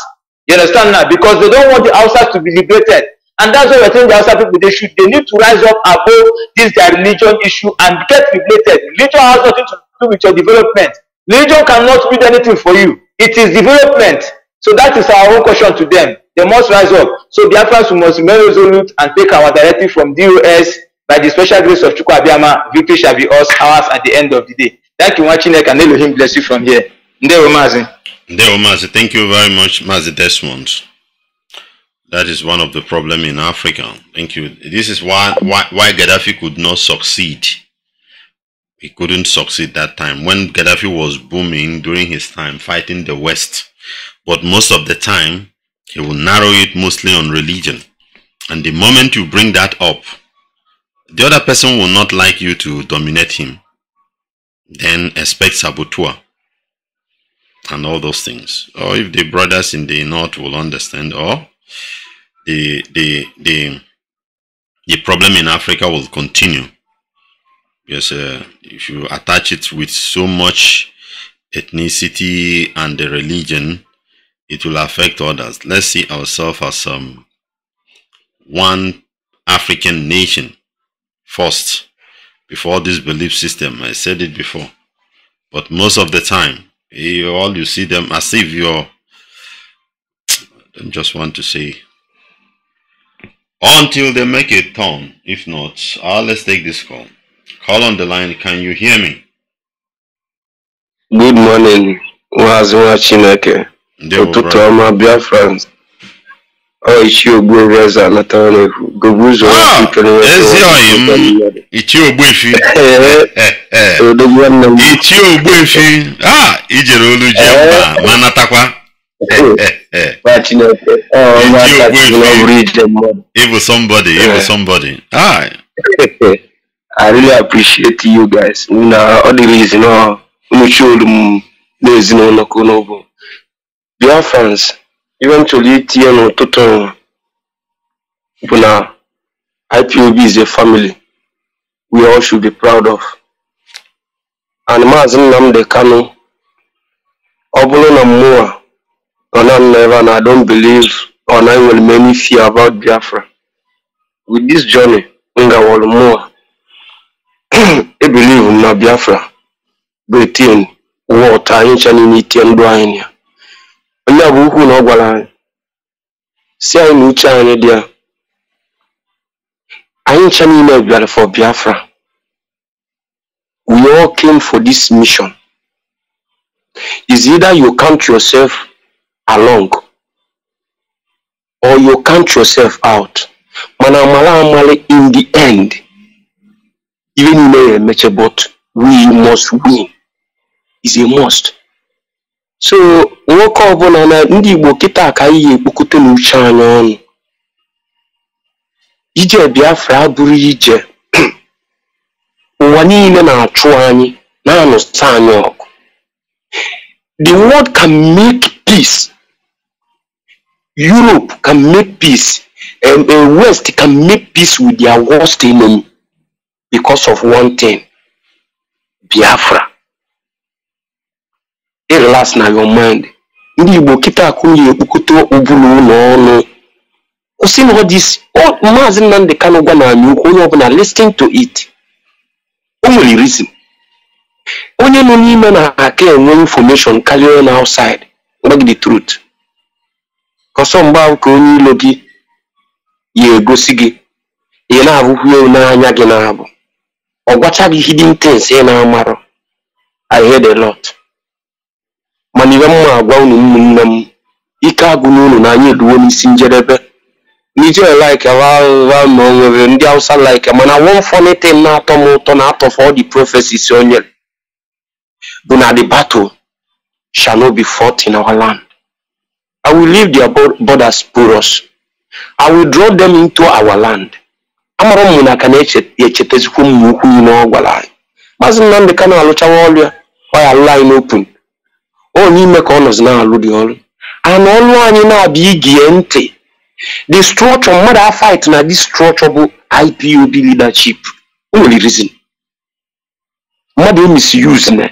You understand now? Because they don't want the Hausas to be liberated. And that's why we're telling the Hausa people they should they need to rise up above this their religion issue and get related. Religion has nothing to do with your development. Religion cannot build anything for you. It is development. So that is our own question to them. They must rise up. So the Africans must be resolute and take our directive from DOS by the special grace of Chukwu Abiyama. Victory shall be us, ours at the end of the day. Thank you, Wachineke, and Elohim bless you from here. Ndewo Mazi. Ndewo Mazi. Thank you very much, Mazi Desmond. That is one of the problem in Africa. Thank you. This is why, why, why Gaddafi could not succeed. He couldn't succeed that time. When Gaddafi was booming during his time, fighting the West. But most of the time, he will narrow it mostly on religion. And the moment you bring that up, the other person will not like you to dominate him. Then expect saboteur and all those things. Or if the brothers in the north will understand, or the the the the problem in Africa will continue because uh, if you attach it with so much ethnicity and the religion, it will affect others. Let's see ourselves as um, one African nation first before this belief system. I said it before, but most of the time, you, eh, all you see them as if you're and just want to say until they make a turn if not uh, let's take this call call on the line can you hear me good morning Nwazi Nwachineke ụtụtụ ọma Biafrans Oichi Ogbuefi anatara n'efu gobu ụzọ itere Ichie Ogbuefi Ichie ijere olu ji eh. mba ma natakwa eh, eh. Eh. but you know, oh, you not will read them all. Evil somebody, yeah. evil somebody. Aye. Ah. I really appreciate you guys. You know, all the reason, no, no, no, no, no, no, Dear friends, eventually, Tia no Toto, Buna, IPOB is a family we all should be proud of. And Mazin Namde Kano, Obulo Namua, Onan never, and I don't believe Onan will many fear about Biafra. With this journey, Nga Walumua, I believe na Biafra, Britain, war, time, Chani, Niti, and Brian. Onye bụ ukwu na ọ gwara anyị si anyị na uche anyị dị ya anyị ncha for Biafra we all came for this mission is either you count yourself along or you count yourself out mana amala amali in the end even may emeche but we must win is a must so nwoke ọbụla na ndị igbo kịta ka anyị ga-ekpokọta n'uche anyị ọnụ ije biafra abụrụ ije ụwa niile na-achụ anyị na-anụsa anyị ọkụ the world can make peace Europe can make peace. and West can make peace with their worst enemy because of one thing. Biafra. It lasts na your mind. Ndị Igbo kịta akụnye ekpokọta ụbụrụ ụlọ ọnụ. Kwụsị na this Maazị Nnamdị Kanụ gwa na anyị okwu onye na listening to it. O nwere reason. Onye nọ n'ime na aka enwe information karịa na outside. Gwa gị the truth. mgba nke onye ilo gị yi egosi gị ị na-abụkwa n'anya gị na-abụ ọ gwacha gị hidden things ị na amarụ I heard mana iwe mma agwa unu ụmụnne m ike agụ n'ụlọ na anyị eruwo n'isi njedebe Niger like na onwere ndị Hausa like mana one funny thing na-atọ m ụtọ na atọ for all the prophecies bụ na the battle shall not be fought in our land I will leave their borders porous. I will draw them into our land. amara m na aka na-echetezikwu m ukwu na ọ anyị maazị Nnamdi Kano alụchawa ọrụ ya ọ ya lụọ anyị n'opun ọ n'ime ka ọ nọzi na-alụ dị ọrụ ana ọlụ anyị na-abịa igie ntị the structure mmadụ afight na this structure bụ IPOB leadership o nwere reason mmadụ emisuse na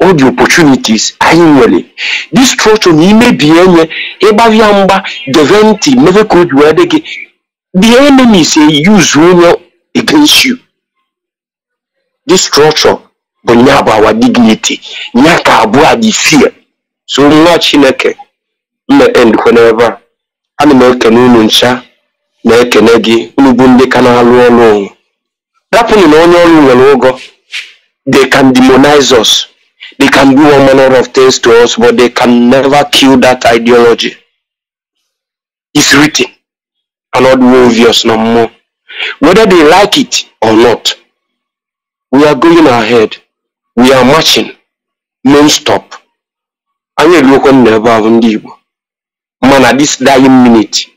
all the opportunities anyị nwere dị structure na imebie enye ịgbavia mgba deventi mebe ka o ji wee dị gị the enemy is onye against you this structure bụ nya bụ our dignity nya ka abụọ di dị fear so nwa chineke mma endkwe n'ebe a ana m ekene unu ncha na-ekene gị unu bụ ndị ka na-alụ ọrụ onwe Dapụnụ na onye ọrụ nwere ụgọ they can They can do all manner of things to us, but they can never kill that ideology. It's written and not obvious no more. Whether they like it or not, we are going ahead. We are marching non-stop. Anyị eluokwe na-ebe ahụ ndị Igbo mana this dying minute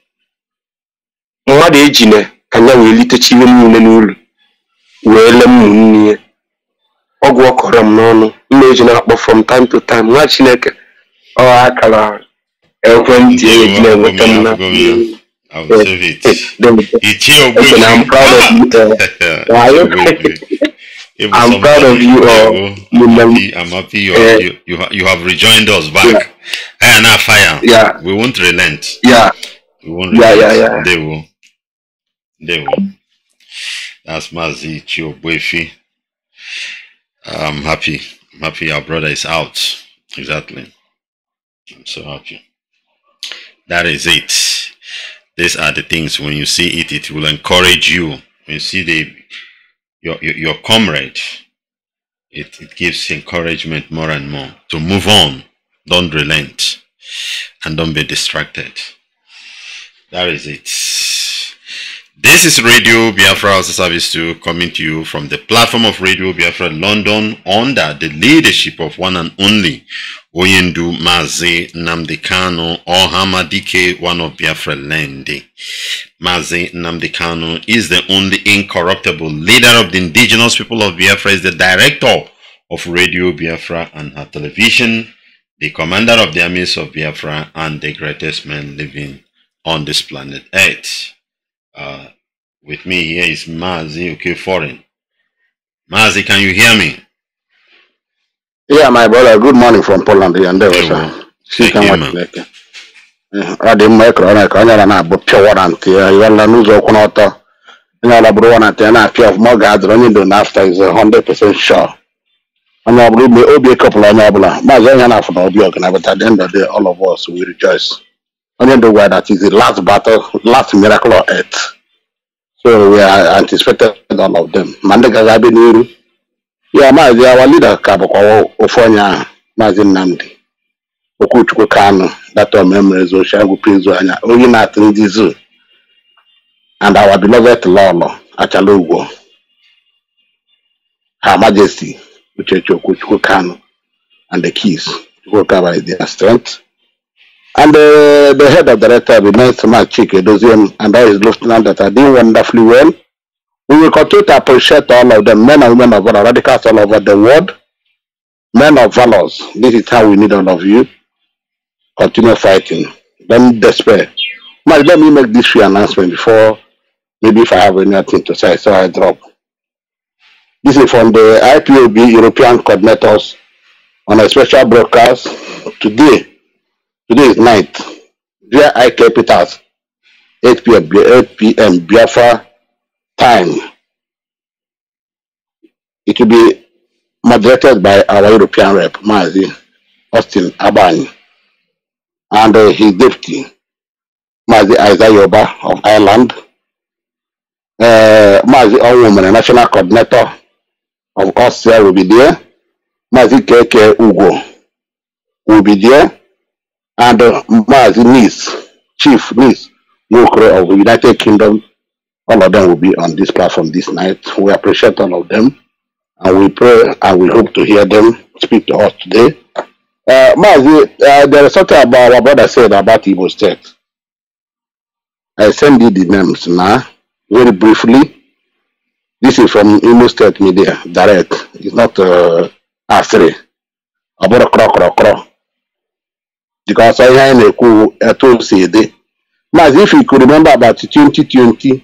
mmadụ ejine ka ya wee litechi ihe niile wee lee mmụ nne ọgwụ ọ m n'ọnụ nna na-akpọ from time to time nwa chineke ọ akara ekwentị na-enweta m na I'm proud of you uh, all. I'm proud of uh, oh, you I'm happy, I'm happy you, have, you, you, you have rejoined us back. Yeah. am now fire. Yeah. We won't relent. Yeah. We won't relent. yeah, yeah. They will. They will. That's Mazi Chiobwefi. I'm happy. I'm happy our brother is out. Exactly. I'm so happy. That is it. These are the things when you see it, it will encourage you. When you see the your your, your comrade, it, it gives encouragement more and more to move on. Don't relent and don't be distracted. That is it. This is Radio Biafra as a service to coming to you from the platform of Radio Biafra London under the leadership of one and only Oyendu Mazi Namdekano or Hamadike, one of Biafra Lendi. Mazi Namdekano is the only incorruptible leader of the indigenous people of Biafra, is the director of Radio Biafra and her television, the commander of the armies of Biafra, and the greatest man living on this planet Earth. Uh, with me here is Mazi okay, Foreign. Mazi, can you hear me? Yeah, my brother. Good morning from Poland. and there uh, you ọ na onye na-abụ ya na-apịa onye na onye the word that is the last battle, last miracle on earth. So we are anticipated all of them. Ma ndị gaga abịa n'iru. Ya maazị awa lida ka bụkwa ofu onye ahụ maazị Nnamdi chukwu Kanu that memory zo Oshagwu Pinzo prince onye na-atụ ndị and our beloved Lolo Achalugwo Her Majesty Uchechi chukwu Kanu and the keys. Chukwu Kaba is their strength. And uh, the head of the director remains the Ministry, Mark Chike Dozium, and all his lieutenant that are doing wonderfully well. We will continue to appreciate all of the men and women of our radicals all over the world, men of valors. This is how we need all of you. Continue fighting. Don't despair. Mark, let me make this free announcement before, maybe if I have anything to say, so I drop. This is from the IPOB European Coordinators on a special broadcast today. Today is 9th. GI Capitals, 8 p.m. 8 p.m. Biafra time. It will be moderated by our European rep, Mazi Austin Abani, and uh, his deputy, Mazi Isaiah Yoba of Ireland, uh, Mazi Owoman, national coordinator of Austria, will be there. Mazi KK Ugo will be there. and uh, Mazi Nis, Chief Nis Mokro of United Kingdom. All of them will be on this platform this night. We appreciate all of them and we pray and we hope to hear them speak to us today. Uh, Mazi, uh, there is something about what brother said about Igbo State. I send you the names now, very briefly. This is from Imo State Media, direct. It's not uh, A3. About a because ihe anyị na-ekwu etu si dị but if you could remember about 2020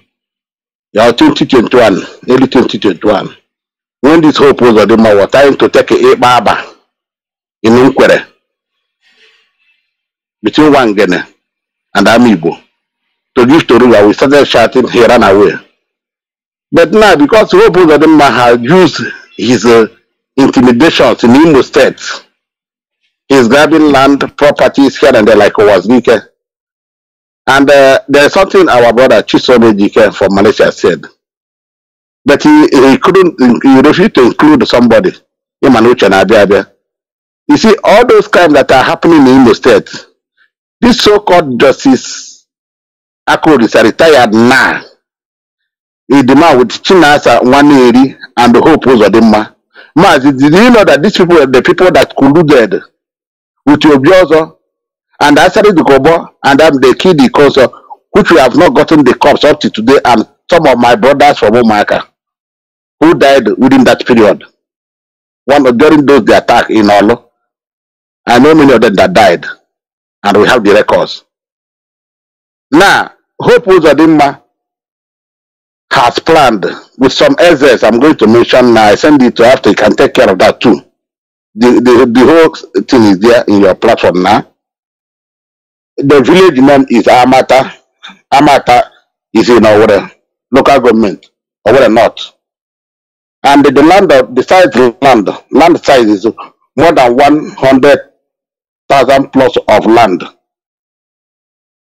or 2021 early 2021 when this hope Uzodinma was trying to take ịkpa aba in Nkwere between Wangene and Amigbo to give to Ruga we started shouting he ran away but now because hope Uzodinma has used his uh, intimidations in Imo state He's grabbing land properties here and there like Owazgike. And uh, there's something our brother Chisome Jike from Malaysia said. But he, he couldn't, he refused to include somebody, You see, all those crimes that are happening in the state, this so-called justice, Akuru is retired now. He demand with Chinasa, 180 and the whole Pozodema. Mas, did you know that these people are the people that colluded with Obiozo, and actually the Kobo, and then the killed the Koso, uh, which we have not gotten the cops up to today, and some of my brothers from Omaka, who died within that period. One during those the attack in Olo, I know many of them that died, and we have the records. Now, Hope Uzodinma has planned with some SS I'm going to mention now. I send it to after you can take care of that too the, the, the whole thing is there in your platform now. The village name is Amata. Amata is in our local government, our north. And the, land, of, the size of land, land size is more than 100,000 plus of land.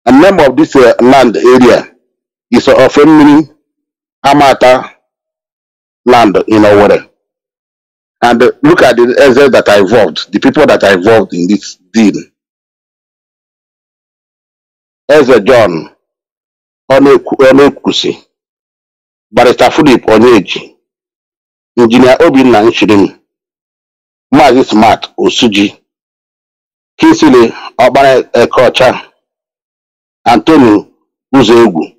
The name of this uh, land area is uh, Ofemini Amata land in Owerri. And uh, look at the exes that are involved, the people that are involved in this deal. Eze John Onyekwusi, Barrister Philip Onyeji, Injinia Obinna Nshirim, Maazị Smart Osuji, Kinsley Ọkpara Ekocha, Antonio Uzoegwu,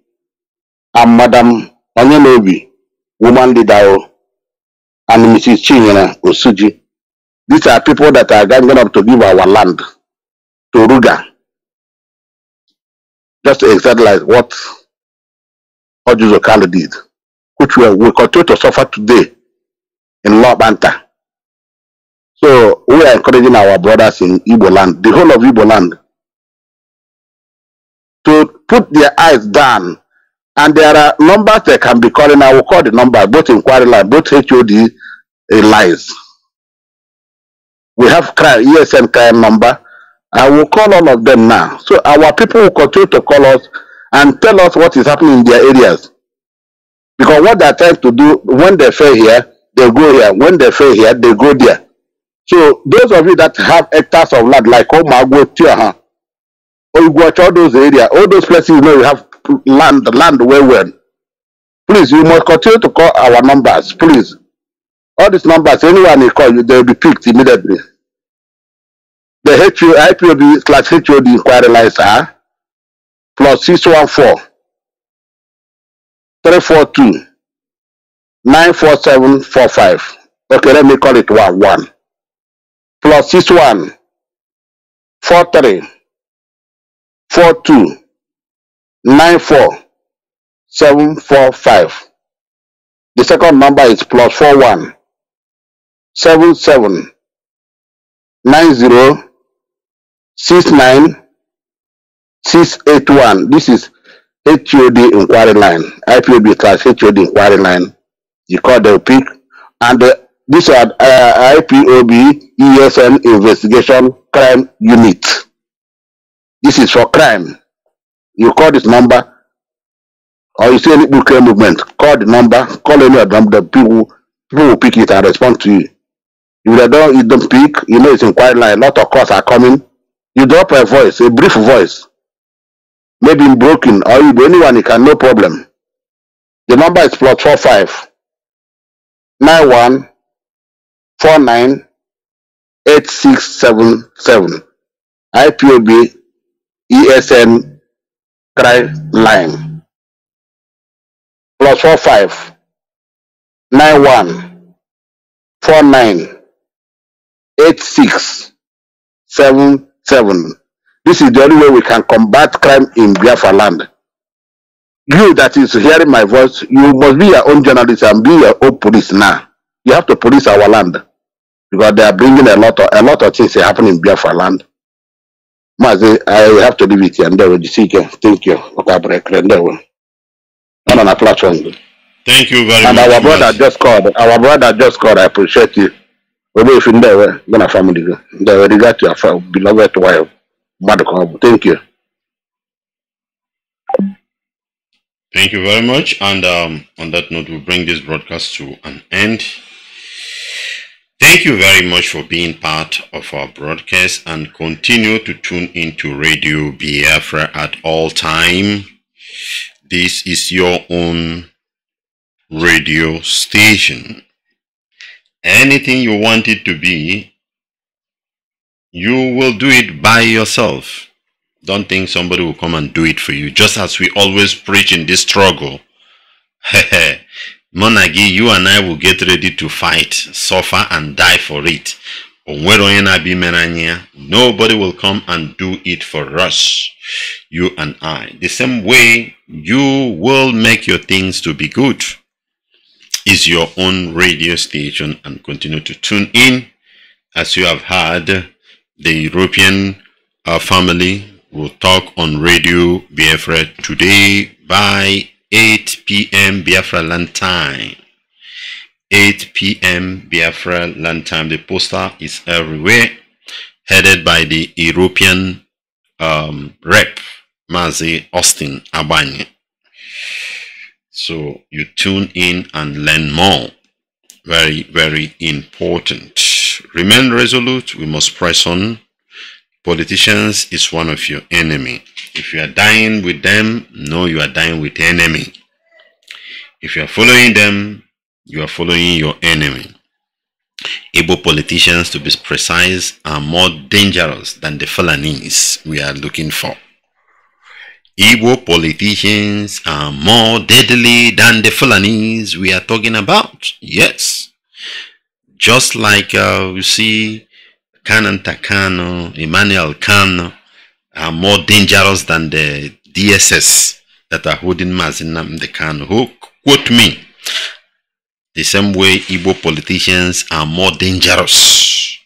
and Madam Onyelobi, woman leader. and Mrs. Chinyere Osuji. These are people that are ganging up to give our land to Ruga. Just exactly like what Ojuzo Kalu did, which we will continue to suffer today in Lobanta. So we are encouraging our brothers in Igbo land, the whole of Igbo land, to put their eyes down And there are numbers that can be calling. I will call the number, both inquiry line, both HOD lines. We have crime, ESN crime number. I will call all of them now. So our people will continue to call us and tell us what is happening in their areas. Because what they're trying to do, when they fail here, they go here. When they fail here, they go there. So those of you that have hectares of land, like Omago, Tiaha, or you go to all those areas, all those places you know you have land land where, well please you must continue to call our numbers please all these numbers anyone you call you they will be picked immediately the HO, IPOB slash HOD inquiry lines are plus 614 342 94745. Okay, let me call it one one. Plus six one four three four two nine four seven four five. The second number is plus four one seven seven nine zero six nine six eight one. This is HOD inquiry line, IPOB class HOD inquiry line. You call the pick and the, uh, these are uh, IPOB ESN investigation crime unit. This is for crime you call this number or you see any nuclear movement, call the number, call any of them, the people, people will pick it and respond to you. If they don't, you don't pick, you know it's in quiet line, a lot of calls are coming. You drop a voice, a brief voice, maybe broken, or you anyone, you can, no problem. The number is plus 45 91 49 8677 IPOB ESN cried line plus four five nine one four nine eight six seven seven this is the only way we can combat crime in biafra land you that is hearing my voice you must be your own journalist and be your own police now you have to police our land because they are bringing a lot of a lot of things happening in biafra land Mazi, I have to leave it here. Ndewo, jisi ike. Thank you. Okay, break. ekele ndewo. Ọ nọ platform Thank you very and much. And our brother just called. Our brother just called. I appreciate you. We Obeefi ndewo, gị na family gị. we regard to your beloved wife. Thank you. Thank you very much. And um, on that note, we'll bring this broadcast to an end. Thank you very much for being part of our broadcast and continue to tune into Radio Biafra at all time. This is your own radio station. Anything you want it to be, you will do it by yourself. Don't think somebody will come and do it for you, just as we always preach in this struggle. Monagi, you and I will get ready to fight, suffer, and die for it. Nobody will come and do it for us, you and I. The same way you will make your things to be good is your own radio station and continue to tune in as you have heard the European uh, family will talk on Radio afraid today by 8 p.m. Biafra land time. 8 p.m. Biafra land time. The poster is everywhere, headed by the European um, rep, Mazi Austin Abanye. So you tune in and learn more. Very, very important. Remain resolute. We must press on. Politicians is one of your enemy. If you are dying with them, no, you are dying with the enemy. If you are following them, you are following your enemy. Able politicians, to be precise, are more dangerous than the felonies we are looking for. Evil politicians are more deadly than the felonies we are talking about. Yes. Just like uh, you see Kanan Takano, Emmanuel Kano, are more dangerous than the DSS that are holding Mazinam the Can. Who quote me? The same way Igbo politicians are more dangerous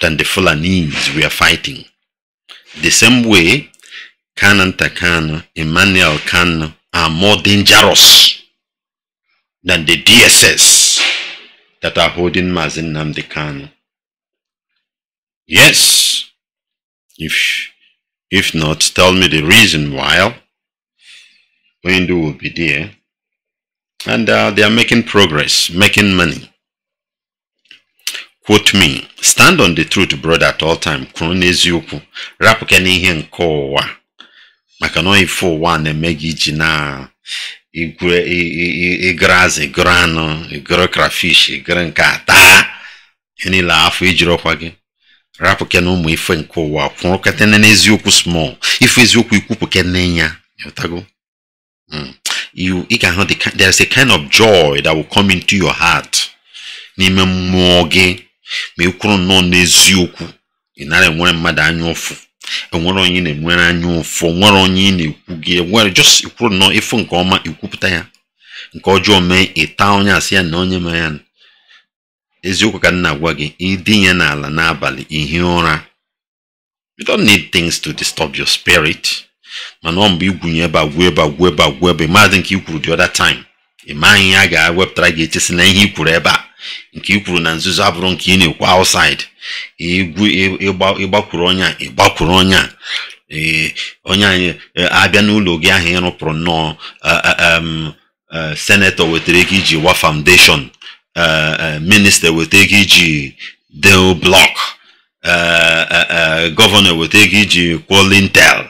than the Fulanese we are fighting. The same way Kanan Takano, Emmanuel Kano are more dangerous than the DSS that are holding Mazin Namdekan. Yes, if if not, tell me the reason why. Windu will be there. And uh, they are making progress, making money. Quote me, stand on the truth, brother, at all time. Kwuru n'eziokwu, rapụka n'ihe nke ụwa. Maka na ife ụwa na-eme gị iji na igwe ịgara azụ, ịgara anụ, ịgara krafish, ịgara a taa. Ihe rapụ na ụmụ ife nke ụwa kwụrụ katene n'eziokwu small ife eziokwu ikwupụ kene ya ịghọtago you ị ga-ahụ there is a kind of joy that will come into your heart n'ime mmụọ gị ma ị kwuru nnọọ n'eziokwu ị nara enwere mmadụ anya ụfụ enwere onye na-enwere anya ụfụ nwere onye ị na-ekwu gị enwere just ikwuru nnọọ ife nke ọma ikwupụta ya nke ọjọọ mee ịta onye asị ya na onye mere ya eziokwu ka nna na-agwa gị idinye n'ala n'abalị ihi ụra you don't need things to disturb your spirit mana ọ mgbe igwunye ebe a ebe a ebe a ebe maazị nke ikwuru the other time ị maghị ihe a ga-ewepụtara gị eche si na ihe ikwuru ebe a nke ikwuru na nzuzo abụrụ nke ị na-ekwu outside ịgbakwuru onye a ịgbakwuru onye a onye anyị abịa n'ụlọ gị ahụ ịrụpụrụ nnọọ um, senetọ wetara gị iji wa foundation Uh, uh, minister will take iji del block uh, uh, governor will take intel, qualintel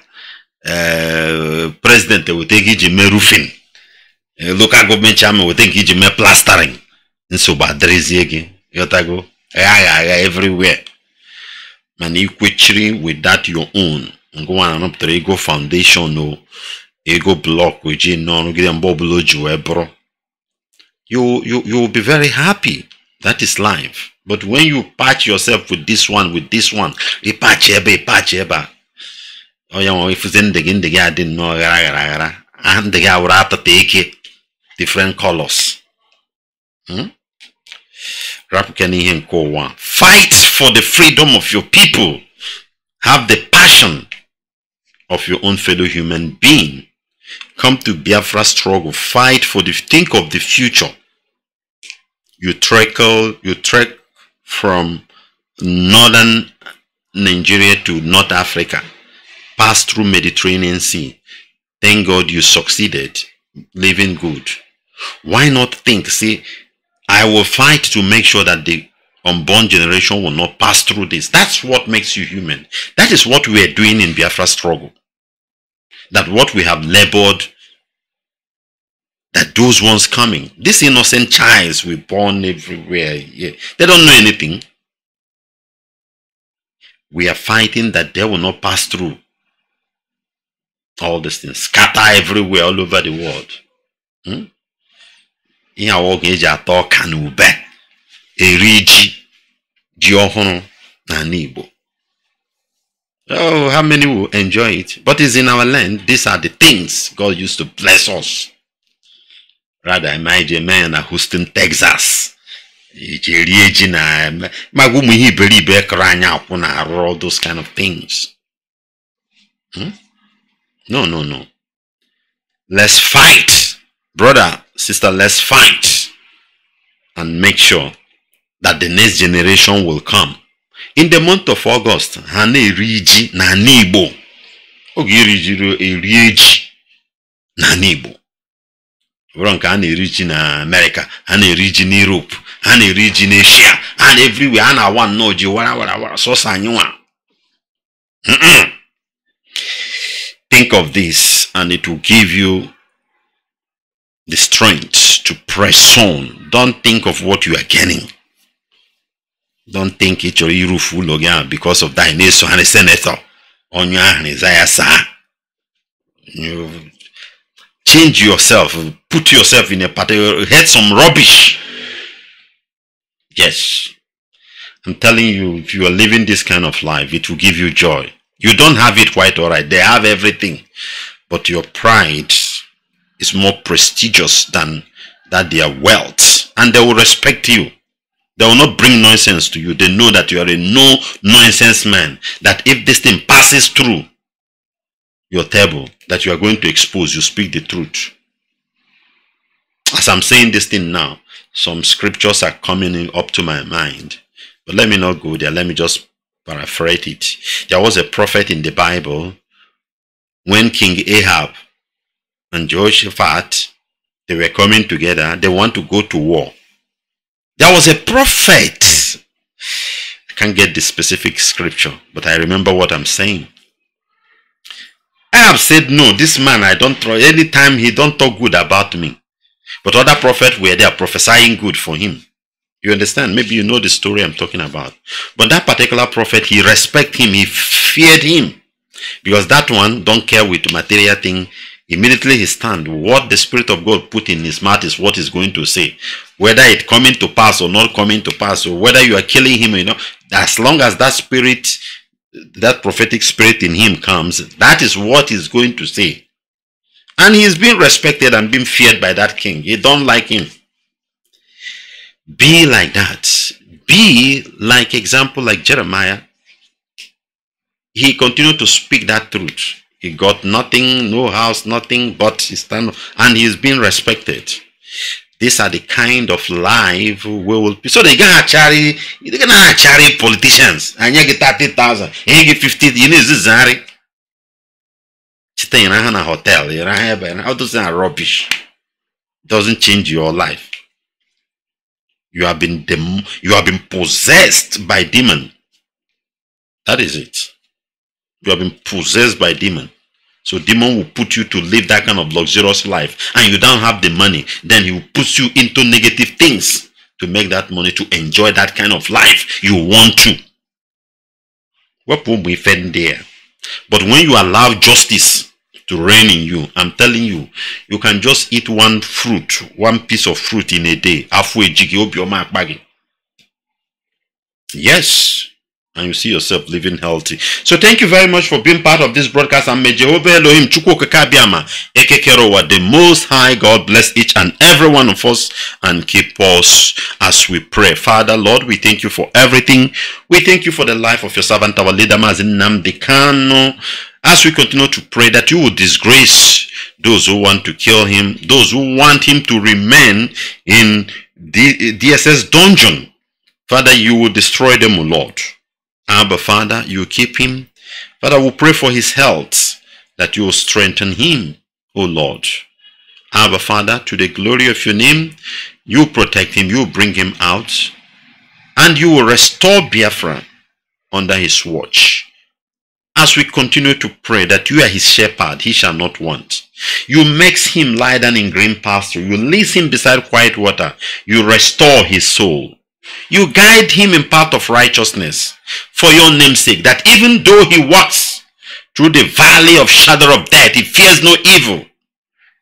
president will take iji mee roofing local government chairman will take iji mee plastering nsogbu adịrịzie gị ịghọtago agha agha everywhere mana ikwechiri with that your own ngụnwa na arụpụtara ego foundation o ego blọk ji n'ọrụ gị mgbe ọbụla o ji you, you, you will be very happy. That is life. But when you patch yourself with this one, with this one, a patch eba, a patch eba. Oh, you know, if it's in the game, the guy didn't know, and the guy would have to take it different colors. Hmm? Rapukeni ihe nke ụwa. Fight for the freedom of your people. Have the passion of your own fellow human being come to Biafra struggle, fight for the, think of the future. You trekkle, you trek from northern Nigeria to North Africa, pass through Mediterranean Sea. Thank God you succeeded, living good. Why not think, see, I will fight to make sure that the unborn generation will not pass through this. That's what makes you human. That is what we are doing in Biafra struggle that what we have labored, that those ones coming, these innocent childs we born everywhere, yeah, they don't know anything. We are fighting that they will not pass through all these things, scatter everywhere, all over the world. Hmm? Oh, how many will enjoy it? But it's in our land. These are the things God used to bless us. Rather, I might a man in Houston, Texas. My woman, he believe crying out when those kind of things. Hmm? No, no, no. Let's fight. Brother, sister, let's fight. And make sure that the next generation will come in the month of August ha na-eri ji na ana Igbo oge iri jiri erie na Igbo bụrụ nke a na-eri ji na America ha na-eri ji na Europe ha na-eri ji na Asia ha na everywhere ha na-awa nnọọ ji wara wara wara sọsọ anyị nwa think of this and it will give you the strength to press on don't think of what you are gaining don't think it's your irufu logia because of that na-esogharị senator on your desire, sir. You change yourself put yourself in a particular head some rubbish yes i'm telling you if you are living this kind of life it will give you joy you don't have it quite all right they have everything but your pride is more prestigious than that their wealth and they will respect you they will not bring nonsense to you. They know that you are a no nonsense man. That if this thing passes through your table, that you are going to expose, you speak the truth. As I'm saying this thing now, some scriptures are coming up to my mind. But let me not go there. Let me just paraphrase it. There was a prophet in the Bible when King Ahab and Jehoshaphat they were coming together. They want to go to war. There was a prophet. I can't get the specific scripture, but I remember what I'm saying. Ahab said, No, this man, I don't trust. Anytime he don't talk good about me. But other prophets were there prophesying good for him. You understand? Maybe you know the story I'm talking about. But that particular prophet, he respect him, he feared him. Because that one don't care with material thing. Immediately he stand, what the Spirit of God put in his mouth is what he's going to say. Whether it coming to pass or not coming to pass, or whether you are killing him you know. as long as that spirit, that prophetic spirit in him comes, that is what he's going to say. And he's being respected and being feared by that king. He don't like him. Be like that. Be like example like Jeremiah. He continued to speak that truth he got nothing, no house, nothing but his stand, and he's being respected. These are the kind of life we will be. So they gonna charity, they gonna charity politicians. And you get 30,000, you get 50, you need this Zari. Staying in a hotel, you know, all those things are rubbish. Doesn't change your life. You have been dem you have been possessed by demon. That is it. You have been possessed by demon. So demon will put you to live that kind of luxurious life and you don't have the money. Then he will push you into negative things to make that money to enjoy that kind of life you want to. What will be fed there? But when you allow justice to reign in you, I'm telling you, you can just eat one fruit, one piece of fruit in a day. Yes, and you see yourself living healthy. So thank you very much for being part of this broadcast. And may Jehovah Elohim Chukwokakabiama Ekekerowa, the Most High God, bless each and every one of us and keep us as we pray. Father, Lord, we thank you for everything. We thank you for the life of your servant, our leader, Mazin Namdekano. As we continue to pray that you will disgrace those who want to kill him, those who want him to remain in the DSS dungeon. Father, you will destroy them, Lord. Abba Father, you keep him. Father, we pray for his health, that you will strengthen him, O Lord. Abba Father, to the glory of your name, you protect him, you bring him out, and you will restore Biafra under his watch. As we continue to pray that you are his shepherd, he shall not want. You makes him lie down in green pasture. You lease him beside quiet water. You restore his soul. You guide him in path of righteousness for your namesake, that even though he walks through the valley of shadow of death, he fears no evil,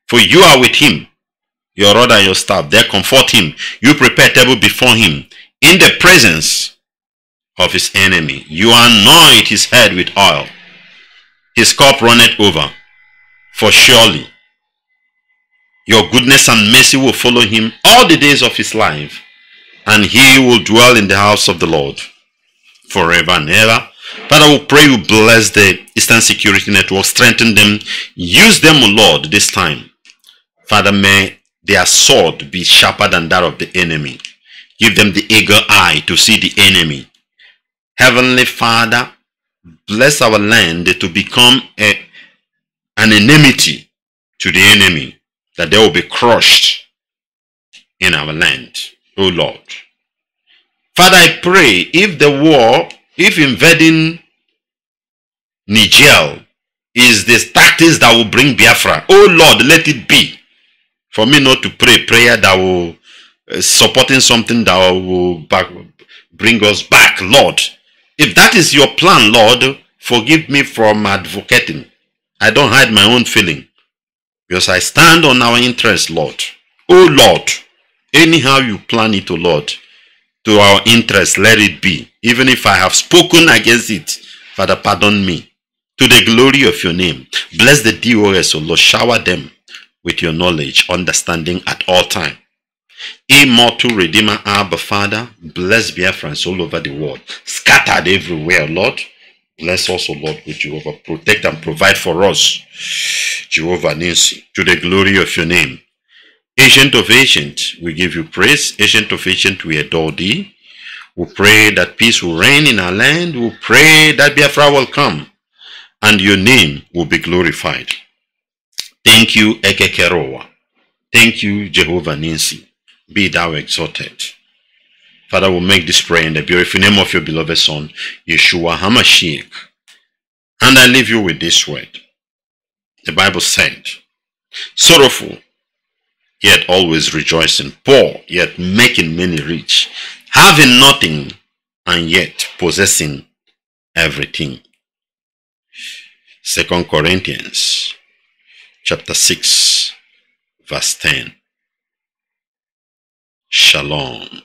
for you are with him. Your rod and your staff, they comfort him. You prepare table before him in the presence of his enemy. You anoint his head with oil. His cup runneth over. For surely your goodness and mercy will follow him all the days of his life and he will dwell in the house of the Lord forever and ever. Father, we pray you bless the Eastern Security Network, strengthen them, use them, O Lord, this time. Father, may their sword be sharper than that of the enemy. Give them the eagle eye to see the enemy. Heavenly Father, bless our land to become a, an enmity to the enemy, that they will be crushed in our land. O Lord. Father, I pray if the war, if invading Niger is the tactics that will bring Biafra, O Lord, let it be. For me not to pray prayer that will uh, supporting something that will back, bring us back, Lord. If that is your plan, Lord, forgive me from advocating. I don't hide my own feeling because I stand on our interest, Lord. O Lord. Anyhow you plan it, O Lord, to our interest, let it be. Even if I have spoken against it, Father, pardon me. To the glory of your name, bless the DOS, O Lord, shower them with your knowledge, understanding at all time. Immortal Redeemer, Abba Father, bless Biafrans all over the world, scattered everywhere, Lord. Bless us, O Lord, with Jehovah. Protect and provide for us, Jehovah Nancy, to the glory of your name. Ancient of Ancients, we give you praise. Ancient of Ancients, we adore thee. We pray that peace will reign in our land. We pray that Biafra will come and your name will be glorified. Thank you, Ekekerowa. Thank you, Jehovah Ninsi. Be thou exalted. Father, we make this prayer in the beautiful name of your beloved Son, Yeshua HaMashiach. And I leave you with this word. The Bible said, Sorrowful yet always rejoicing, poor, yet making many rich, having nothing, and yet possessing everything. Second Corinthians chapter 6 verse 10. Shalom.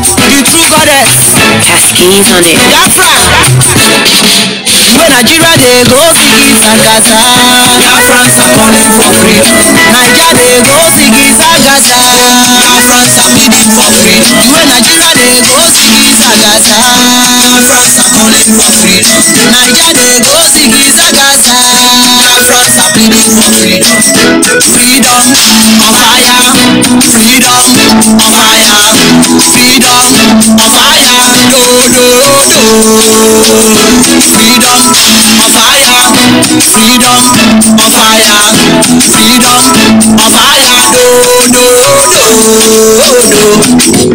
the true goddess. Cascade on it. Biafra. When Nigeria they go sigi sagasa. Biafrans are calling for free. Nigeria they go sigi sagasa. Biafrans are pleading for free. When Nigeria they go sigi Gaza, France are calling for freedom. Naija dey go Siguisa Gaza, France are pleading for freedom. Oh freedom on fire, freedom on fire, freedom on fire. Freedom of fire, freedom of fire, freedom of fire, no, no, no, no.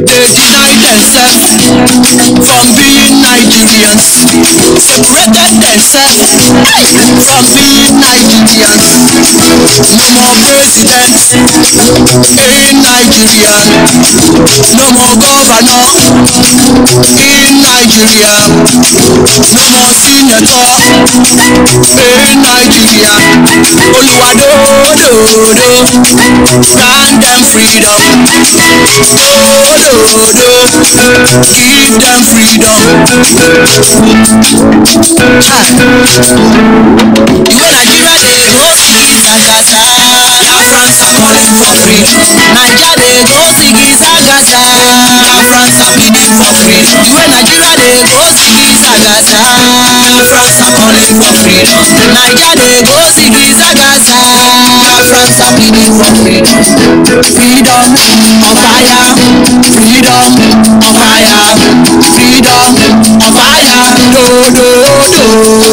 They deny themselves from being Nigerians. Separated themselves from being Nigerians. No more president in Nigeria. No more governor. in Nigeria. Mo lọ sí Yẹtọ in Nigeria. Olúwa dòdòdò grant them freedom. Dòdòdò give them freedom. Ah. Ìwé Nàìjíríà lè rọ́ àlè ṣàṣàṣà. ọkùnrin for free naija dey go sigi sagasa france are calling for free wey nigeria dey go sigi sagasa france are calling for freedom. Nigeria dey go sigi sagasa france are calling for freedom. freedom on fire freedom on fire freedom on fire do do do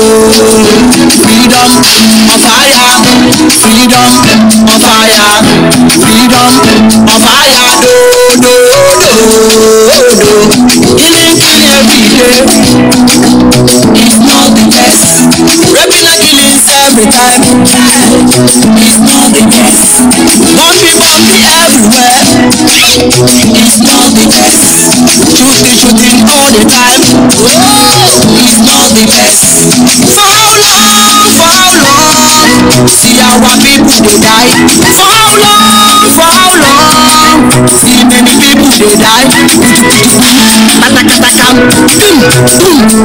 freedom on fire freedom on fire freedom of fire do do do do killing killing every day it's not the best raping and killing every time it's not the best bumping bumping everywhere it's not the best shooting shooting all the time oh it's not the best so long for see our people they die for how long for how long see many people they die katakataka boom mm, boom mm.